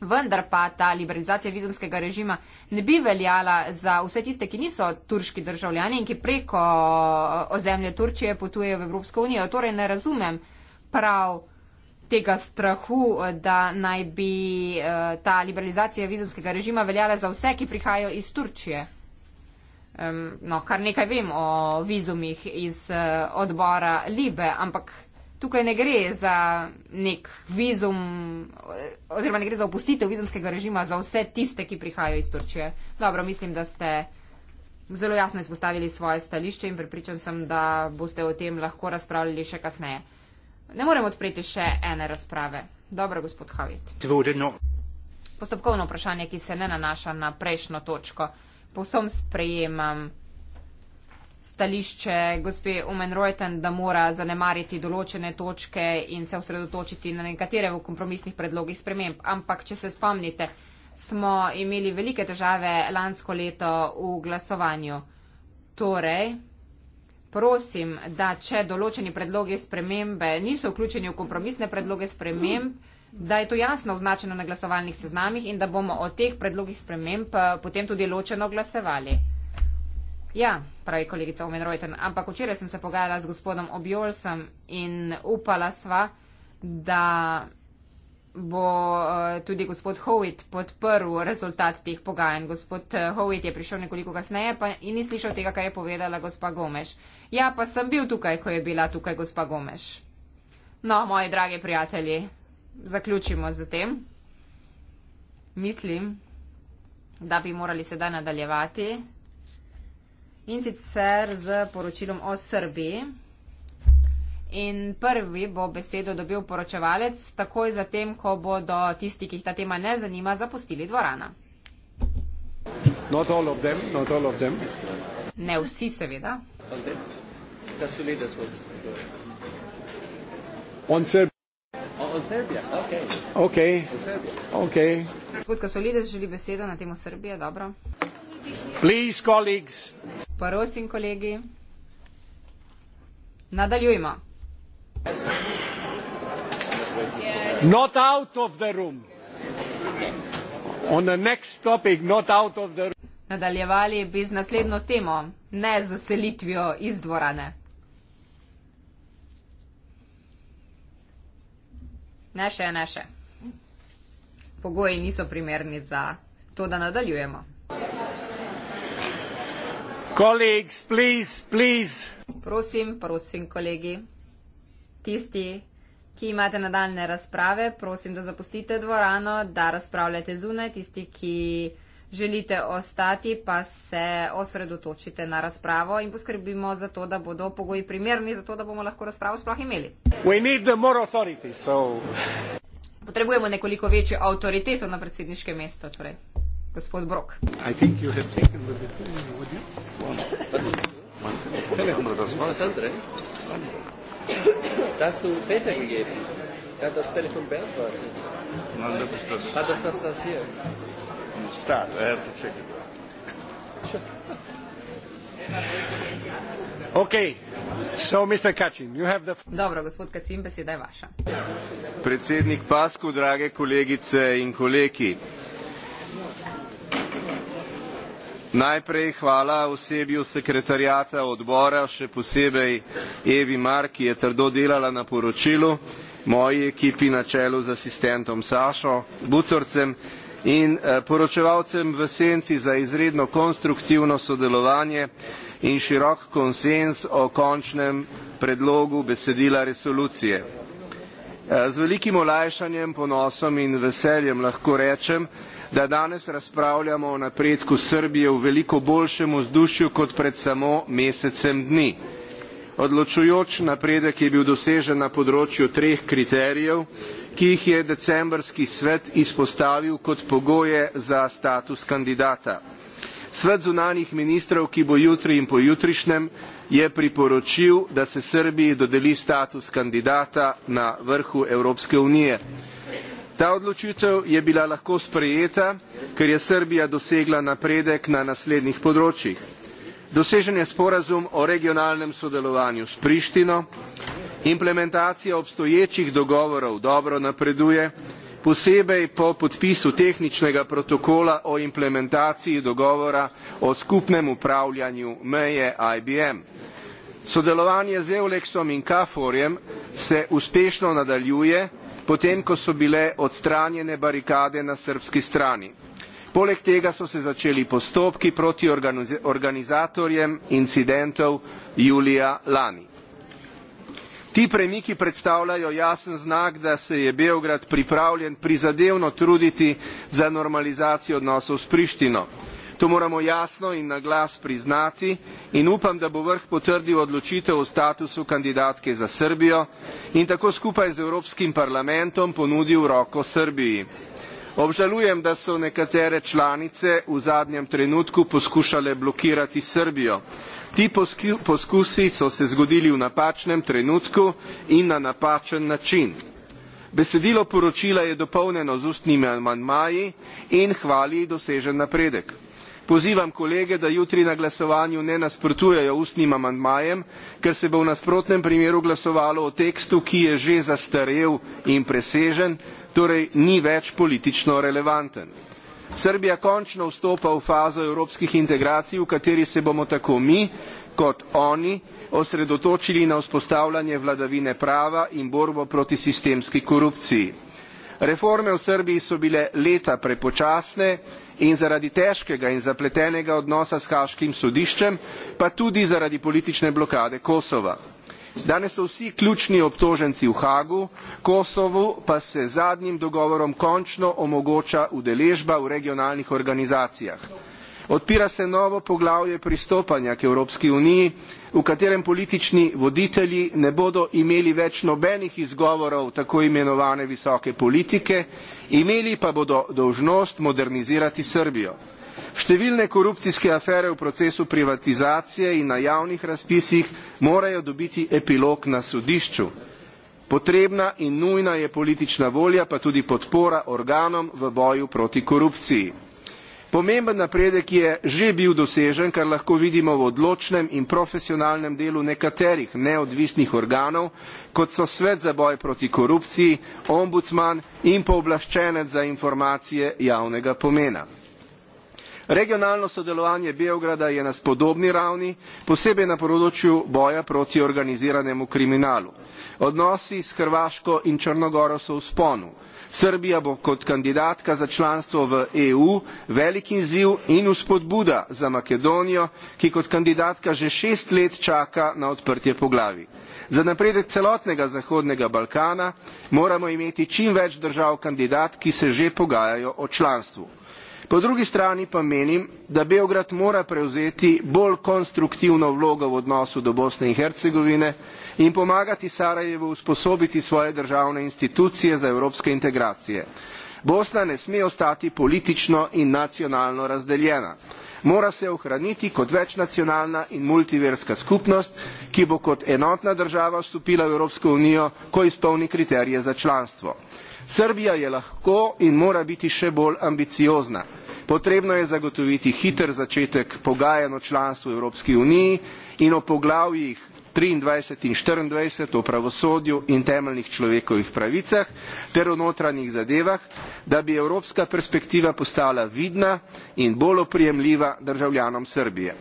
Vendar pa ta liberalizacija vizumskega režima ne bi veljala za vse tiste, ki niso turški državljani in ki preko eh, ozemlje Turčije potujejo v Evropsko unijo. Torej ne razumem prav tega strahu, eh, da naj bi eh, ta liberalizacija vizumskega režima veljala za vse, ki prihajajo iz Turčije. No, kar nekaj vem o vizumih iz odbora Libe, ampak tukaj ne gre za nek vizum oziroma ne gre za opustitev vizumskega režima za vse tiste, ki prihajajo iz Turčije. Dobro, mislim, da ste zelo jasno izpostavili svoje stališče in pripričan sem, da boste o tem lahko razpravljali še kasneje. Ne morem odpreti še ene razprave. Dobro, gospod Havit. Postopkovno vprašanje, ki se ne nanaša na prejšnjo točko. Povsem sprejemam stališče gospe Omen Reuten, da mora zanemariti določene točke in se osredotočiti na nekatere v kompromisnih predlogih sprememb. Ampak, če se spomnite, smo imeli velike težave lansko leto v glasovanju. Torej, prosim, da če določeni predlogi spremembe niso vključeni v kompromisne predloge sprememb, da je to jasno označeno na glasovalnih seznamih in da bomo o teh predlogih sprememb eh, potem tudi ločeno glasovali. Ja, pravi kolegica Omenrojten, ampak včeraj sem se pogajala z gospodom Objolsem in upala sva, da bo eh, tudi gospod Howitt podprl rezultat teh pogajanj. Gospod eh, Howitt je prišel nekoliko kasneje pa in ni slišal tega, kar je povedala gospa Gomeš. Ja, pa sem bil tukaj, ko je bila tukaj gospa Gomeš. No, moji dragi prijatelji, zaključimo z tem. Mislim, da bi morali sedaj nadaljevati in sicer z poročilom o Srbiji. In prvi bo besedo dobil poročevalec, takoj zatem, ko bodo tisti, ki jih ta tema ne zanima, zapustili dvorana. Them, ne vsi, seveda. Oh, Gospod Kasolides želi besedo na temo Srbije, dobro. Please, colleagues. Prosim, kolegi. Nadaljujmo. Not out of the room. On the next topic, not out of the room. Nadaljevali bi z naslednjo temo, ne z selitvijo iz dvorane. Ne še, ne še. Pogoji niso primerni za to, da nadaljujemo. Colleagues, please, please. Prosim, prosim, kolegi. Tisti, ki imate nadaljne razprave, prosim, da zapustite dvorano, da razpravljate zunaj. Tisti, ki želite ostati, pa se osredotočite na razpravo in poskrbimo za to, da bodo pogoji primerni, za to, da bomo lahko razpravo sploh imeli. Potrebujemo nekoliko večjo avtoriteto na predsedniškem mestu. Torej gospod Brok. Okay. The... Dobro, gospod Kacin, beseda je vaša. Predsednik Pasku, drage kolegice in kolegi. Najprej hvala osebju sekretarjata odbora, še posebej Evi Mar, ki je trdo delala na poročilu, moji ekipi na čelu z asistentom Sašo Butorcem in eh, poročevalcem v senci za izredno konstruktivno sodelovanje in širok konsens o končnem predlogu besedila resolucije. Eh, z velikim olajšanjem, ponosom in veseljem lahko rečem, da danes razpravljamo o napredku srbije v veliko boljšem vzdušju kot pred samo mesecem dni. odločujoč napredek je bil dosežen na področju treh kriterijev ki jih je decembrski svet izpostavil kot pogoje za status kandidata. svet zunanjih ministrov ki bo jutri in pojutrišnjem je priporočil da se srbiji dodeli status kandidata na vrhu evropske unije. Ta odločitev je bila lahko sprejeta, ker je Srbija dosegla napredek na naslednjih področjih. Dosežen je sporazum o regionalnem sodelovanju s Prištino, implementacija obstoječih dogovorov dobro napreduje, posebej po podpisu tehničnega protokola o implementaciji dogovora o skupnem upravljanju meje IBM. Sodelovanje z Eulexom in Kaforjem se uspešno nadaljuje, potem ko so bile odstranjene barikade na srbski strani. Poleg tega so se začeli postopki proti organizatorjem incidentov julija lani. Ti premiki predstavljajo jasen znak, da se je Beograd pripravljen prizadevno truditi za normalizacijo odnosov s Prištino. To moramo jasno in na glas priznati in upam, da bo vrh potrdil odločitev o statusu kandidatke za Srbijo in tako skupaj z Evropskim parlamentom ponudil roko Srbiji. Obžalujem, da so nekatere članice v zadnjem trenutku poskušale blokirati Srbijo. Ti poskusi so se zgodili v napačnem trenutku in na napačen način. Besedilo poročila je dopolnjeno z ustnimi amandmaji in hvali dosežen napredek pozivam kolege da jutri na glasovanju ne nasprotujejo ustnim amandmajem ker se bo v nasprotnem primeru glasovalo o tekstu ki je že zastarel in presežen torej ni več politično relevanten srbija končno vstopa v fazo evropskih integracij v kateri se bomo tako mi kot oni osredotočili na vzpostavljanje vladavine prava in borbo proti sistemski korupciji. Reforme v Srbiji so bile leta prepočasne in zaradi težkega in zapletenega odnosa s Haškim sodiščem, pa tudi zaradi politične blokade Kosova. Danes so vsi ključni obtoženci v Hagu, Kosovu pa se zadnjim dogovorom končno omogoča udeležba v regionalnih organizacijah. Odpira se novo poglavje pristopanja k Evropski uniji, v katerem politični voditelji ne bodo imeli več nobenih izgovorov tako imenovane visoke politike, imeli pa bodo dolžnost modernizirati Srbijo. Številne korupcijske afere v procesu privatizacije in na javnih razpisih morajo dobiti epilog na sodišču. Potrebna in nujna je politična volja pa tudi podpora organom v boju proti korupciji pomemben napredek je že bil dosežen kar lahko vidimo v odločnem in profesionalnem delu nekaterih neodvisnih organov kot so svet za boj proti korupciji ombudsman in pooblaščenec za informacije javnega pomena Regionalno sodelovanje Beograda je na spodobni ravni, posebej na področju boja proti organiziranemu kriminalu. Odnosi s Hrvaško in Črnogoro so v sponu srbija bo kot kandidatka za članstvo v EU velik izziv in vzpodbuda za Makedonijo, ki kot kandidatka že šest let čaka na odprtje poglavi. Za napredek celotnega Zahodnega Balkana moramo imeti čim več držav kandidat, ki se že pogajajo o članstvu po drugi strani pa menim da beograd mora prevzeti bolj konstruktivno vlogo v odnosu do bosne in hercegovine in pomagati sarajevu usposobiti svoje državne institucije za evropske integracije bosna ne sme ostati politično in nacionalno razdeljena mora se ohraniti kot večnacionalna in multiverska skupnost ki bo kot enotna država vstopila v evropsko unijo ko izpolni kriterije za članstvo. Srbija je lahko in mora biti še bolj ambiciozna. Potrebno je zagotoviti hiter začetek pogajanj o članstvu Evropske unije in o poglavjih 23 in 24 o pravosodju in temeljnih človekovih pravicah ter o notranjih zadevah, da bi evropska perspektiva postala vidna in bolj oprijemljiva državljanom Srbije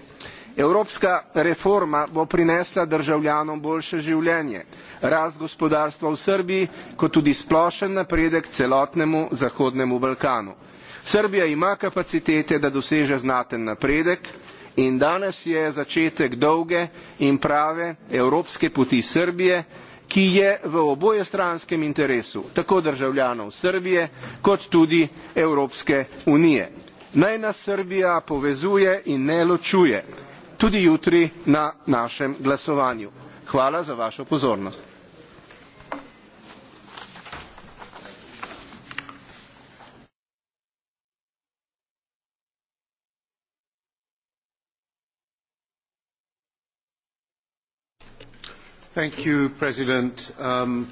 evropska reforma bo prinesla državljanom boljše življenje rast gospodarstva v srbiji kot tudi splošen napredek celotnemu zahodnemu balkanu. srbija ima kapacitete da doseže znaten napredek in danes je začetek dolge in prave evropske poti srbije ki je v obojestranskem interesu tako državljanov srbije kot tudi evropske unije. naj nas srbija povezuje in ne ločuje tudi jutri na našem glasovanju. Hvala za vašo pozornost. Um,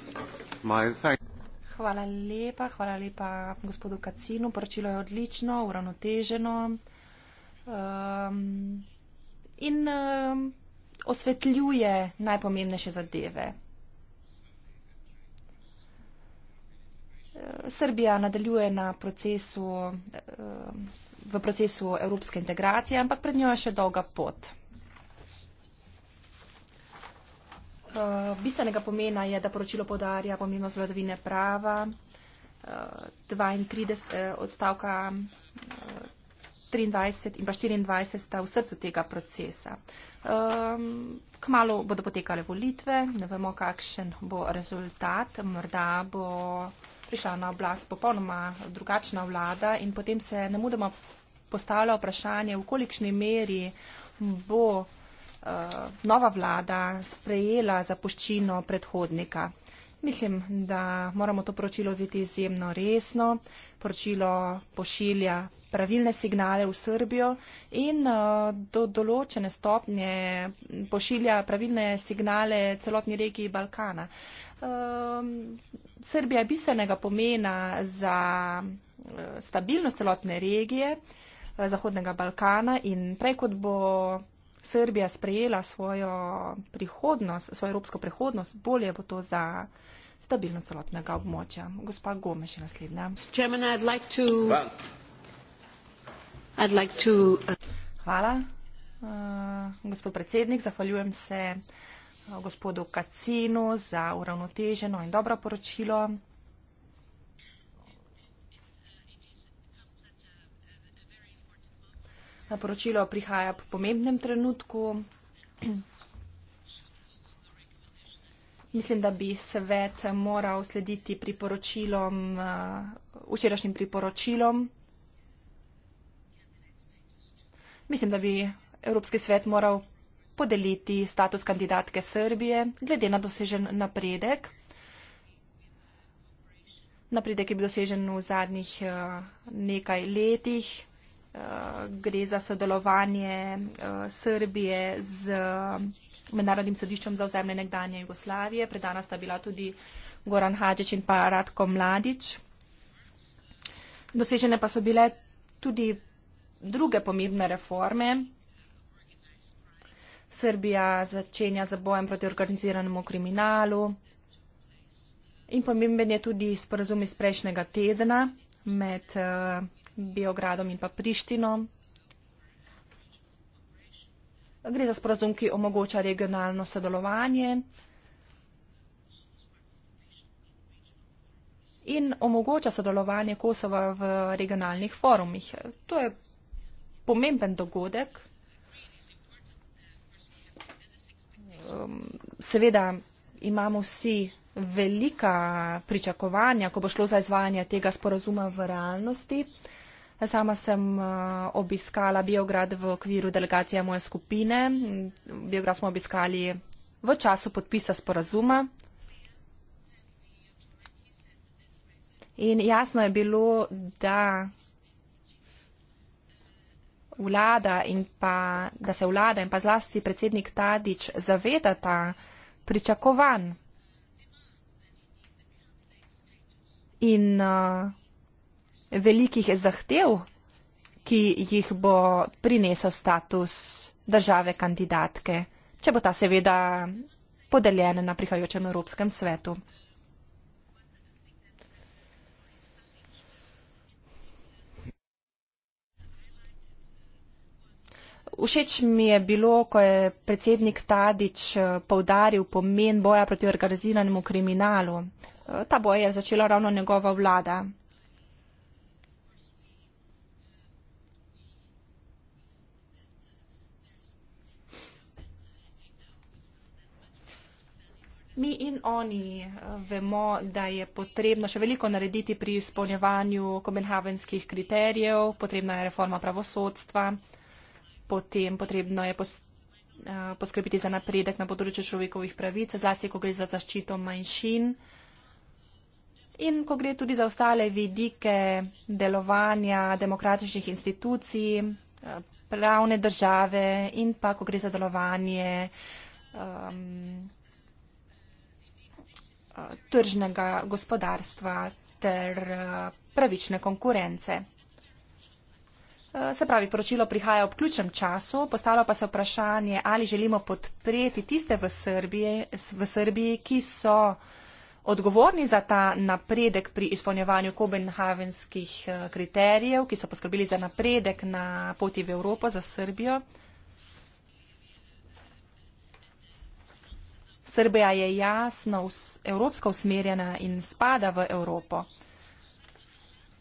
hvala lepa, hvala lepa gospodu Kacinu. Poročilo je odlično, uravnoteženo. Um, in um, osvetljuje najpomembnejše zadeve. Eh, Srbija nadaljuje na procesu, eh, v procesu evropske integracije, ampak pred njo je še dolga pot. Eh, bistvenega pomena je, da poročilo podarja pomembnost vladavine prava, 32 odstavka 23 in pa 24 sta v srcu tega procesa. Um, ehm, kmalo bodo potekale volitve, ne vemo, kakšen bo rezultat. Morda bo prišla na oblast popolnoma drugačna vlada in potem se ne mudoma postavlja vprašanje, v kolikšni meri bo uh, nova vlada sprejela zapuščino predhodnika. Mislim, da moramo to poročilo vzeti izjemno resno. Poročilo pošilja pravilne signale v Srbijo in uh, do določene stopnje pošilja pravilne signale celotni regiji Balkana. Um, Srbija je bistvenega pomena za uh, stabilnost celotne regije uh, Zahodnega Balkana in prej kot bo Srbija sprejela svojo prihodnost, svojo evropsko prihodnost, bolje bo to za stabilno celotnega območja. Gospa Gome še naslednja. Hvala. Uh, gospod predsednik, zahvaljujem se uh, gospodu Kacinu za uravnoteženo in dobro poročilo. da poročilo prihaja po pomembnem trenutku. Mislim, da bi svet moral slediti priporočilom, eh, včerajšnjim priporočilom. Mislim, da bi Evropski svet moral podeliti status kandidatke Srbije glede na dosežen napredek. Napredek je bil dosežen v zadnjih eh, nekaj letih gre za sodelovanje uh, Srbije z uh, Mednarodnim sodiščem za ozemlje nekdanje Jugoslavije. Predana sta bila tudi Goran Hadžić in pa Radko Mladić. Dosežene pa so bile tudi druge pomembne reforme. Srbija začenja za bojem proti organiziranemu kriminalu in pomemben je tudi sporazum iz prejšnjega tedna med uh, Beogradom in pa Prištino. Gre za sporazum, ki omogoča regionalno sodelovanje in omogoča sodelovanje Kosova v regionalnih forumih. To je pomemben dogodek. Um, seveda imamo vsi velika pričakovanja, ko bo šlo za izvajanje tega sporazuma v realnosti. Sama sem eh, obiskala Biograd v okviru delegacije moje skupine. Biograd smo obiskali v času podpisa sporazuma. In jasno je bilo, da vlada in pa, da se vlada in pa zlasti predsednik Tadič zavedata pričakovanj in uh, velikih zahtev, ki jih bo prinesel status države kandidatke, če bo ta seveda podeljena na prihajajočem Evropskem svetu. Všeč mi je bilo, ko je predsednik Tadić eh, poudaril pomen boja proti organiziranemu kriminalu. Eh, ta boj je začela ravno njegova vlada. Mi in oni eh, vemo, da je potrebno še veliko narediti pri izpolnjevanju kopenhavenskih kriterijev, potrebna je reforma pravosodstva, potem potrebno je pos, eh, poskrbiti za napredek na področju človekovih pravic, zlasti ko gre za zaščito manjšin in ko gre tudi za ostale vidike delovanja demokratičnih institucij, eh, pravne države in pa ko gre za delovanje. Um, Eh, tržnega gospodarstva ter eh, pravične konkurence. Eh, se pravi, poročilo prihaja ob ključnem času, postalo pa se vprašanje, ali želimo podpreti tiste v Srbiji, v Srbiji ki so odgovorni za ta napredek pri izpolnjevanju kopenhavenskih kriterijev, ki so poskrbeli za napredek na poti v Evropo za Srbijo. Srbija je jasno evropsko usmerjena in spada v Evropo.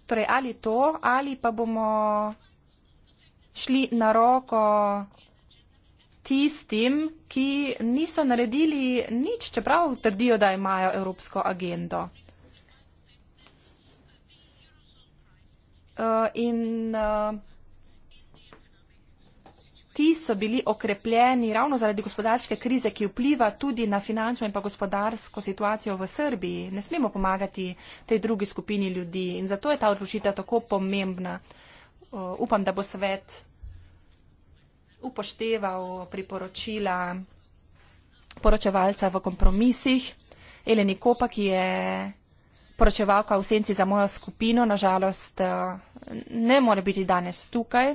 Torej, ali to, ali pa bomo šli na roko tistim, ki niso naredili nič, čeprav trdijo, da imajo evropsko agendo. Uh, in uh, ti so bili okrepljeni ravno zaradi gospodarske krize, ki vpliva tudi na finančno in pa gospodarsko situacijo v Srbiji. Ne smemo pomagati tej drugi skupini ljudi in zato je ta odločitev tako pomembna. Upam, da bo svet upošteval priporočila poročevalca v kompromisih. Eleni Kopa, ki je poročevalka v senci za mojo skupino, nažalost ne more biti danes tukaj.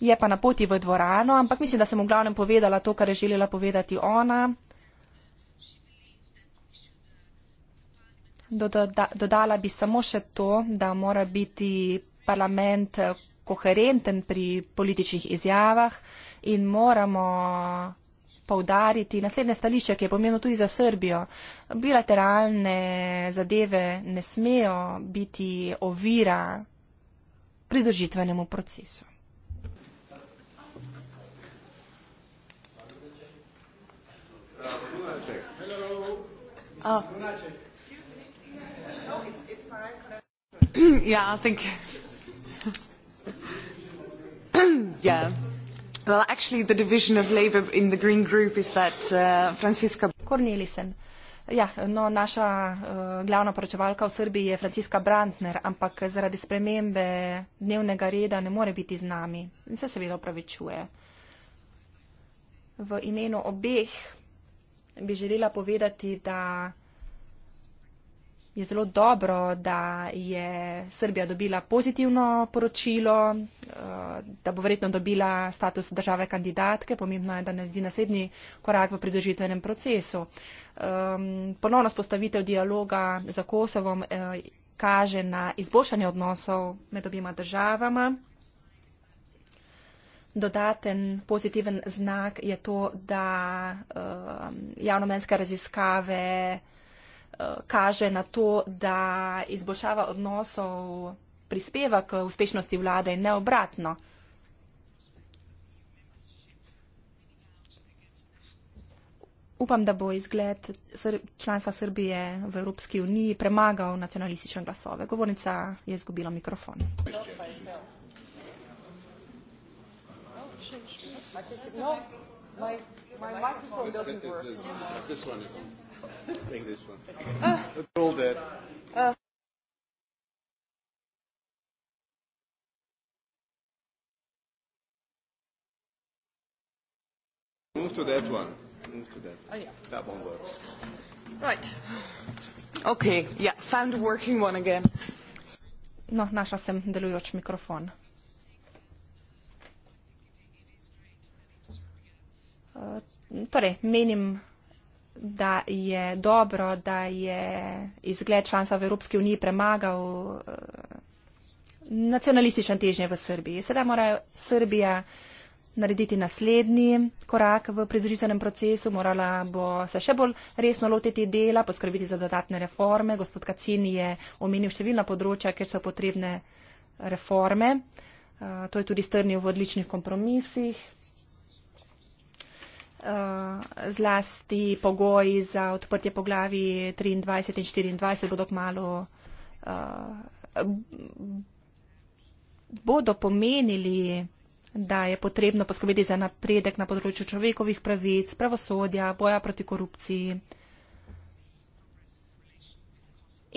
Je pa na poti v dvorano, ampak mislim, da sem v glavnem povedala to, kar je želela povedati ona. Doda, dodala bi samo še to, da mora biti parlament eh, koherenten pri političnih izjavah in moramo povdariti naslednje stališče, ki je pomembno tudi za Srbijo. Bilateralne zadeve ne smejo biti ovira pridržitvenemu procesu. Uh, (coughs) yeah, I think. (coughs) yeah. Well, actually, the division of labor in the Green Group is that uh, Francisca. Cornelissen. Ja, no, naša uh, glavna poročevalka v Srbiji je Franciska Brantner, ampak zaradi spremembe dnevnega reda ne more biti z nami. In se seveda opravičuje. V imenu obeh bi želela povedati, da je zelo dobro, da je Srbija dobila pozitivno poročilo, eh, da bo verjetno dobila status države kandidatke. Pomembno je, da naredi naslednji korak v pridružitvenem procesu. Ehm, ponovno spostavitev dialoga za Kosovom eh, kaže na izboljšanje odnosov med objema državama. Dodaten pozitiven znak je to, da uh, um, javnomenske raziskave uh, kaže na to, da izboljšava odnosov prispeva k uspešnosti vlade in ne obratno. Upam, da bo izgled članstva Srbije v Evropski uniji premagal nacionalistične glasove. Govornica je izgubila mikrofon. Dobar. I think it, no, my, my microphone doesn't work. This, this one is. I think this one. Uh, all dead. Uh, Move to that one. Move to that. Oh, yeah. That one works. Right. Okay. Yeah. Found a working one again. No, naša sem delujoč mikrofon. Eh, torej, menim, da je dobro, da je izgled članstva v Evropski uniji premagal eh, nacionalistične težnje v Srbiji. Sedaj mora Srbija narediti naslednji korak v pridružitvenem procesu, morala bo se še bolj resno loteti dela, poskrbiti za dodatne reforme. Gospod Kacin je omenil številna področja, kjer so potrebne reforme. Eh, to je tudi strnil v odličnih kompromisih. Eh, zlasti pogoji za odprtje poglavi 23 in 24 bodo kmalo. Eh, bodo pomenili, da je potrebno poskrbeti za napredek na področju človekovih pravic, pravosodja, boja proti korupciji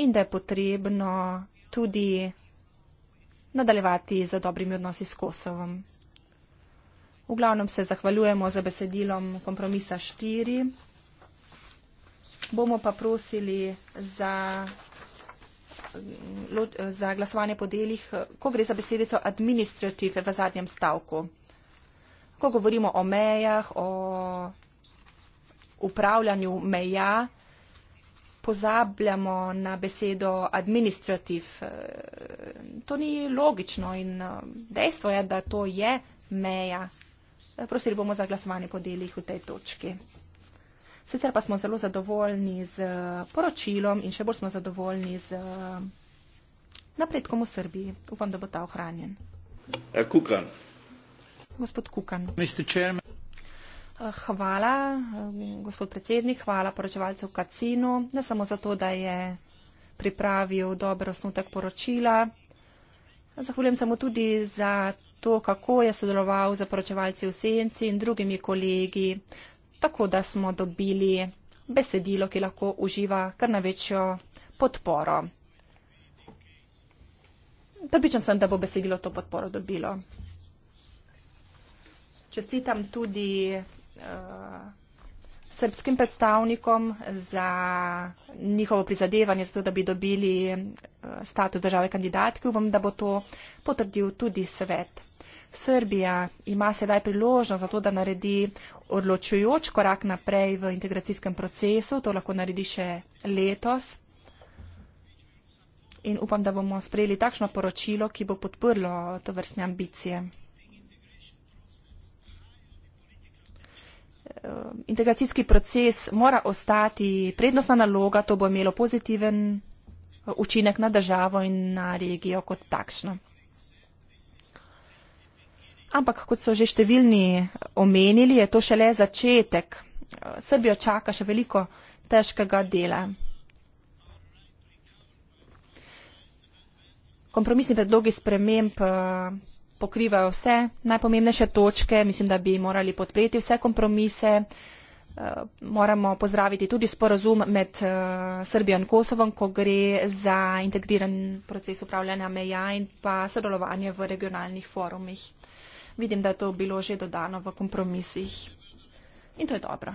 in da je potrebno tudi nadaljevati za dobrimi odnosi s Kosovom. V glavnem se zahvaljujemo za besedilom kompromisa 4. Bomo pa prosili za, za glasovanje po delih, ko gre za besedico administrativ v zadnjem stavku. Ko govorimo o mejah, o upravljanju meja, pozabljamo na besedo administrativ. To ni logično in eh, dejstvo je, da to je meja prosili bomo za glasovanje po delih v tej točki. Sicer pa smo zelo zadovoljni z eh, poročilom in še bolj smo zadovoljni z eh, napredkom v Srbiji. Upam, da bo ta ohranjen. Eh, Kukan. Gospod Kukan. Hvala, gospod predsednik, hvala poročevalcu Kacinu, ne samo zato, da je pripravil dober osnutek poročila. Zahvaljujem se mu tudi za to, kako je sodeloval z poročevalci v senci in drugimi kolegi, tako da smo dobili besedilo, ki lahko uživa kar največjo podporo. Pripričan sem, da bo besedilo to podporo dobilo. Čestitam tudi. Uh, srbskim predstavnikom za njihovo prizadevanje, zato da bi dobili eh, status države kandidatke. Upam, da bo to potrdil tudi svet. Srbija ima sedaj priložnost za to, da naredi odločujoč korak naprej v integracijskem procesu. To lahko naredi še letos. In upam, da bomo sprejeli takšno poročilo, ki bo podprlo to vrstne ambicije. Eh, integracijski proces mora ostati prednostna naloga, to bo imelo pozitiven eh, učinek na državo in na regijo kot takšno. Ampak, kot so že številni omenili, je to šele začetek. Eh, Srbijo čaka še veliko težkega dela. Kompromisni predlogi sprememb pokrivajo vse najpomembnejše točke. Mislim, da bi morali podpreti vse kompromise. Eh, moramo pozdraviti tudi sporozum med eh, Srbijo in Kosovom, ko gre za integriran proces upravljanja meja in pa sodelovanje v regionalnih forumih. Vidim, da je to bilo že dodano v kompromisih in to je dobro.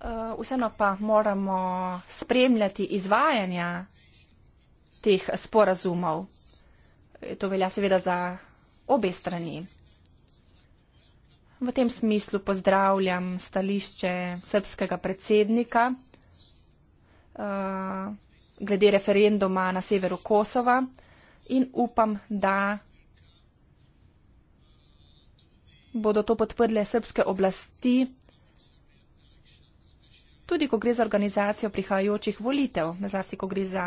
Eh, vseeno pa moramo spremljati izvajanja teh sporazumov to velja seveda za obe strani. V tem smislu pozdravljam stališče srpskega predsednika eh, glede referenduma na severu Kosova in upam, da bodo to podprle srpske oblasti, tudi ko gre za organizacijo prihajajočih volitev, zlasti ko gre za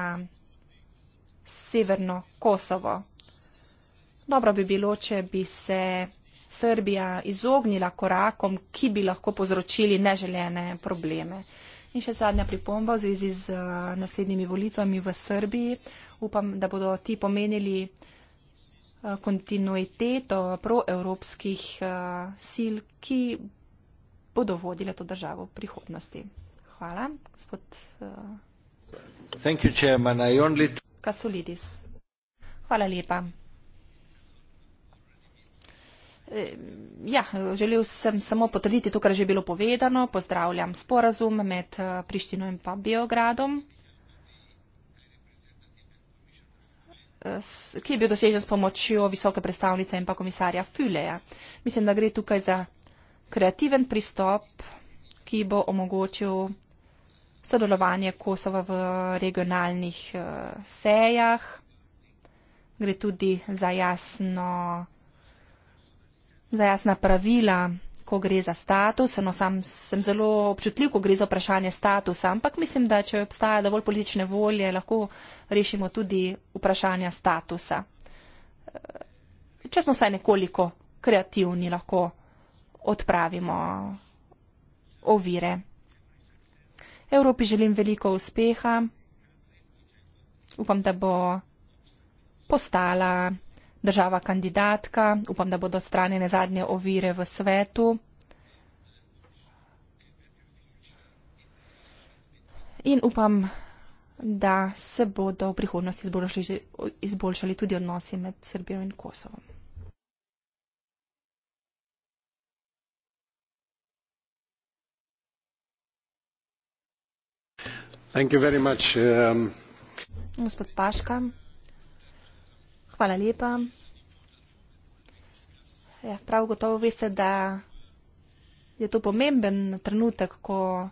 severno Kosovo. Dobro bi bilo, če bi se Srbija izognila korakom, ki bi lahko povzročili neželjene probleme. In še zadnja pripomba v zvezi z eh, naslednjimi volitvami v Srbiji. Upam, da bodo ti pomenili eh, kontinuiteto proevropskih eh, sil, ki bodo vodile to državo v prihodnosti. Hvala, gospod. Hvala lepa. Eh, ja, želel sem samo potrditi to, kar je že bilo povedano. Pozdravljam sporazum med eh, Prištino in pa Biogradom, eh, ki je bil dosežen s pomočjo visoke predstavnice in pa komisarja Füleja. Mislim, da gre tukaj za kreativen pristop, ki bo omogočil sodelovanje Kosova v regionalnih sejah. Gre tudi za jasno za jasna pravila, ko gre za status. No, sam sem zelo občutljiv, ko gre za vprašanje statusa, ampak mislim, da če obstaja dovolj politične volje, lahko rešimo tudi vprašanja statusa. Če smo vsaj nekoliko kreativni, lahko odpravimo ovire. Evropi želim veliko uspeha. Upam, da bo postala država kandidatka, upam, da bodo odstranjene zadnje ovire v svetu. In upam, da se bodo v prihodnosti izboljšali, izboljšali tudi odnosi med Srbijo in Kosovom. Thank you very much. Um... Gospod Paška. Hvala lepa. Ja, prav gotovo veste, da je to pomemben trenutek, ko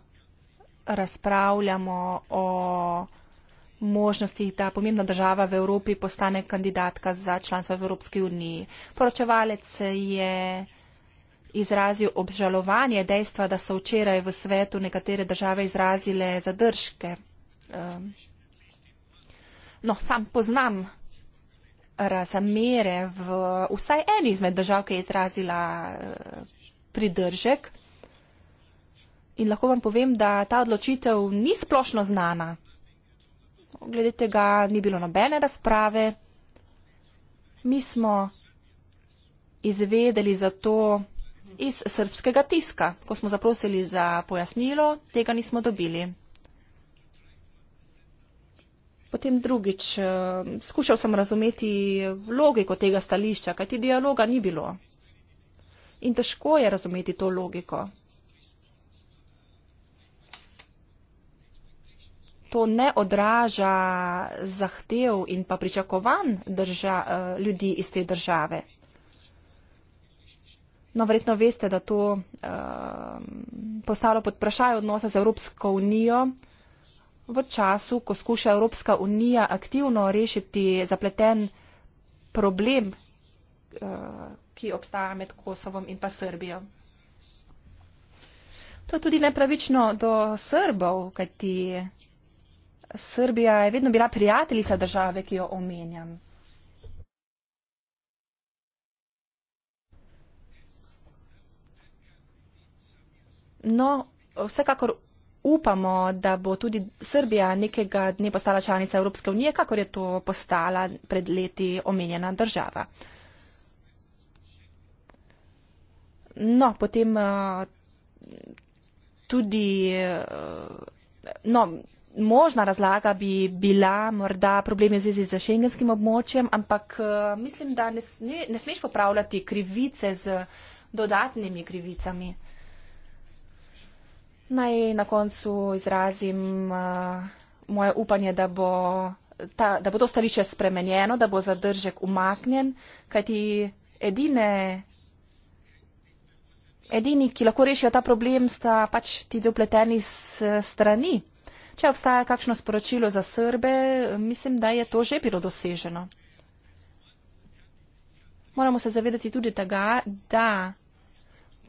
razpravljamo o možnostih, da pomembna država v Evropi postane kandidatka za članstvo v Evropski uniji. Poročevalec je izrazil obžalovanje dejstva, da so včeraj v svetu nekatere države izrazile zadržke. Ehm, no, sam poznam razmere v vsaj eni izmed držav, ki je izrazila eh, pridržek. In lahko vam povem, da ta odločitev ni splošno znana. Glede tega ni bilo nobene razprave. Mi smo izvedeli za to iz srpskega tiska. Ko smo zaprosili za pojasnilo, tega nismo dobili. Potem drugič, eh, skušal sem razumeti logiko tega stališča, kajti dialoga ni bilo. In težko je razumeti to logiko. To ne odraža zahtev in pa pričakovanj drža, eh, ljudi iz te države. No, verjetno veste, da to uh, postalo pod vprašaj odnosa z Evropsko unijo. Uh, v času, ko skuša Evropska unija aktivno rešiti zapleten problem, eh, ki obstaja med Kosovom in pa Srbijo. To je tudi nepravično do Srbov, kajti Srbija je vedno bila prijateljica države, ki jo omenjam. No, vsekakor upamo, da bo tudi Srbija nekega dne postala članica Evropske unije, kakor je to postala pred leti omenjena država. No, potem eh, tudi. Eh, no, Možna razlaga bi bila morda problemi v zvezi z šengenskim območjem, ampak eh, mislim, da ne, ne, ne smeš popravljati krivice z dodatnimi krivicami. Naj na koncu izrazim uh, moje upanje, da bo, ta, da bo to stališče spremenjeno, da bo zadržek umaknjen, kajti edine, edini, ki lahko rešijo ta problem, sta pač ti dopleteni strani. Če obstaja kakšno sporočilo za Srbe, mislim, da je to že bilo doseženo. Moramo se zavedati tudi tega, da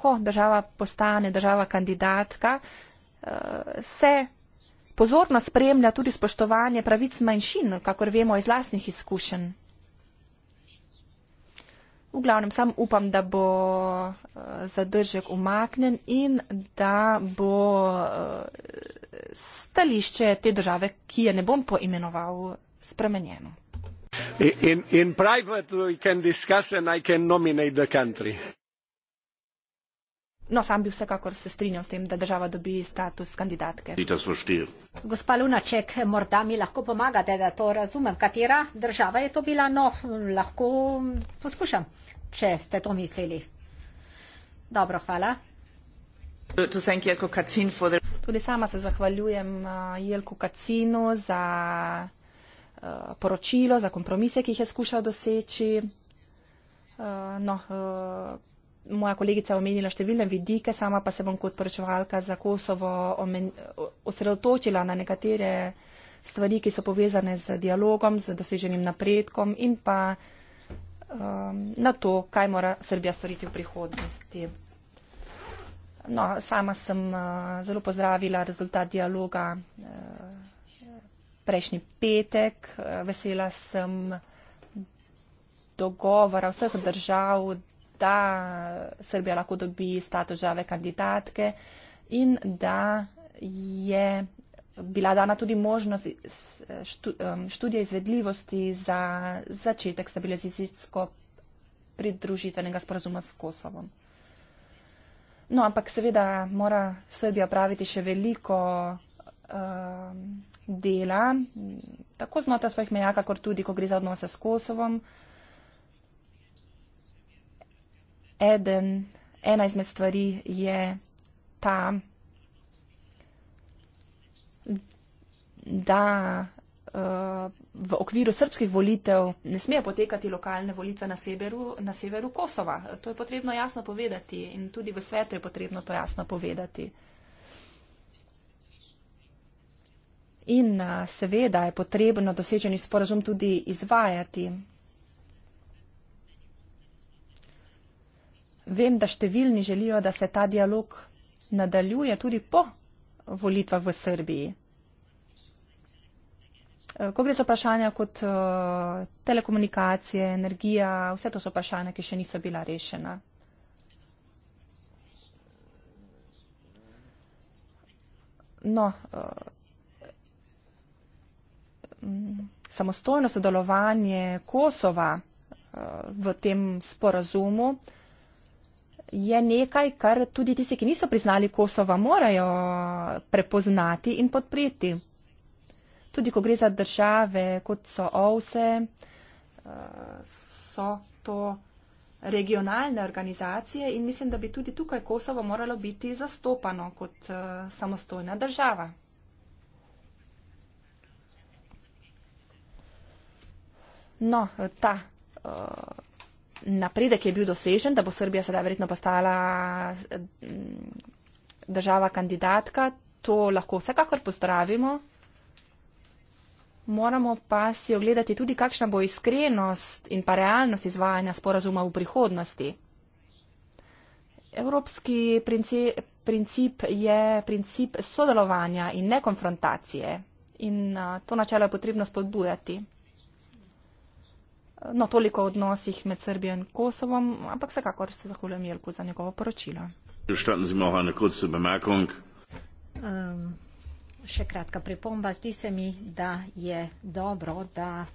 ko država postane država kandidatka, eh, se pozorno spremlja tudi spoštovanje pravic manjšin, kakor vemo iz lasnih izkušenj. V glavnem, sam upam, da bo eh, zadržek umaknen in da bo eh, stališče te države, ki je ne bom poimenoval, spremenjeno. In, in, in No, sam bi vsekakor se strinjal s tem, da država dobi status kandidatke. Gospa Lunaček, morda mi lahko pomagate, da to razumem. Katera država je to bila? No, lahko poskušam, če ste to mislili. Dobro, hvala. Tudi sama se zahvaljujem uh, Jelku Kacinu za uh, poročilo, za kompromise, ki jih je skušal doseči. Uh, no, moja kolegica omenila številne vidike, sama pa se bom kot poročevalka za Kosovo osredotočila na nekatere stvari, ki so povezane z dialogom, z doseženim napredkom in pa um, na to, kaj mora Srbija storiti v prihodnosti. No, sama sem uh, zelo pozdravila rezultat dialoga uh, prejšnji petek. Uh, vesela sem dogovora vseh držav, da Srbija lahko dobi status države kandidatke in da je bila dana tudi možnost um, študije izvedljivosti za začetek stabilizacijsko pridružitvenega sporazuma s Kosovom. No, ampak seveda mora Srbija praviti še veliko um, dela, tako znotraj svojih meja, kakor tudi, ko gre za odnose s Kosovom. eden, ena izmed stvari je ta, da uh, v okviru srpskih volitev ne smejo potekati lokalne volitve na severu, na severu Kosova. To je potrebno jasno povedati in tudi v svetu je potrebno to jasno povedati. In uh, seveda je potrebno dosečeni sporazum tudi izvajati. Vem, da številni želijo, da se ta dialog nadaljuje tudi po volitvah v Srbiji. Eh, ko gre za vprašanja kot eh, telekomunikacije, energija, vse to so vprašanja, ki še niso bila rešena. No, eh, samostojno sodelovanje Kosova v tem sporazumu je nekaj, kar tudi tisti, ki niso priznali Kosova, morajo prepoznati in podpreti. Tudi ko gre za države, kot so OVSE, eh, so to regionalne organizacije in mislim, da bi tudi tukaj Kosovo moralo biti zastopano kot eh, samostojna država. No, ta eh, napredek je bil dosežen, da bo Srbija sedaj verjetno postala mm, država kandidatka, to lahko vsekakor pozdravimo. Moramo pa si ogledati tudi, kakšna bo iskrenost in pa realnost izvajanja sporazuma v prihodnosti. Evropski princip je princip sodelovanja in ne konfrontacije in to načelo je potrebno spodbujati no, toliko o odnosih med Srbijo in Kosovom, ampak vsekakor se zahvaljujem Jelku za njegovo poročilo. Um, še kratka pripomba. Zdi se mi, da je dobro, da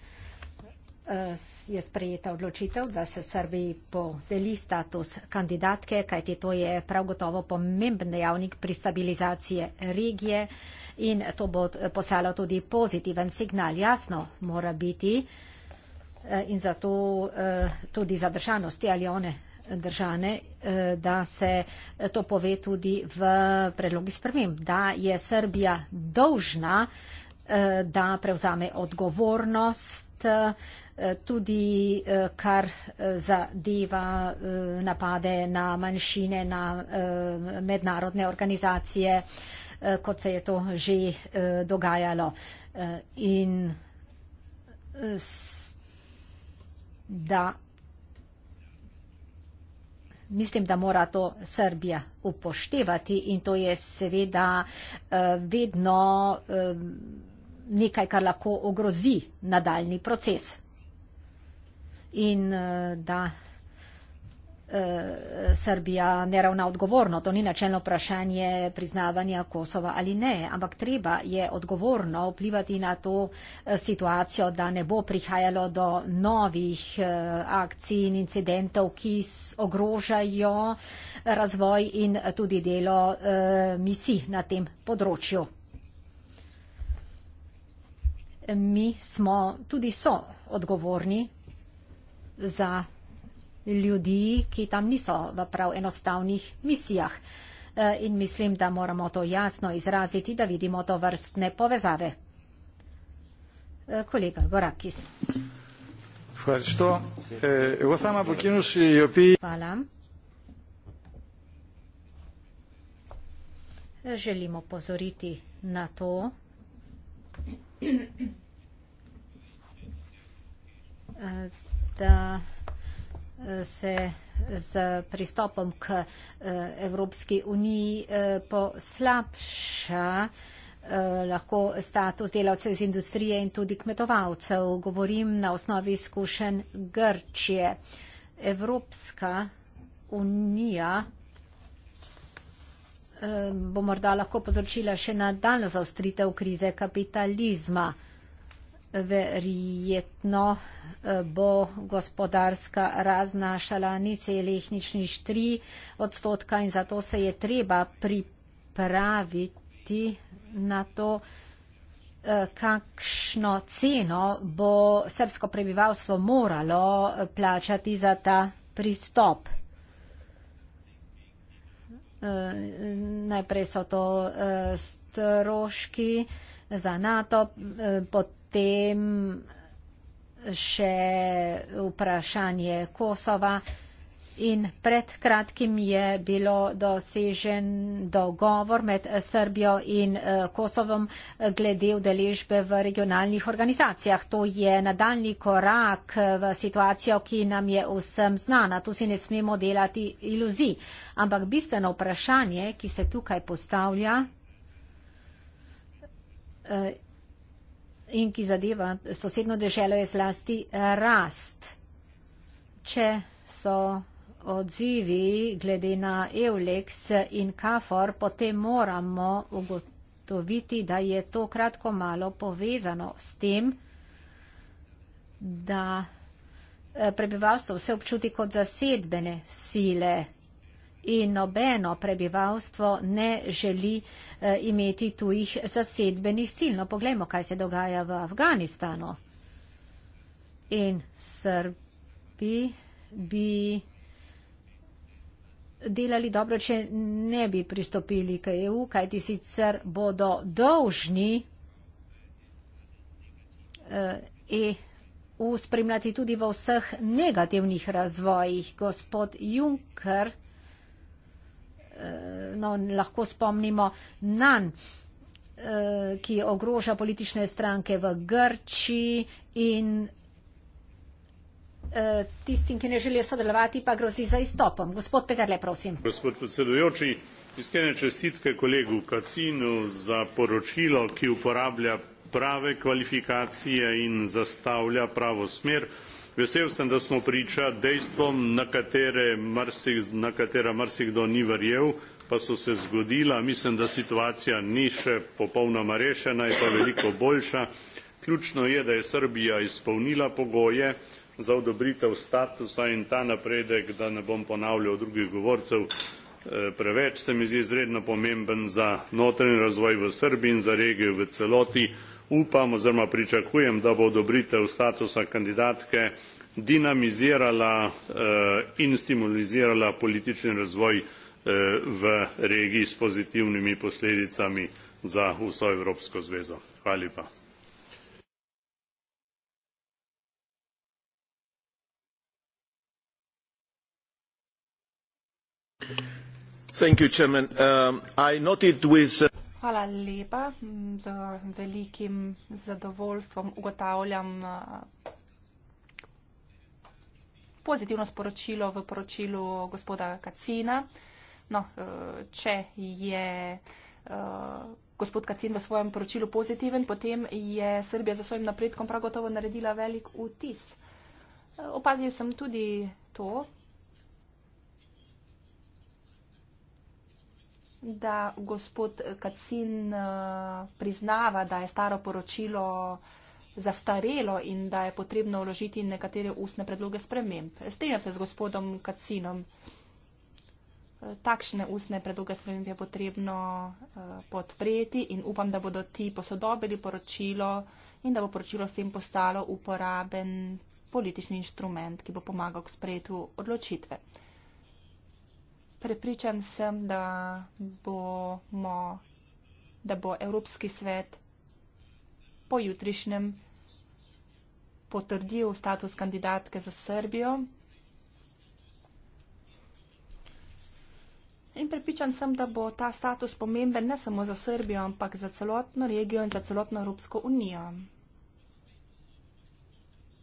eh, je sprejeta odločitev, da se Srbiji podeli status kandidatke, kajti to je prav gotovo pomemben dejavnik pri stabilizaciji regije in to bo eh, poslalo tudi pozitiven signal. Jasno mora biti, uh, Eh, in zato eh, tudi zadržanosti ali one držane, eh, da se to pove tudi v predlogi sprememb, da je Srbija dolžna, da prevzame odgovornost tudi kar zadeva napade na manjšine, na mednarodne organizacije, kot se je to že dogajalo. In da mislim, da mora to Srbija upoštevati in to je seveda eh, vedno eh, nekaj, kar lahko ogrozi nadaljni proces. In eh, da. Srbija ne ravna odgovorno. To ni načelno vprašanje priznavanja Kosova ali ne, ampak treba je odgovorno vplivati na to eh, situacijo, da ne bo prihajalo do novih eh, akcij in incidentov, ki ogrožajo eh, razvoj in tudi delo misij na tem področju. Mi smo tudi so odgovorni za ljudi, ki tam niso v prav enostavnih misijah. E, in mislim, da moramo to jasno izraziti, da vidimo to vrstne povezave. E, kolega Gorakis. Hvala. Želimo pozoriti na to, (clears throat) da se z pristopom k eh, Evropski uniji eh, poslabša eh, lahko status delavcev iz industrije in tudi kmetovalcev. Govorim na osnovi izkušenj Grčije. Evropska unija bo morda lahko pozročila še nadaljno zaostritev krize kapitalizma verjetno eh, bo gospodarska raznašala niceljehnični štri odstotka in zato se je treba pripraviti na to, eh, kakšno ceno bo srbsko prebivalstvo moralo plačati za ta pristop. Eh, najprej so to stroški za NATO, potem potem še vprašanje Kosova. In pred kratkim je bilo dosežen dogovor med Srbijo in eh, Kosovom glede udeležbe v regionalnih organizacijah. To je nadaljni korak eh, v situacijo, ki nam je vsem znana. Tu si ne smemo delati iluzij. Ampak bistveno vprašanje, ki se tukaj postavlja, eh, in ki zadeva sosedno deželo je zlasti rast. Če so odzivi glede na Eulex in Kafor, potem moramo ugotoviti, da je to kratko malo povezano s tem, da eh, prebivalstvo vse občuti kot zasedbene sile in nobeno prebivalstvo ne želi eh, imeti tujih zasedbenih sil. No, poglejmo, kaj se dogaja v Afganistanu. In Srbi bi delali dobro, če ne bi pristopili k EU, kajti sicer bodo dolžni eh, EU spremljati tudi v vseh negativnih razvojih. Gospod Juncker, Eh, no, lahko spomnimo nan, eh, ki ogroža politične stranke v Grčiji in eh, tistim, ki ne želijo sodelovati, pa grozi za izstopom. Gospod Petrle, prosim. Gospod predsedujoči, iskrene čestitke kolegu Kacinu za poročilo, ki uporablja prave kvalifikacije in zastavlja pravo smer. Vesel sem, da smo priča dejstvom, na, marsik, na katera marsikdo ni verjel, pa so se zgodila. Mislim, da situacija ni še popolnoma rešena, je pa veliko boljša. Ključno je, da je Srbija izpolnila pogoje za odobritev statusa in ta napredek, da ne bom ponavljal drugih govorcev, eh, preveč se mi zdi izredno pomemben za notranji razvoj v Srbiji in za regijo v celoti upam oziroma pričakujem da bo odobritev statusa kandidatke dinamizirala eh, in stimulizirala politični razvoj eh, v regiji s pozitivnimi posledicami za vso evropsko zvezo hvala lepa Hvala lepa. Z velikim zadovoljstvom ugotavljam eh, pozitivno sporočilo v poročilu gospoda Kacina. No, eh, če je eh, gospod Kacin v svojem poročilu pozitiven, potem je Srbija za svojim napredkom prav gotovo naredila velik vtis. Opazil sem tudi to, da gospod Kacin eh, priznava, da je staro poročilo zastarelo in da je potrebno vložiti nekatere ustne predloge sprememb. Strenjam se z gospodom Kacinom. Eh, takšne ustne predloge sprememb je potrebno eh, podpreti in upam, da bodo ti posodobili poročilo in da bo poročilo s tem postalo uporaben politični inštrument, ki bo pomagal k sprejetu odločitve prepričan sem, da, bomo, da bo Evropski svet pojutrišnjem potrdil status kandidatke za Srbijo. In prepričan sem, da bo ta status pomemben ne samo za Srbijo, ampak za celotno regijo in za celotno Evropsko unijo.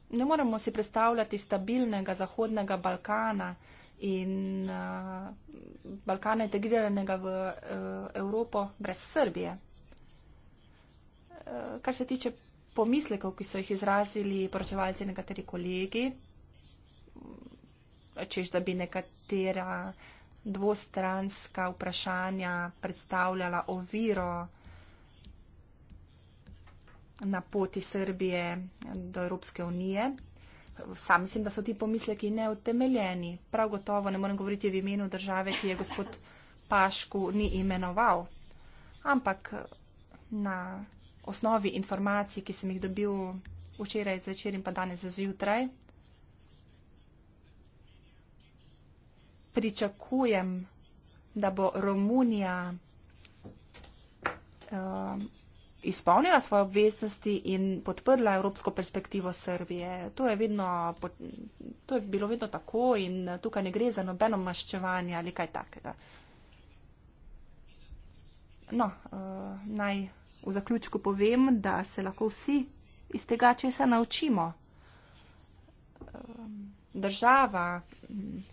Ne moremo si predstavljati stabilnega Zahodnega Balkana, in uh, eh, Balkana integriranega v uh, Evropo brez Srbije. Uh, kar se tiče pomislekov, ki so jih izrazili poročevalci nekateri kolegi, čež da bi nekatera dvostranska vprašanja predstavljala oviro na poti Srbije do Evropske unije sam mislim, da so ti pomisleki neutemeljeni. Prav gotovo ne morem govoriti v imenu države, ki je gospod Pašku ni imenoval, ampak na osnovi informacij, ki sem jih dobil včeraj zvečer in pa danes zjutraj, pričakujem, da bo Romunija. Um, izpolnila svoje obveznosti in podprla evropsko perspektivo Srbije. To je, vedno, to je bilo vedno tako in tukaj ne gre za nobeno maščevanje ali kaj takega. No, uh, naj v zaključku povem, da se lahko vsi iz tega, če se naučimo. Uh, država. Um,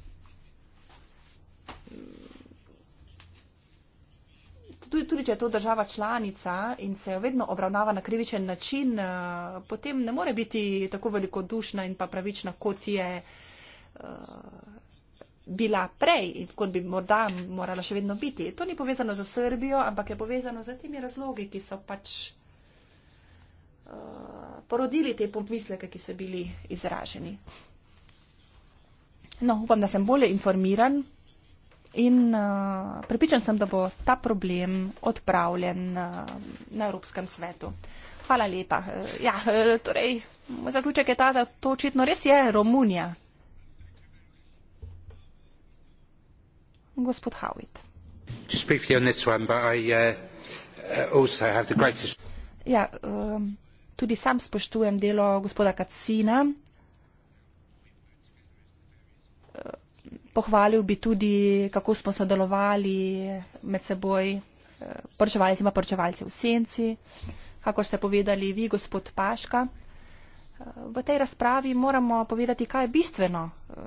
tudi, tudi, če je to država članica in se jo vedno obravnava na krivičen način, eh, potem ne more biti tako velikodušna in pa pravična, kot je eh, bila prej in kot bi morda morala še vedno biti. To ni povezano za Srbijo, ampak je povezano za temi razlogi, ki so pač eh, porodili te pomisleke, ki so bili izraženi. No, upam, da sem bolje informiran. In uh, eh, pripričan sem, da bo ta problem odpravljen uh, na Evropskem svetu. Hvala lepa. Uh, ja, uh, torej, moj zaključek je ta, da to očitno res je Romunija. Gospod Howitt. Uh, uh, ja, uh, tudi sam spoštujem delo gospoda Kacina. pohvalil bi tudi, kako smo sodelovali med seboj, eh, poročevalci in poročevalci v senci, kako ste povedali vi, gospod Paška. Eh, v tej razpravi moramo povedati, kaj je bistveno. Eh,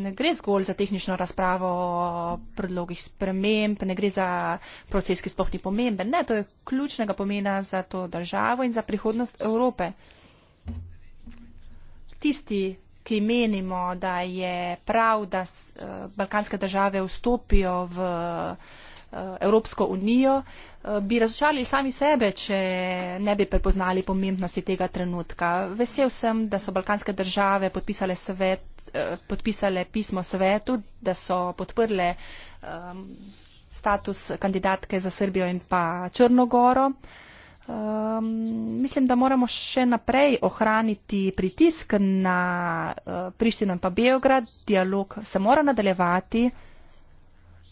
ne gre zgolj za tehnično razpravo o predlogih sprememb, ne gre za proces, ki sploh ni pomemben. Ne, to je ključnega pomena za to državo in za prihodnost Evrope. Tisti, ki menimo, da je prav, da eh, balkanske države vstopijo v eh, Evropsko unijo, eh, bi razočali sami sebe, če ne bi prepoznali pomembnosti tega trenutka. Vesel sem, da so balkanske države podpisale, svet, podpisale pismo svetu, da so podprle status kandidatke za Srbijo in pa Črnogoro. Um, mislim, da moramo še naprej ohraniti pritisk na uh, Prištino in pa Beograd. Dialog se mora nadaljevati.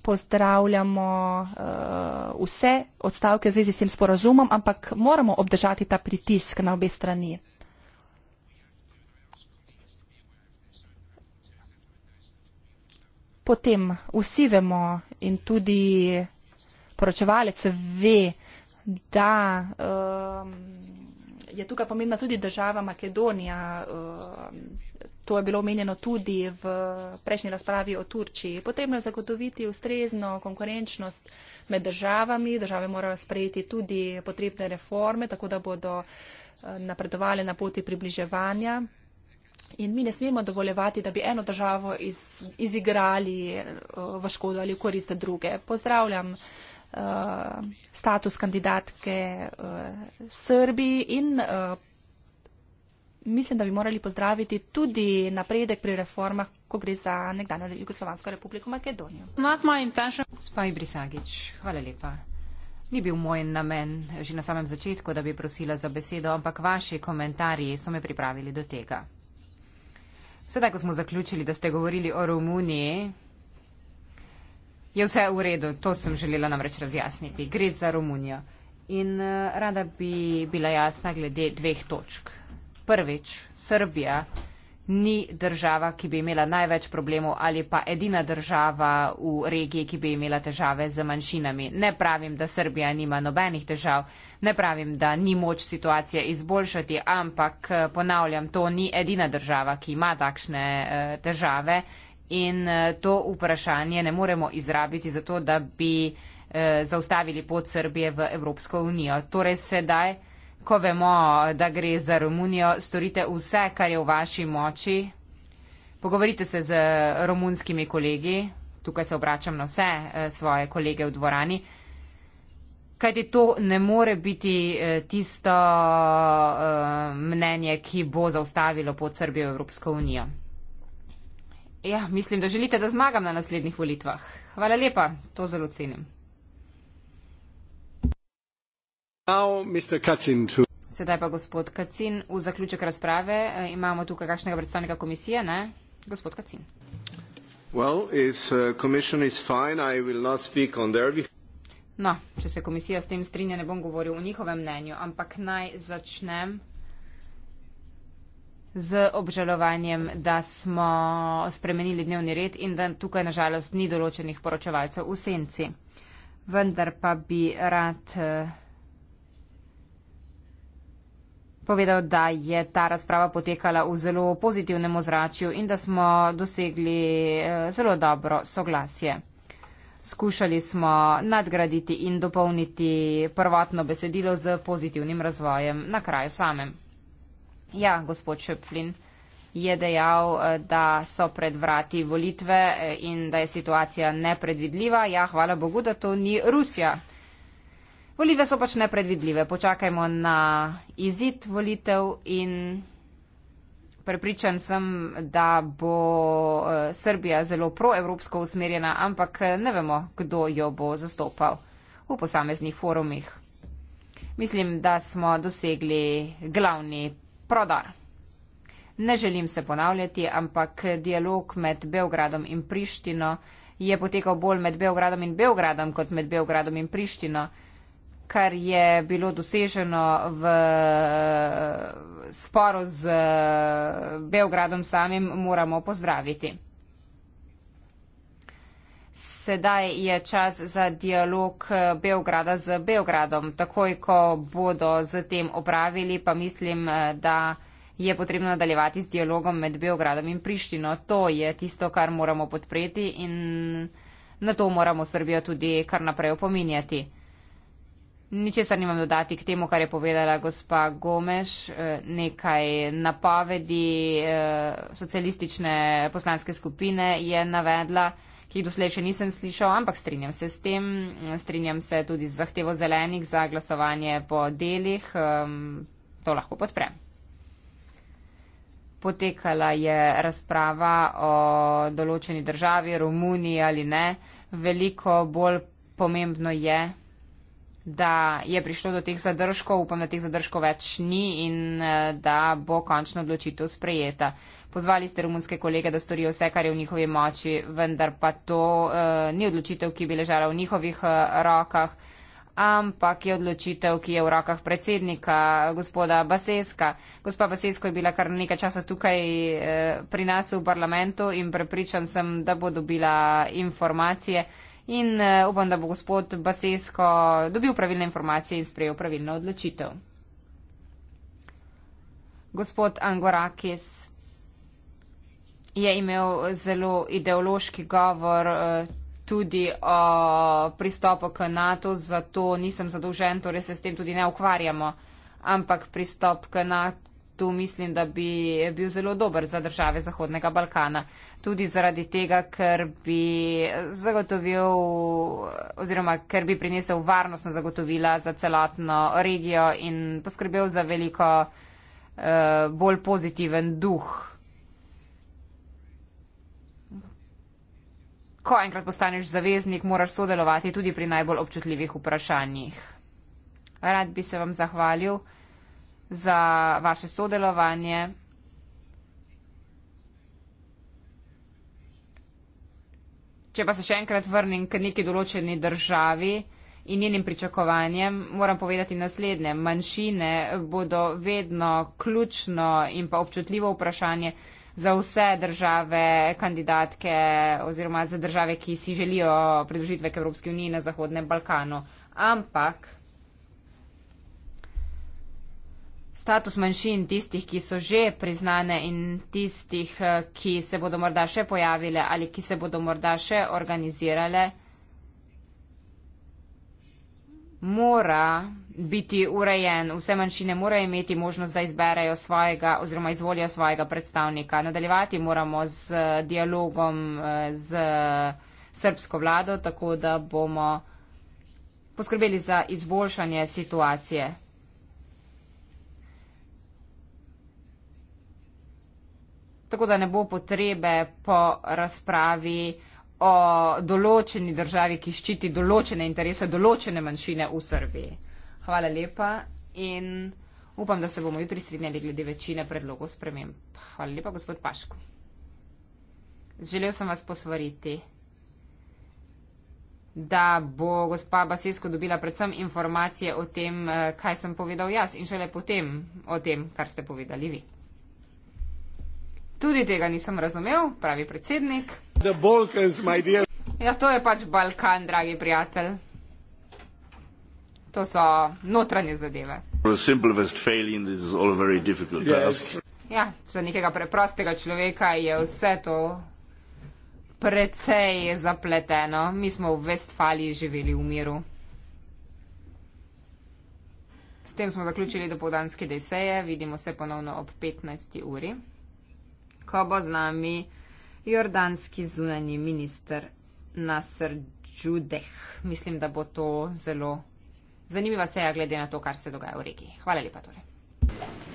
Pozdravljamo uh, vse odstavke v zvezi s tem sporazumom, ampak moramo obdržati ta pritisk na obe strani. Potem vsi vemo in tudi poročevalec ve, da um, je tukaj pomembna tudi država Makedonija. Um, to je bilo omenjeno tudi v prejšnji razpravi o Turčiji. Potrebno je zagotoviti ustrezno konkurenčnost med državami. Države morajo sprejeti tudi potrebne reforme, tako da bodo uh, napredovali na poti približevanja. In mi ne smemo dovoljevati, da bi eno državo iz, izigrali uh, v škodo ali v korist druge. Pozdravljam uh, uh, status kandidatke uh, Srbiji in uh, mislim, da bi morali pozdraviti tudi napredek pri reformah, ko gre za nekdanjo Jugoslovansko republiko Makedonijo. Hvala lepa. Ni bil moj namen že na samem začetku, da bi prosila za besedo, ampak vaši komentarji so me pripravili do tega. Sedaj, ko smo zaključili, da ste govorili o Romuniji, Je vse v redu, to sem želela namreč razjasniti. Gre za Romunijo. In eh, rada bi bila jasna glede dveh točk. Prvič, Srbija ni država, ki bi imela največ problemov ali pa edina država v regiji, ki bi imela težave z manjšinami. Ne pravim, da Srbija nima nobenih težav, ne pravim, da ni moč situacije izboljšati, ampak eh, ponavljam, to ni edina država, ki ima takšne eh, težave in eh, to vprašanje ne moremo izrabiti zato, da bi eh, zaustavili pot Srbije v Evropsko unijo. Torej sedaj, ko vemo, da gre za Romunijo, storite vse, kar je v vaši moči. Pogovorite se z romunskimi kolegi, tukaj se obračam na vse eh, svoje kolege v dvorani, kajti to ne more biti tisto mnenje, ki bo zaustavilo pod Srbijo Evropsko unijo. Ja, mislim, da želite, da zmagam na naslednjih volitvah. Hvala lepa, to zelo cenim. Sedaj pa gospod Kacin, v zaključek razprave eh, imamo tukaj kakšnega predstavnika komisije, ne? Gospod Kacin. Well, if, uh, fine, no, če se komisija s tem strinja, ne bom govoril o njihovem mnenju, ampak naj začnem z obžalovanjem, da smo spremenili dnevni red in da tukaj nažalost ni določenih poročevalcev v senci. Vendar pa bi rad eh, povedal, da je ta razprava potekala v zelo pozitivnem ozračju in da smo dosegli eh, zelo dobro soglasje. Skušali smo nadgraditi in dopolniti prvotno besedilo z pozitivnim razvojem na kraju samem. Ja, gospod Šepflin je dejal, eh, da so pred vrati volitve eh, in da je situacija nepredvidljiva. Ja, hvala Bogu, da to ni Rusija. Volitve so pač nepredvidljive. Počakajmo na izid volitev in prepričan sem, da bo eh, Srbija zelo proevropsko usmerjena, ampak ne vemo, kdo jo bo zastopal v posameznih forumih. Mislim, da smo dosegli glavni prodor. Ne želim se ponavljati, ampak dialog med Beogradom in Prištino je potekal bolj med Beogradom in Beogradom kot med Beogradom in Prištino, kar je bilo doseženo v eh, sporu z eh, Beogradom samim, moramo pozdraviti sedaj je čas za dialog eh, Beograda z Beogradom. Takoj, ko bodo z tem opravili, pa mislim, eh, da je potrebno nadaljevati z dialogom med Beogradom in Prištino. To je tisto, kar moramo podpreti in na to moramo Srbijo tudi kar naprej opominjati. Ničesar nimam dodati k temu, kar je povedala gospa Gomeš, eh, nekaj napovedi socialistične poslanske skupine je navedla ki jih doslej še nisem slišal, ampak strinjam se s tem. Strinjam se tudi z zahtevo zelenih za glasovanje po delih. Um, to lahko podprem. Potekala je razprava o določeni državi, Romuniji ali ne. Veliko bolj pomembno je, da je prišlo do teh zadržkov, upam, da teh zadržkov več ni in eh, da bo končno odločitev sprejeta. Pozvali ste rumunske kolege, da storijo vse, kar je v njihovi moči, vendar pa to uh, ni odločitev, ki bi ležala v njihovih uh, rokah, ampak je odločitev, ki je v rokah predsednika, gospoda Baseska. Gospa Basesko je bila kar nekaj časa tukaj uh, pri nas v parlamentu in prepričan sem, da bo dobila informacije. In upam, da bo gospod Basesko dobil pravilne informacije in sprejel pravilno odločitev. Gospod Angorakis, je imel zelo ideološki govor eh, tudi o pristopu k NATO, zato nisem zadolžen, torej se s tem tudi ne ukvarjamo. Ampak pristop k NATO mislim, da bi bil zelo dober za države Zahodnega Balkana. Tudi zaradi tega, ker bi zagotovil oziroma ker bi prinesel varnostna zagotovila za celotno regijo in poskrbel za veliko eh, bolj pozitiven duh ko enkrat postaneš zaveznik, moraš sodelovati tudi pri najbolj občutljivih vprašanjih. Rad bi se vam zahvalil za vaše sodelovanje. Če pa se še enkrat vrnim k neki določeni državi in njenim pričakovanjem, moram povedati naslednje. Manjšine bodo vedno ključno in pa občutljivo vprašanje, za vse države kandidatke oziroma za države, ki si želijo pridružitve k Evropski uniji na Zahodnem Balkanu. Ampak status manjšin tistih, ki so že priznane in tistih, ki se bodo morda še pojavile ali ki se bodo morda še organizirale, mora biti urejen, vse manjšine morajo imeti možnost, da izberejo svojega oziroma izvolijo svojega predstavnika. Nadaljevati moramo z dialogom eh, z srbsko vlado, tako da bomo poskrbeli za izboljšanje situacije. Tako da ne bo potrebe po razpravi o določeni državi, ki ščiti določene interese, določene manjšine v Srbiji. Hvala lepa in upam, da se bomo jutri strinjali glede večine predlogov sprememb. Hvala lepa, gospod Pašku. Želel sem vas posvariti, da bo gospa Basesko dobila predvsem informacije o tem, eh, kaj sem povedal jaz in šele potem o tem, kar ste povedali vi. Tudi tega nisem razumel, pravi predsednik. Balkans, ja, to je pač Balkan, dragi prijatelj. To so notranje zadeve. Yes. Ja, za nekega preprostega človeka je vse to precej zapleteno. Mi smo v Vestfaliji živeli v miru. S tem smo zaključili dopoldanske deseje. Vidimo se ponovno ob 15. uri ko bo z nami jordanski zunani minister Nasr Džudeh. Mislim, da bo to zelo zanimiva seja, glede na to, kar se dogaja v regiji. Hvala lepa torej.